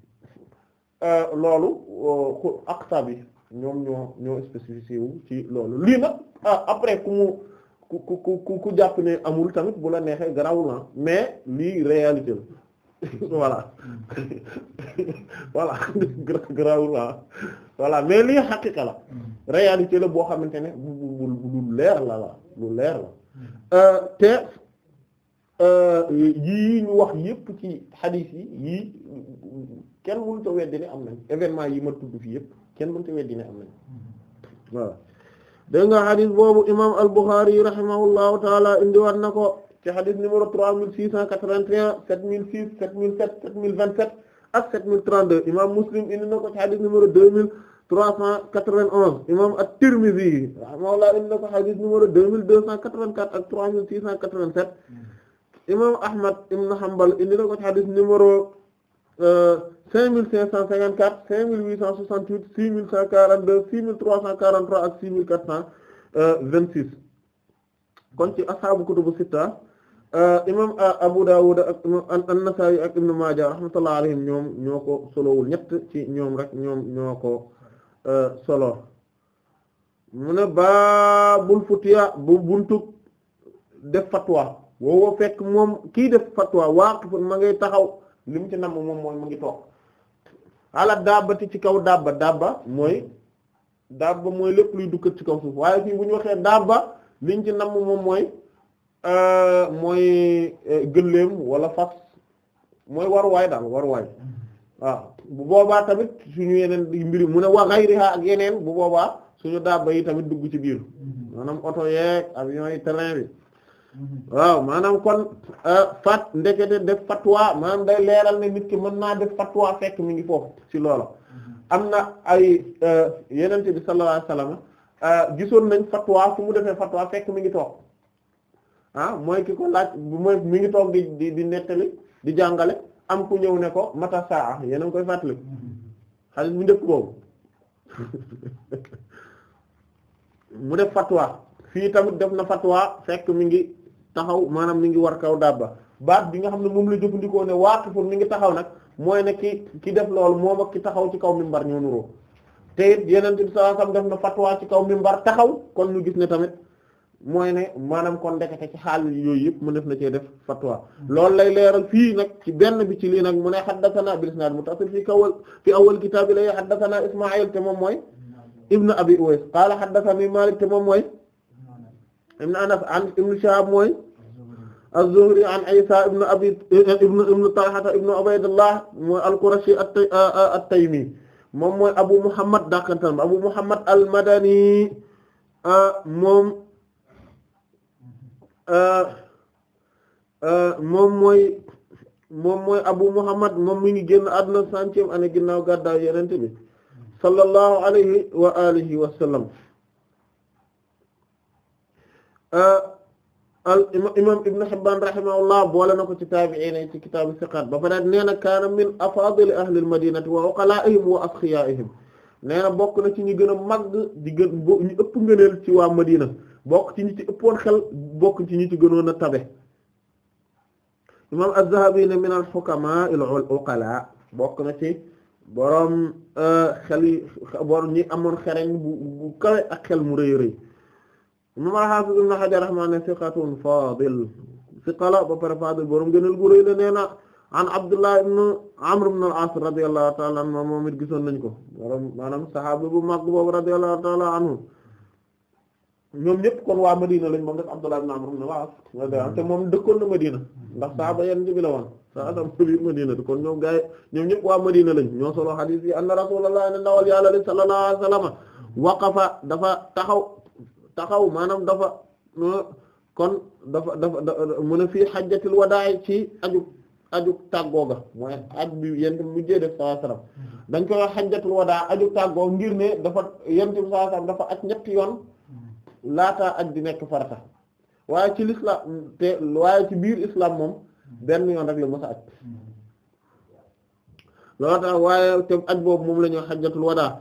euh, loolu euh, aqsa bi ñoom ñoo ñoo wu ci loolu lii nag ah, après ku mu ku ku ku jàpp ne amul tamit bu la neexee garawul ah, mais lii réalité la voilà voilà garawul ah. voilà mais lii xaqiqa la mm. réalité la boo xamante ne lu leer la la lu leer la mm. euh, te. Euh, yii ñu wax yépp ci xadiis yi yii kenn mënu ta weddi ne am nañ événement yi ma tudd fi yépp kenn mënta weddi ne am nañ waaw dégg nga xadis boobu imam al-Bukhari rahimahullahu taala indiwaat na ko ci xadis numéro trois mille six cent quatre-vingt-un sept mille six sept mille sept sept mille vingt-sept ak sept mille trente-deux imam Muslim indi na ko ci xadis numéro deux trois cent quatre-vingt-onze imam at-Tirmidhi indi na ko xadis numéro Euh, cinq mille cinq cent cinquante quatre cinq mille huit cent soixante huit six mille cent quarante deux six mille trois cent quarante trois ak six mille quatre cent euh, vingt six kon ci ashaabu kutubu sitta euh, imam Abu Dawud ak an-Nasa'i ak Ibn Maaja rahmatullah alayhim ñoom ñoo ko solowul ñett ci ñoom rek ñoom ñoo ko solo mu ne baabul futiya bu buntu def fatwa woowo fekk moom kii def fatwa waaqifun ma ngay taxaw li mu ci namm moom mooy mu ngi toog ala daabati ci kaw dabba dabba mooy dabba mooy lépp luy dukkat ci kaw suuf waaye fii bu ñu waxee dabba liñ ci namm moom mooy euh, mooy euh, gëléem wala fas mooy waruwaay daal waruwaay waaw bu boobaa tamit suñu yeneen mbiri mu ne wa ghayriha ak yeneen bu boobaa suñu dabba yi tamit dugg ci biir mm-hmm. maanaam oto yeeg avion yi terrain bi Mm-hmm. waaw maanaam kon euh, fat ndekete def fatwa maanaam day leeral ne nit ki mën naa def fatwa fekk mu ngi foofu ci loola mm-hmm. am na ay euh, yenente bi sallallahu alayhi wasallam euh, gisoon nañ fatwa fu mu defee fatwa fekk mi ngi toog ah mooy ki ko laaj mooy mi ngi toog di di di nettali di jàngale am ku ñëw ne ko mata saa yéen a ngi koy fàttali mm-hmm. xaalis bu njëkk boobu mu def fatwa fii tamit def na fatwa fekk mi ngi taxaw maanaam mi ngi war kaw dabba baat bi nga xam ne moom la jëfandikoo ne waaqifun mi ngi taxaw nag mooy ne ki ki def loolu moom ak ki taxaw ci kaw mimbar ñoo nuroo te it bi sallallahu alayhi wasallam na fatwa ci kaw mimbar taxaw kon ñu gis ne tamit mooy ne maanaam kon ndekete ci xaal yooyu yëpp mu def na cee def fatwa loolu lay leeral fii nag ci benn bi ci lii nag mu ne xaddasanaa bil isnaad muttasil fii kawal fi awal kitaab yi lay xaddasanaa Ismaayil te moom mooy ibnu abi Uways qaala xaddasanii Maalik te moom mooy ibn Anas an ibn Shihab mooy az-Zuhri an Isa ibn Abi ibn ibn Talha ibn Ubaydillah mooy al-Qurashi uh, at-Taymi moom mooy Abu Muhammad dakantan Abu Muhammad al-Madani uh, moom uh, moom mooy moom mooy Abu Muhammad moom mi ngi génn àdduna centième année ginnaaw gàddaay Yonent bi sallallahu alayhi wa alihi wa sallam Euh, al imam Ibn Hibbaan rahimahullah boole na ko ci taabi'iin ci kitaabu siqaat ba pare nee na kaana min afaadili ahlil madinati wa uqalaa'ihim wa asxiyaa'ihim nee na bokk na ci ñi gën a màgg di ëpp ngëneel ci waa Madina bokk ci ñi ci ëppoon xel bokk ci ñi ci gënoon a tabe imam Az-Zahabi ne min al-hukamaa al-uqalaa bokk na ci boroom euh, xel ñi amoon xereñ bu bu kawe ak xel mu rëy rëy. imam a hafiz ibn Hajar rahmaan ne siqatun fadil siqala ba pare fadil borom gënal gu rëy la nee na an Abdullah ibn Amr ibn al-As radiyallahu ta'ala moom it gisoon nañ ko borom maanaam sahaaba bu mag boobu radiyallahu ta'ala anhu ñoom ñëpp kon waa Madina lañ moom def Abdullah ibn Amr ibn al-As hmm. te moom dëkkoon na Madina ndax sahaaba yan bi la woon sahaaba bi Madina kon ñoom gaay ñoom ñëpp waa Madina lañ ñoo solo hadith yi anna taxaw taxaw maanaam dafa kon dafa dafa mu ne fii ci aju aju tàggoo ga mooy aj bi yent mujjee def hmm. dañ koy wax xajjatul wadaa aju tàggoo ngir ne dafa yent bi sallallahu alayhi wasallam dafa aj ñetti yoon hmm. laata aj di nekk farata waaye ci lislaam te ci biir islam moom hmm. benn yoon rek la mës a aj loolu tax waaye te aj boobu moom la ñuy xajjatul wadaa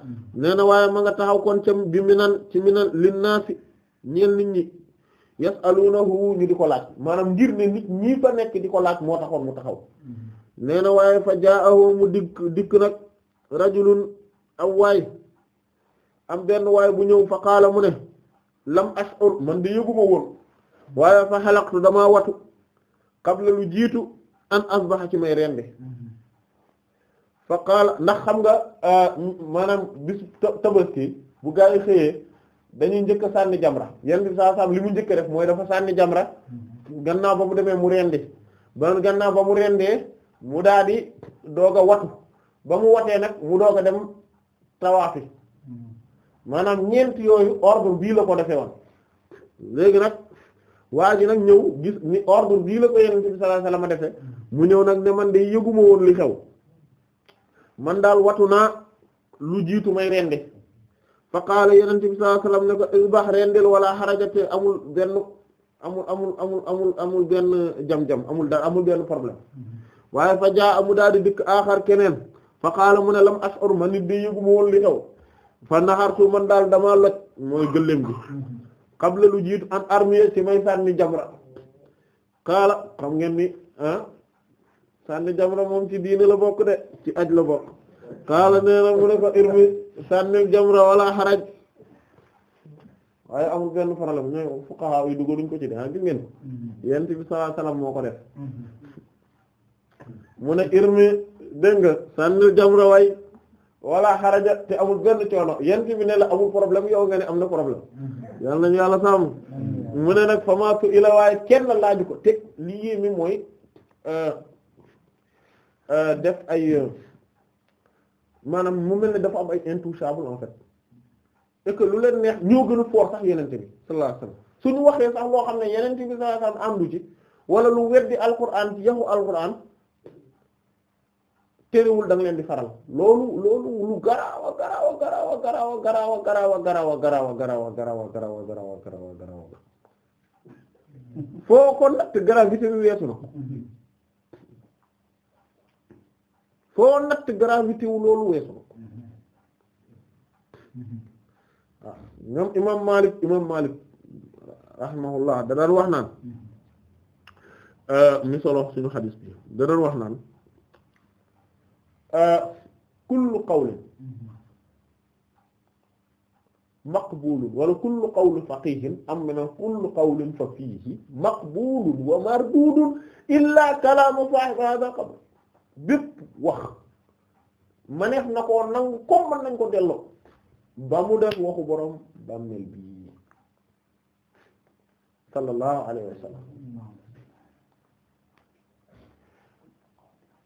nee waaye ma nga taxaw kon ca minan ci minan linnaasi ñeel nit ñi yasaluunahu ñu di ko laaj maanaam ngir ne nit ñi fa nekk di ko laaj moo taxoon mu taxaw nee na waaye fa jaahu mu dikk dikk nag rajulun am waay am benn waay bu ñëw fa qaala mu ne lam ashur man di yëguma woon waaye fa xalaqtu damaa watu qabla lu jiitu an asbaxa ci may rendi fa qaala ndax xam nga ah, maanaam bis tabaski bu gaa yi xëyee dañuy njëkk a sànni jamra yenn bi saa li mu njëkk a def mooy dafa sànni jamra mhm. gannaaw ba mu demee mu rendi ba gannaaw ba mu rendee mu daal di doog a watu ba mu watee nag mu doog a dem tawaafi mhm. maanaam ñeent yooyu ordre bii la ko defee woon léegi nag waa ji nag ñëw gis ni ordre bii la ko yenent bi sallallahu alayhi wasallam mhm. mu ñëw nag ne man de yëguma woon li xew man daal watu naa lu jiitu may rendi fa qaala yenente bi sallallahu alayhi wasallam ne ko ilbax rendel wala xarajate amul benn amul amul amul amul amul jam-jam amul daal amul benn problème waaye fa jaa amu daal di dikk aaxar keneen fa qaala mu ne lam ash'ur ma nit di yëgu ma woon li fa naxartu man daal damaa loj mooy gëléem gi qabla lu jiitu an armiye ci may sànni jamra qaala xam ngeen ni ah jamra moom ci diine la bokk de ci aj la bokk qaala nee na mu ne ko irmi sànni jamra wala xaraj waaye amul benn problème ñoom fuqaha yi dugg duñ ko ci de ah gis ngeen mm-hmm. yonent bi moo ko def mm-hmm. mu ne irmi dégg nga sànni jamra way wala xaraja te amul benn coono yonent bi ne la amul problème yow nga ne am na problème mm-hmm. yal nañu yàlla sàmm mu ne nag famaatu ila waaye kenn laaju ko te lii mi mooy euh, euh, def ay. Euh, maanaam mu mel ne dafa am ay intouchable en fait et que lu leen neex ñoo gën a sax yenente bi sallallahu alayhi wasallam suñu waxee sax loo xam ne yenente bi sallallahu alayhi wasallam àndu ci wala lu weddi alquran ci yaxu alquran terewul da leen di faral loolu loolu lu garaawa garaawa garaawa garaawa garaawa garaawa garaawa garaawa garaawa garaawa garaawa garaawa garaawa garaawa foo ko natt gravité weesu na foo natt gravité wu loolu weesu waaw ah, ñoom imaam Maalik imaam Maalik rahimahullah da daan wax naan ah, mi solo suñu xadiis bi da daan wax naan ah, kullu qawlin maqbulun wala kullu qawlin faqihin am na kullu qawlin faqihin maqbulun wa mardudun illa kalaamu saahibi hadha qabr bépp wax maneef na koo nangu ko man nañ ko delloo ba mu def waxu borom bàmmeel bi sallallahu alayhi wa sallam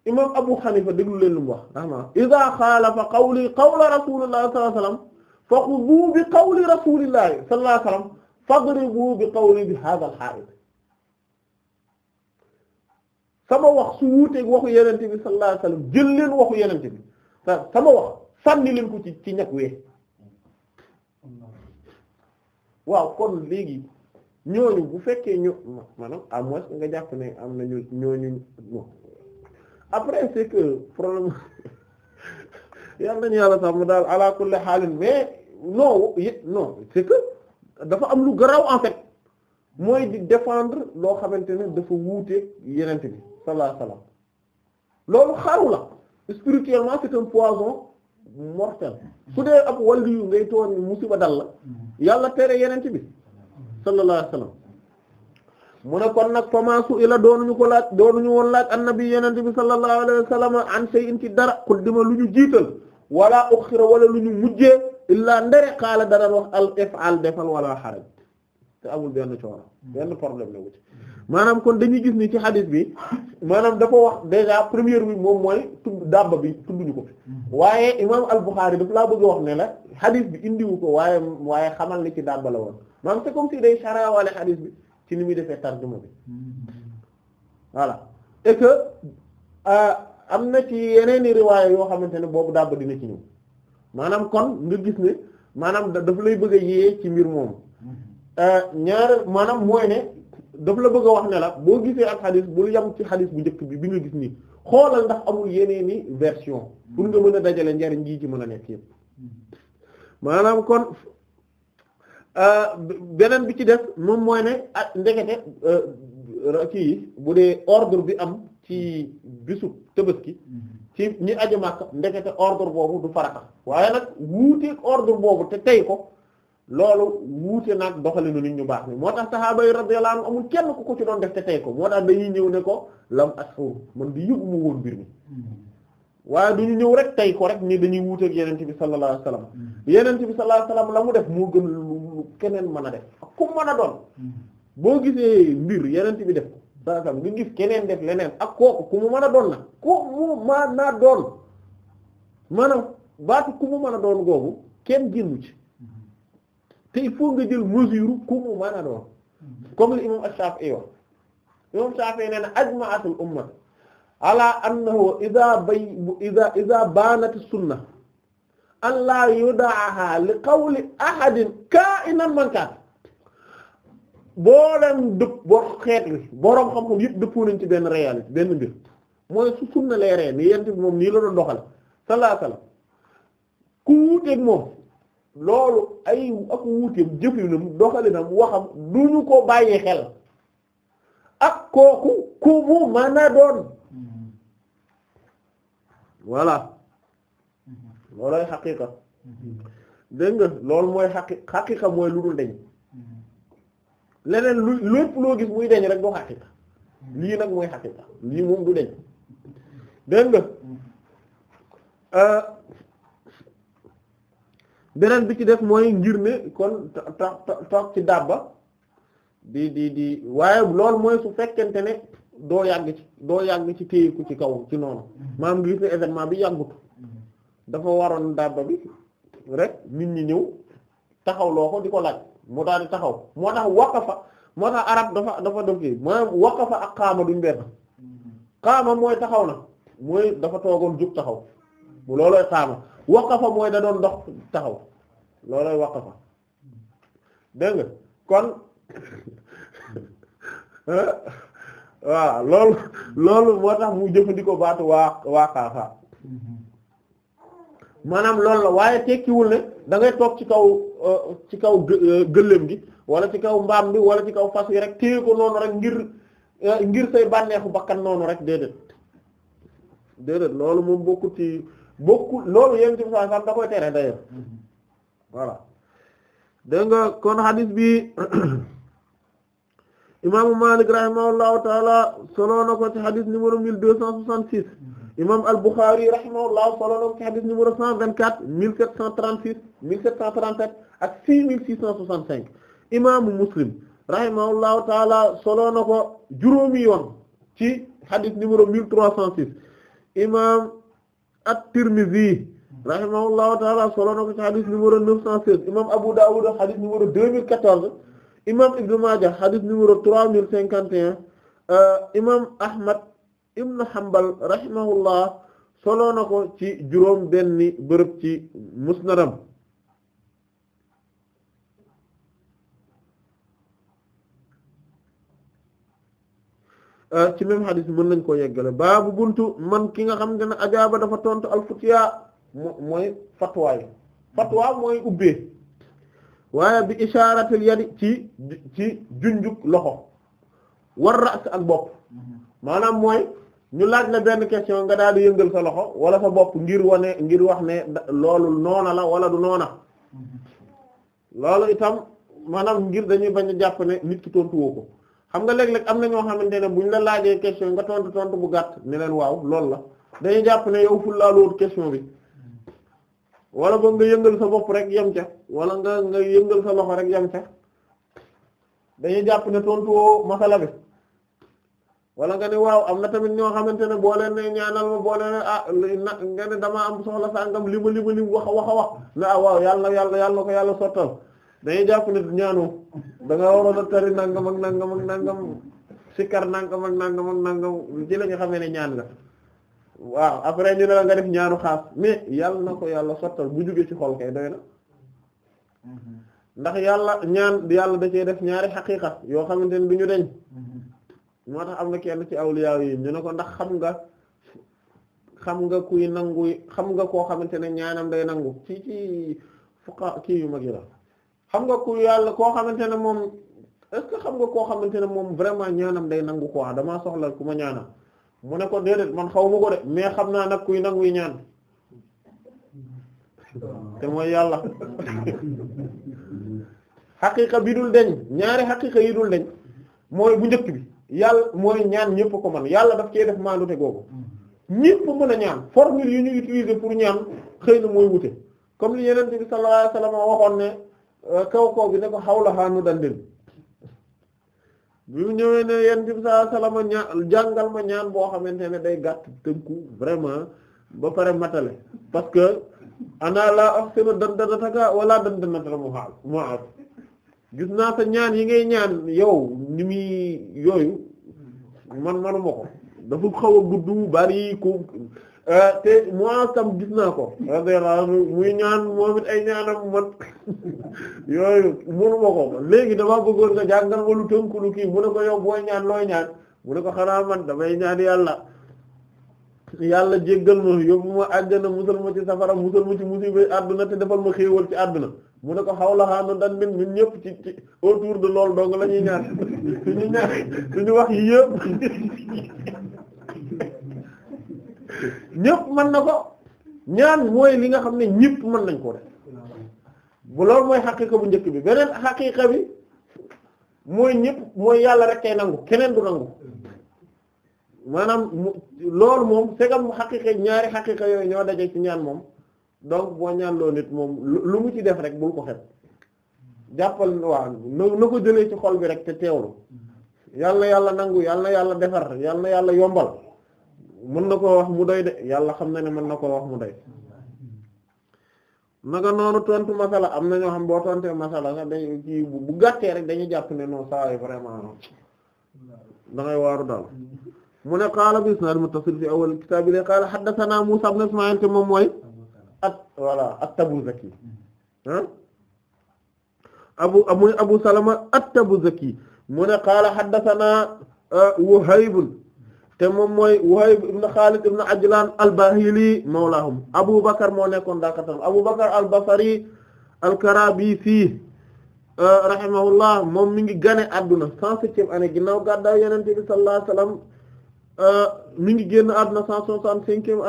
imam Abu Hanifa déglu leen lu mu wax rahma iza xaalafa qawli qawla rasulillahi sallallahu alayhi wa fa xudu bi qawli rasulillahi sallallahu alayhi wa sallam fadribu bi qawli bi hadha al sama wax su wuuteeg waxu yenente bi sallallahu alayhi waxu yenente bi sama wax sànni leen ko ci ci ñag wee waaw kon léegi ñooñu bu fekkee ñu maanaam à moins nga jàpp ne am na ñu ñooñu après c'est que problème yal nañu yàlla sax mu daal ala kulli xaalin mais non c'est que dafa am lu garaaw en mooy di défendre loo xamante ne dafa wuute yeneen bi sallallahu alayhi loolu xaru la spirituellement c'est un poison mortel su dee ab waliyu ngay toog ni musiba dal la yàlla tere yeneen bi sallallahu alayhi wasallam mu ne kon nag famaasu ila doonuñu ko laaj doonuñu woon laaj annabi yenente bi sallallahu alayhi wa sallam an shay'in ci dara quddima lu ñu jiital wala ukhira wala lu ñu mujjee illaa ndere xaala dara wax al if'al defal wala xaraj te amul benn coono benn problème la wuti maanaam kon dañuy gis ni ci xadis bi maanaam dafa wax déjà première bi moom mooy tudd dàbba bi tudduñu ko mm-hmm. waaye imaam al-Bukhari daf laa bëgg a wax ne la xadis bi indiwu ko waaye waaye xamal ni ci dàbba la woon maanaam c'est comme si day sarawaale xadis bi ci ni muy defee tarjuma bi mm-hmm. voilà et que euh, am na ci yeneen i riwaaya yoo xamante ne boobu dàbba dina ci ñëw maanaam kon nga gis ne maanaam daf lay bëgg a yee ci mbir moomu mm-hmm. euh, ñaar maanaam mooy ne daf la bëgg a wax ne la boo gisee ak xadis bul yem ci xadis bu njëkk bi bi nga gis nii xoolal ndax amul yeneeni version pour nga mën a dajale njariñ ji ci mën a nekk yépp maanaam euh, bi ci def moom mooy ne ah ndekete euh, bu dee ordre bi am ci bisu ki ci ñi aju Makka ndekete ordre boobu du farata waaye nag wuuteeg ordre boobu te tey ko loolu wuute nag doxalinu nit ñu baax ni moo tax sahaaba yi radiyallahu anhu amul kenn ku ko ci doon def te tey ko moo tax dañuy ñëw ne ko lam ashur man di yëgu mu woon mbir mi waaye du ñëw rek tey ko rek nii dañuy wuute ak yenente bi sallallahu alayhi wasallam mm. yenente bi sallallahu alayhi wasallam la mu def moo gën lu keneen mën a def ak ku mën a doon mm. boo gisee mbir yenente bi def ko sallallahu alayhi wasallam keneen def leneen ak kooku ku mu mën a doon nag ku mu mën a doon maanaam baatu ku mu mën a doon googu kenn génnu ci te il faut nga jël mesure ku mu mën a doon comme li imam Shafi'i wax imam Shafi'i nee na ajma'atul ala annahu idha banat sunna an la li qawli ahadin ka'inan man kaan boo leen dëpp boo xeet wi boroom xam-xam yëpp dëppoo nañ ci benn réalité benn mbir mooy su sunna lay ni yent bi moom nii la doon doxal sallallahu alayhi wasallam ku wuuteeg moom loolu ay ak wuuteem jëfinam doxalinam waxam du ñu ko bàyyi xel ak kooku ku mu mën a doon voilà loolooy xaqiqa dégg nga loolu mooy xaqi xaqiqa mooy lu dul deñ leneen lu lépp loo gis muy deñ rek doo xaqiqa lii nag mooy xaqiqa lii moom du deñ dégg nga euh, beneen bi ci def mooy ngir ne kon toog ci dabba di di di waaye loolu mooy su fekkente ne doo yàgg ci doo yàgg ci téyeku ci kaw ci noonu maam mm-hmm. ngi ne événement bi yàggut mm-hmm. dafa waroon dabba bi rek nit ñi ñëw taxaw loo ko di ko laaj moo daal di taxaw moo tax waqafa moo tax arab dafa dafa def kii maanaam waqafa ak xaama duñ benn mm-hmm. xaama mooy taxaw na mooy dafa toogoon jug taxaw bu loolooy xaama wax waqafa mooy da doon dox taxaw loolooy waqafa dégg nga kon waaw loolu loolu moo tax mu jëfandikoo baatu waa waaqafa maanaam loolu la waaye tekkiwul ne dangay toog ci kaw ci kaw gëléem gi wala ci kaw mbaam bi wala ci kaw fas yi rek téye ko noonu rek ngir ngir say bànneexu bakkan noonu rek déedéet déedéet loolu moom bokkut ci bokkul loolu yéen ci saa saam da koy tere d'ailleurs voilà dégg nga kon hadith bi imaamu Malik rahimahullahu taala solo na ko ci hadith numéro mille deux cent soixante-six imam al-Bukhari rahimahullah solo na ci hadith numéro cent vingt-quatre mille sept cent trente-six mille sept cent trente-sept ak six mille six cent soixante-cinq imaamu Muslim rahimahullahu taala solo na ko yoon ci hadith numéro mille trois cent six imam at-Tirmidhi rahimahullahu taala solo na ko ci xadis numéro 916 imam Abu Dawud xadis numéro 2014 imam Ibn Majah xadis numéro 3051 euh, imam Ahmad ibn Hanbal rahimahullah solo na ko ci juróom benni bërëb ci musnadam Euh, ci même hadith mën nañ koo yeggale baabu buntu man ki nga xam ne ajaaba dafa tontu alfutiya mooy fatwa yi fatwa mooy ubbee waaye bi isharatil yadi ci ci junjuk loxo war ra's ak bopp maanaam mooy ñu laaj la benn question nga daal di yëngal sa loxo wala sa bopp ngir wane ngir wax ne loolu noona la wala du noona mm-hmm. loolu itam maanaam ngir dañuy bañ a jàpp ne nit ki tontu ko xam nga léeg-léeg am na ñoo xamante ne buñ la laajee question nga tontu tontu bu gàtt ne leen waaw loolu la dañuy jàpp ne yow ful laaluwut question bi wala nga yëngal sa rek yem ca wala nga nga yëngal sa rek yem ca dañuy jàpp ne tontu woo masala nga ne waaw am na tamit ñoo xamante ne boo leen ne ñaanal ma boo leen ah nga ne damaa am soxla sangam li ma li ma li wax a wax a wax ne ah waaw yàlla yàlla yàlla ko yàlla sottal. dañuy jàpp ne ñaanu da nga waroon a tari nangam ak nangam ak nangam sikar nangam ak nangam ak nangam ci la nga xamee ne ñaan la waaw après ñu ne la nga def ñaanu xaas mais yàlla na ko yàlla sottal bu jugee ci xol kay doy na ndax yàlla ñaan yàlla da cee def ñaari xaqiqa yoo xamante ne du ñu deñ moo tax am na kenn ci awliya yi ñu ne ko ndax xam nga xam nga kuy nangu xam nga koo xamante ne ñaanam day nangu ci ci fuqa kii yu mag yi la xam nga ku yàlla koo xamante ne moom est xam nga koo xamante ne moom vraiment ñaanam day nangu ko wax damaa soxla ku ma ñaanal mu ne ko déedéet man xaw ma ko de mais xam naa nag kuy nanguy ñaan te mooy yàlla xaqiqa bi dul deñ ñaari xaqiqa yi dul deñ mooy bu njëkk bi yàlla mooy ñaan ñëpp ko man yàlla daf cee def maandu te googu ñëpp mën a ñaan formule yi ñu utiliser pour ñaan xëy na mooy wute comme li yeneen bi sallallahu alayhi waxoon ne kaw kaw bi ne ko xawlaxaa nu dandin bi mu ñëwee ne yent bi saa salama ñaan jàngal ma ñaan boo xamante ne day gàtt tënku vraiment ba pare matale parce que ana la axsinu dandanataka wala dandanataka mu xaal mu xaal gis naa sa ñaan yi ngay ñaan yow ni muy yooyu man manuma ko dafa xaw a gudd bari ko Euh, te moi tam gis naa ko radiyallahu anhu muy ñaan moom it ay ñaanam man yooyu mënu ko léegi dama bëggoon nga jàngal ma lu tënku lu kii mu ne ko yow booy ñaan looy ñaan mu ne ko xanaa man damay ñaan yàlla yàlla jéggal ma yóbbu ma àjjana musal ma ci safara musal ma ci musiba àdduna te defal ma xéewal ci àdduna mu ne ko xawla xaanu dan min ñun ñëpp ci ci autour de loolu dong la ñuy ñaan suñu ñaan wax yi ñëpp man na ko ñaan mooy li nga xam ne ñépp mën nañ koo def bu lool mooy xaqiqa bu njëkk bi beneen xaqiqa bi mooy ñëpp mooy yàlla rek kay nangu keneen du nangu maanaam loolu moom segam xaqiqa ñaari xaqiqa yooyu ñoo daje ci ñaan moom donc boo ñaan loo nit moom lu mu ci def rek bul ko xet jàppal waa na ko jëlee ci xol bi rek te teewlu yàlla yàlla nangu yàlla yàlla defar yàlla yàlla yombal mën na koo wax mu doy de yàlla xam na ne mën na koo wax mu doy naka noonu tontu masala am na ñoo xam boo tontee masala sax gàttee rek dañuy jàpp ne non saa yi vraiment da ngay waaru daal mu ne qaala bi isnaad muttasil fi awal kitaab li qaala haddathana Muusaa ibn Ismaa'iil te moom mooy at voilà at-Tabuzaki ah abu abu Abu at-Tabuzaki mu ne qaala haddathana euh, Wuhayb te moom mooy Wuhayb ibn Khalid ibn Ajlan al-Bahili mawlahum Abu moo nekkoon dakatam Abu Bakr al-Basri al-Karabisi euh, rahimahullah moom mi ngi gane adduna cent septième année ginnaaw gàddaay Yonent bi sallallahu alayhi wasallam euh, mi ngi génn adduna cent soixante-cinquième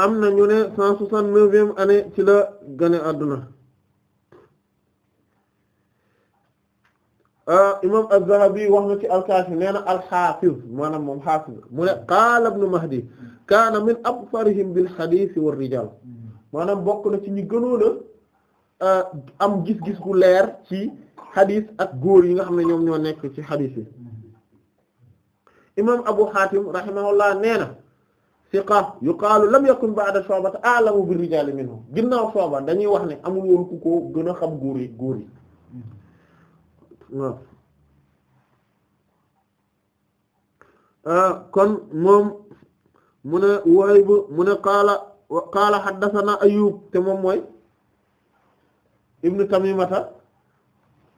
am na ñu ne cent soixante-neuvième gane adduna Euh, imam az-Zahabi wax na ci al-Kaafi nee na al maanaam moom Haafiz mu ne qaala ibn Mahdi kaana min absarihim bil hadiis war rijaal maanaam bokk na ci ñi gënoon euh, am gis-gis gu leer ci xadis ak góor yi nga xam ne ñoom ñoo nekk ci xadis yi imam Abu Haatim rahimahullah nee na siqa yuqaalu lam yakun ba'da Shu'ba a'lamu bir rijaal minhu ginnaaw Shu'ba dañuy wax ne amul woon ku ko gën a xam góor yi góor yi Ah, kon moom mu ne Wuhayb mu ne qaala qaala haddathana Ayyub te moom mooy ibnu Tamimata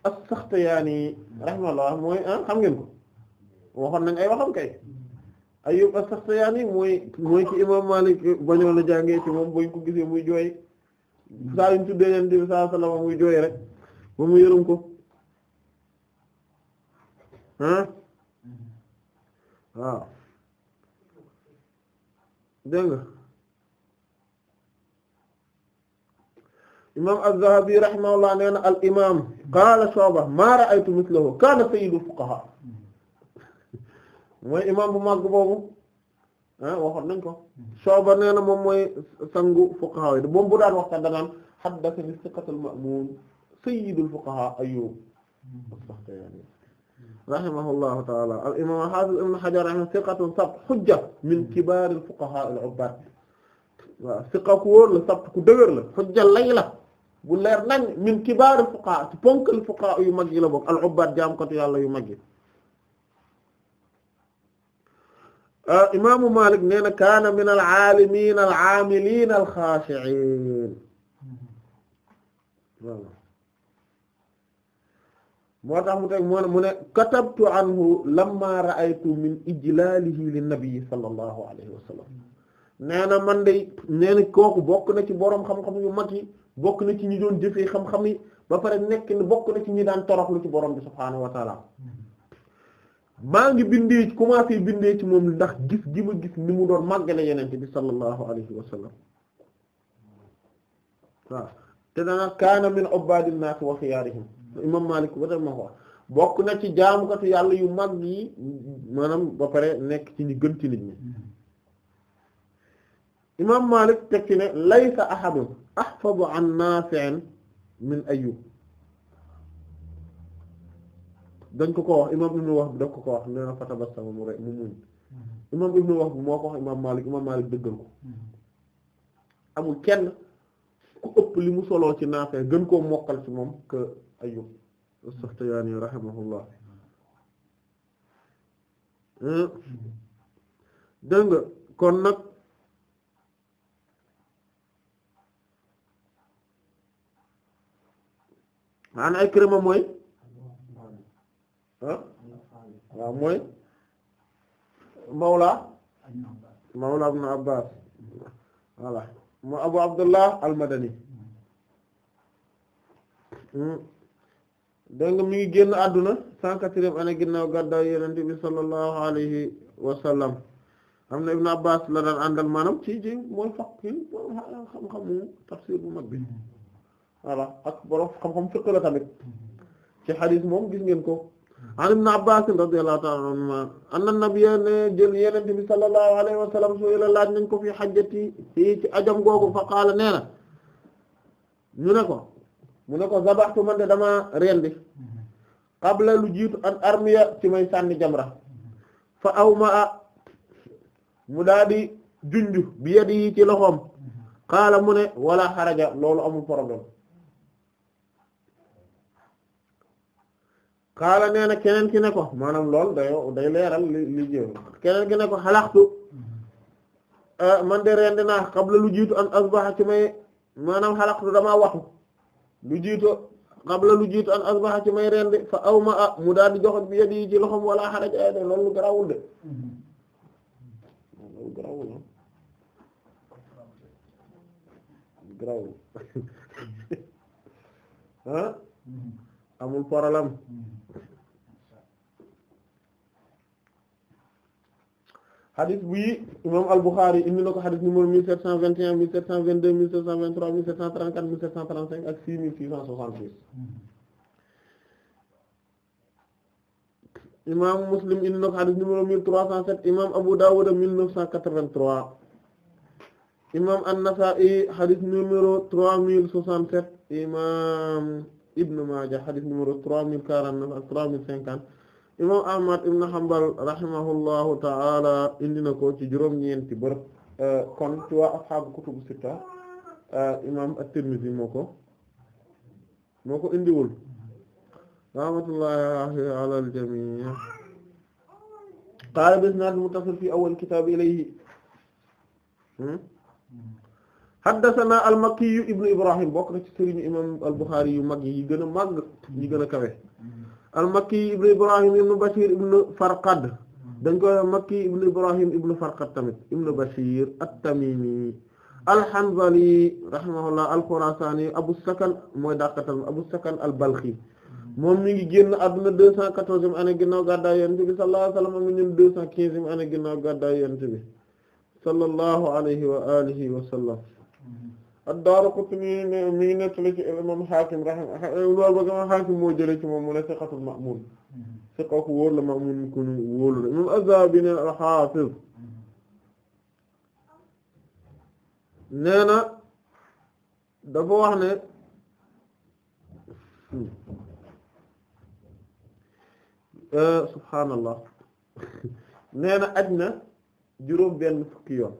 as-Saxtiyaani rahimahullah mooy ah, xam ngeen ko waxoon nañ ay waxam kay Ayyub as-Saxtiyaani mooy mooy ci imaam Maalik bañoo la jàngee ci moom buñ ko gisee muy jooy saa yuñ tuddee leen di sallallahu alayhi wasallam muy jooy rek ba mu yërëm ko waaw mm-hmm. oh. dégg nga imam az-Zahabi rahimahullah nee na al imam qaala Shu'ba ma ra'aytu mithlahu kaana sayyidu fuqaha mm-hmm. mooy imam bu màgg boobu ah waxoon nañ ko mm-hmm. Shu'ba nee na moom mooy sangu fuqaha yi moom bu daan waxtaan danaan haddathani thiqatul ma'mun sayyidul fuqaha Ayyub as-Sakhtiyani rahimahullahu taala al imam al-hafiz ibn hajar rahimah thiqatun sabt hujja min kibar al-fuqaha al-ubbad waaw siqa ku wóor la sabt ku dëgër la hujja lay la bu leer nañ min kibar al-fuqaha ci ponkal fuqaha yu mag yi la bokk al-ubbad jaamkatu yàlla yu mag yi ah, imaamu malik nee na kaana min al-aalimin al-aamiliin al-xaashi'iin moo tax mu teg moo mu ne katabtu anhu lamma ra'aytu min ijlaalihi li nabi sallallahu alayhi wa sallam nee na man de nee na kooku bokk na ci boroom xam-xam yu mag yi bokk na ci ñu doon jëfee xam yi ba pare nekk bokk na ci ñi daan toroxlu ci boroom bi subhaanahu wa taala maa ngi bindee commencé bindee ci moom ndax gis gi ma gis ni mu doon màggale yenente bi sallallahu alayhi wa sallam waaw te dana kaana min ubbadin nas wa xiyaarihim imam Malik ba tam ma ko bokk na ci jaamukatu yàlla yu mag yi maanaam ba pare nekk ci ni gën ci nit ñi imam Malik teg ci ne laysa ahadun ahfadu an Nafi'in min Ayyub dañ ko ko wax imam wax Wahb dañ ko ko wax nee na fatabassama mu rek mu muñ imam Ibn Wahb moo ko wax imam Malik imam Malik dëggal ko mm-hmm. amul kenn ku ëpp li mu soloo ci naafe gën koo mokkal ci moom que Ayyub as-Saxtiyaani rahimahullah dégg nga kon nag an Ikrima mooy ah mooy Mawla Mawla ibn Abbaas voilà mu Abu Abdullah al-Madani hmm. dégg nga mi ngi génn àdduna cent quatrième année ginnaaw gàddaay Yonent bi sallallahu alayhi wa sallam am na Ibn Abbas la daan àndal maanaam ci ji mooy fakk xam-xamu tafsir bu mag bi voilà ak borom xam-xam fiqh la tamit ci xadiis moom gis ngeen ko an ibn Abbaas radiyallahu ta'ala anhumaa anna nabiyya ne jël yonent bi sallallahu alayhi wa sallam su nañ ko fi xajjati ci ajam googu fa qaala nee na ne ko mu ne ko zabaxtu man de damaa rendi qabla lu jiitu an armiya ci may sànni jamra fa aw ma a mu daa di bi yadi yi ci loxoom qaala mu ne wala xaraja loolu amul problème xaala nee na keneen ki ne ko maanaam lool day day leeral li li jëw keneen ki ne ko eh, man de rendi naa qabla lu jiitu an asbaha ci may maanaam xalaxtu damaa waxu lu jiitu qabla lu jiitu an asbaha ci may rendi fa aw ma mu daal di joxot bi yadi ci loxom wala xaraj ay eh, de garawul de ah. ah? mm-hmm. amul problème mm-hmm. xadis bii imam al-Bukhari indi na ko xadis numéro 1721 1722 1723 1734 1735 ak 6666 imam Muslim indi na ko xadis numéro 1307 imam Abu Dawud 1983 imam an-Nasa'i xadis numéro 3067 imam Ibn Maaja xadis numéro 3049 ak 3050 imam ahmad ibn hanbal rahimahullahu ta'ala indi na ko ci juróom-ñeenti bërëb euh, kon ci waa ashaabu kutubu sitta euh, imam at-tirmidhi moo ko moo ko indiwul rahmatullahi ala al-jami' qaala bisnad muttasil fi awwal kitab ilayhi hmm? haddathana al-makki ibnu ibrahim bokk na ci sëriñu imam al-bukhari yu mag yi gën a mag yi gën a kawe al-Makki ibn Ibrahim ibn Bashir ibn Farqad dañ koy al-Makki ibn Ibrahim ibn Farqad tamit ibn Bashir at-Tamimi al-Hanzali rahimahullah al-Khurasani Abu Sakan mooy dàqatal Abu Sakan al-Balkhi moom mi ngi génn àdduna deux cent quatorzième année ginnaaw gàddaay Yonent bi sallallahu alayhi wa sallam mi ngi deux cent quinzième année ginnaaw gàddaay Yonent bi sallallahu alayhi wa alihi wa sallam ad-Daaraqutni mi ngi nettali ci imam Haakim rahimahullah loolu ba imam Haakim moo jëlee ci moom mu ne siqatul ma'muun mm-hmm. siqa ku wóor la ma'muun ku ñu wóolu la imam Az-Zahabi ne al-Haafiz mm-hmm. nee na dafa wax ne hmm, euh, subhaanallah nee na aj na juróom benn fukki yoon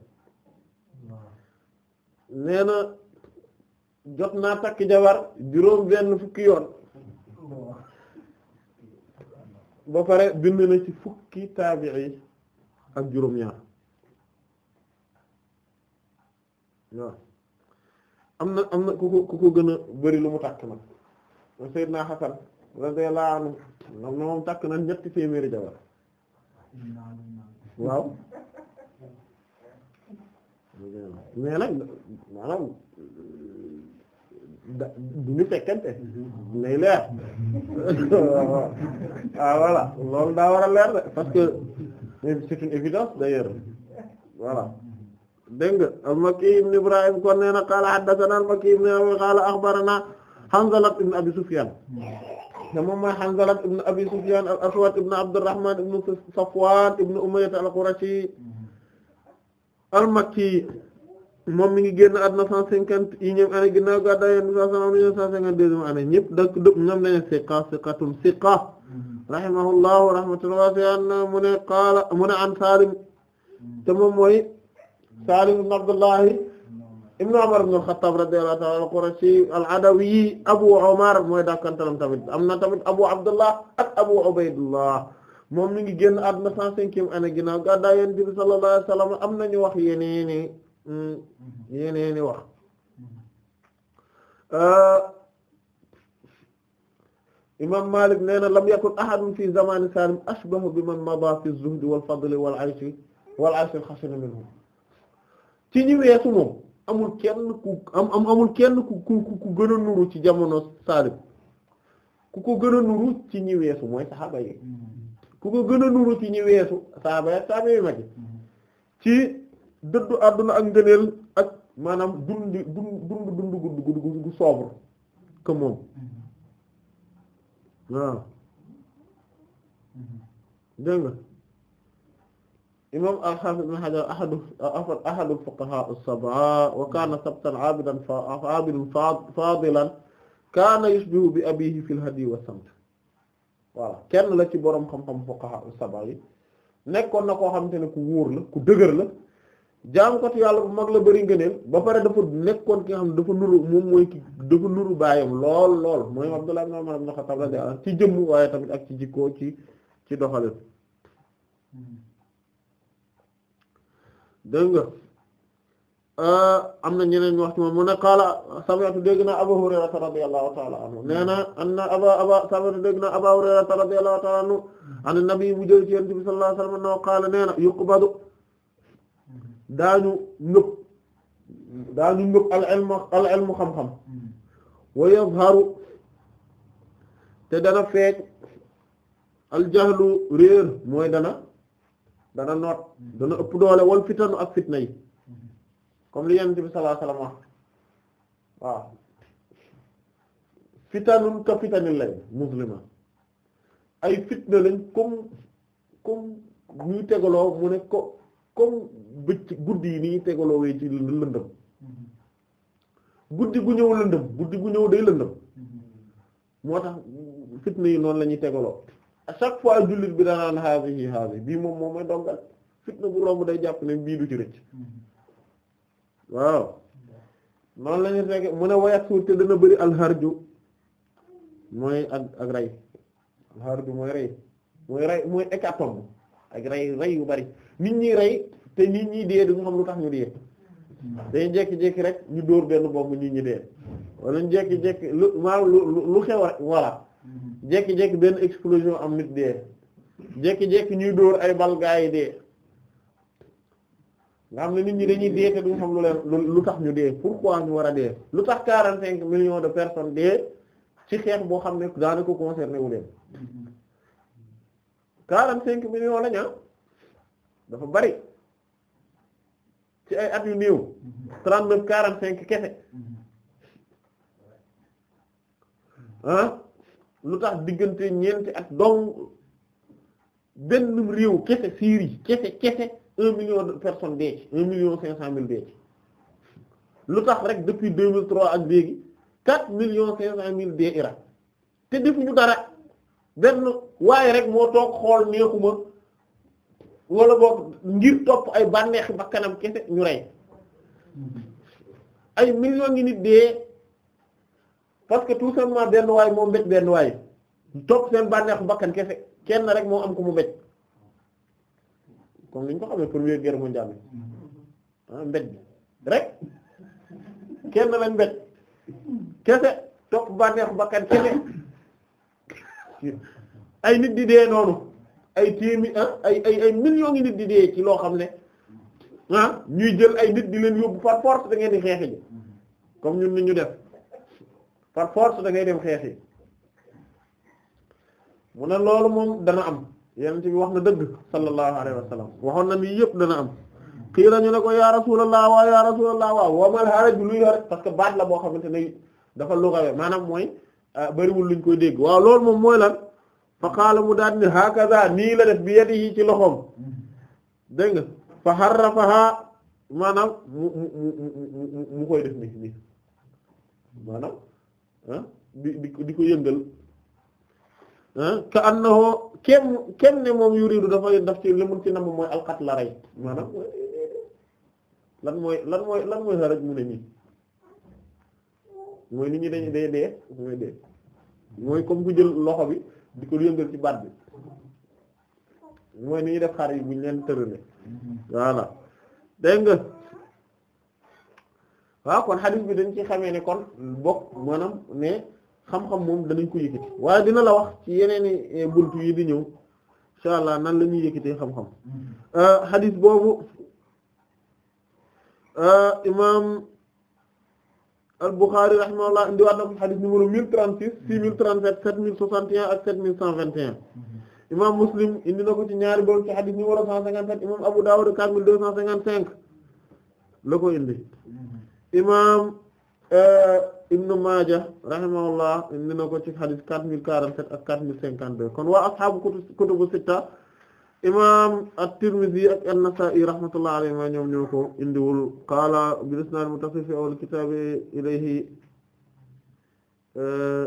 nee na jot naa takk jabar juróom benn fukki yoon ba pare bind na ci fukki taabi'i ak juróom ñaar am na am na ku ko ku ko gën bari lu mu takk nag Seydina Hasan radiyallahu anhu moom na moom takk na ñetti téeméeri jabar waaw mais nag maanaam da du ñu fekkente lay leer ah voilà loolu daa war a leer de parce que c'est une évidence d'ailleurs voilà dégg nga Makki ibn Ibrahim kon nee na qaala haddathanaa Makki ibn Ibrahim qaala akhbaranaa Hanzala ibn Abi Sufyan te moom mooy Hanzala ibn Abi Sufyan al-Aswad ibn Abdurrahman ibn Safwan ibn Umayyah al-Qurashi mm-hmm. al-Makki moom mi ngi génn àdduna cent cinquante yi ñoom année ginnaaw gàddaay Yonent bi sallallahu alayhi wasallam cent cinquante deuxième année ñëpp dëkk dëkk ñoom lañu siqa siqatun siqa mm-hmm. rahimahullahu rahmatan wasi'an mu ne qaala mu ne an Salim te moom mooy Salim ibn Abdullahi ibn Umar ibn al-Khattab radiyallahu ta'ala al-Qurashi al-Adawi Abu Umar mooy dàkkantalam tamit am na tamit Abu Abdullah ak Abu Ubaydullah moom mi ngi génn àdduna cent cinquième année ginnaaw gàddaay Yonent bi sallallahu alayhi wasallam am nañu wax yeneeni yeneeni wax euh, imam Malik nee na lam yakun ahadun fi zamani salim ashbahu bi man mada fi zuhdi wal fadli wal ayshi wal ayshi al xasina minhu ci ñi weesu moom amul kenn ku am amul kenn ku ku ku gën a nuru ci jamono salim ku ko gën a nuru ci ñi weesu mooy saxaaba yi mm-hmm. ku ko gën a nuru ci ñi weesu saxaaba yi saxaaba yi mag mm-hmm. ci dëddu àdduna ak ngëneel ak maanaam dund dund dund dund gu gu gu sobre que moom mm-hmm. waaw mm-hmm. dégg nga imam al-Hafiz ibn Hajar ahadu ahadu fuqaha as-sab'a wa kana sabtan abidan abidan fadilan kana yushbihu bi abihi fil hadi wa samt voilà kenn la ci boroom xam-xam fuqaha as-sab'a yi nekkoon na koo xam te ne ku wóor la ku dëgër la jaamukatu yàlla bu mag la bari ngëneel ba pare dafa nekkoon ki nga xam ne dafa nuru moom mooy ki dafa nuru baayam lool lool mooy Abdullah ibn ci jëmm waaye tamit ak ci jikkoo ci ci doxalin dégg ah, na ñeneen ñu wax ci moom mu ne qaala sami'tu dégg naa na anna aba aba sami'tu dégg naa Abu Hurayrata radiyallahu ta'ala anhu an nabi bu jël ci yonent bi sallallahu alayhi wasallam daañu ngëp daañu ngëp al ilmu al ilmu xam-xam wa yazharu te dana feeñ al jahlu réer mooy dana dana noot dana ëpp doole wal fitanu ak fitna yi comme li yonent bi sallallahu alayhi wasallam waaw ka fitanil lay muslima ay fitna lañ comme comme ñuy tegaloo mu ne ko comme bëcc guddi yi ni ñu tegaloowee ci lëndëm guddi gu ñëw lëndëm guddi gu ñëw day lëndëm moo tax fitna yi noonu lañuy ñuy tegaloo à chaque fois jullit bi danaan xaabi yi bii moom moom mooy dongal fitna bu romb day jàpp ne bii du ci rëcc waaw noonu la ñuy teg mu ne wayat suur te dana bëri alxarju mooy ak ak rey alxarju mooy rey mooy rey mooy hécatombe ak rey rey yu bari nit ñi rey te nit ñi dee du ñu xam lu tax ñu dee dañu jékki-jékki rek ñu dóor benn bomb nit ñu dee wala ñu jékki-jékki lu maa lu xew rek voilà jékki-jékki benn explosion am nit dee jékki-jékki ñuy dóor ay bal yi dee nga xam ne nit ñi dañuy dee te duñu xam lu leen lu tax ñu dee pourquoi ñu war a dee lu tax quarante cinq millions de personnes dee ci xeex boo xam ne daanaka concerné wu leen quarante cinq millions lañ ah dafa bari ci ay at yu néew trente neuf quarante cinq kese ah lu tax diggante ñeenti ak donc benn réew kese Syrie kese kese un million de personnes dee un million cinq cent mille dee lu tax rek depuis deux mille trois ak léegi quatre millions cinq cent mille dee Irak te defuñu dara benn waaye rek moo toog xool neexuma wala boog ngir topp ay bànneexu bakkanam kese ñu rey ay millions ngi nit dee parce que tout simplement benn waay moo mbéj benn waay topp seen bànneexu bakkan kese kenn rek moo am ko mu mbéj comme ni ñu ko xamee première guerre mondiale ah bi rek kenn lañ mbéj kese topp bànneexu bakkan kese ay nit di dee noonu ay téemi ah, ay ay ay millions nit di dee ci loo xam ne ah ñuy jël ay nit di leen yóbbu par force da ngeen di xeex ji comme ñun ñu def par da ngay dem xeex yi mu ne loolu moom dana am yenent bi wax na dëgg sallallahu alayhi wa sallam waxoon na ni yëpp dana am xii nañu ne ko ya rasulallah waaw ya rasulallah waaw wamal xaaraj bi luy xaaraj parce que baat la boo xamante ne dafa lugawe maanaam mooy Ah, bariwul luñ koy dégg waaw loolu moom mooy lan fa xaala mu daal ni hakaza nii la def bi yadi yi ci loxoom dégg nga fa harrafaha maanaam mu mu mu mu koy def nii nii maanaam ah di di di ko yëngal ah ka annahu kenn kenn ne moom yuridu dafay daf ci li mun ci namm mooy alxat la rey maanaam lan mooy lan mooy lan mooy sa mu ne nii. mooy nit ñi dañuy mm. day dee mooy comme ku jël loxo bi di ko yëngal ci baat bi mooy ni ñuy def xar yi bu ñu leen tëralee mm-hmm. voilà nga waaw kon hadith bi dañ ci xamee ne kon bokk maanaam ne xam-xam moom danañ ko yëkkati waaye dina la wax ci yeneeni eh, buntu yi di ñëw insha allah nan la ñuy yëkkatee xam-xam mm-hmm. euh, hadith boobu euh, imaam. al-Bukhari rahimahullah indiwaat na ko xadis numéro 1036 6037 7061 ak 7121 imam Muslim indi na ko ci ñaari borom ci xadis numéro 157 imam Abu Dawud 4255 la ko indi imam euh, Ibn Maaja rahimahullah indi na ko ci xadis 4047 ak 4052 kon waa ashaabu kutubu sitta imam at-Tirmidhi ak an-Nasa'i rahmatullah alayhima ñoom ñoo ko indiwul qaala bil isnad muttasil fi awal kitab ilayhi eh,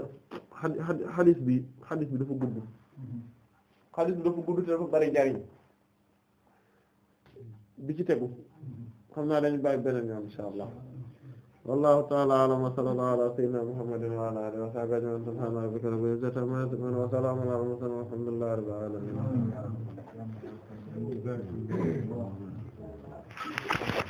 bi hadith bi dafa gudd bi dafa gudd te dafa bari jariñ bi ci tegu xam naa dañu bàyyi beneen yoon insha allah wallahu ta'ala a'lam wa sallallahu ala sayyidina muhammadin wa ala alihi wa sahbihi ajma'in subhana rabbika rabbil izzati amma yasifun wa salamun ala mursalin walhamdulillahi rabbil alamin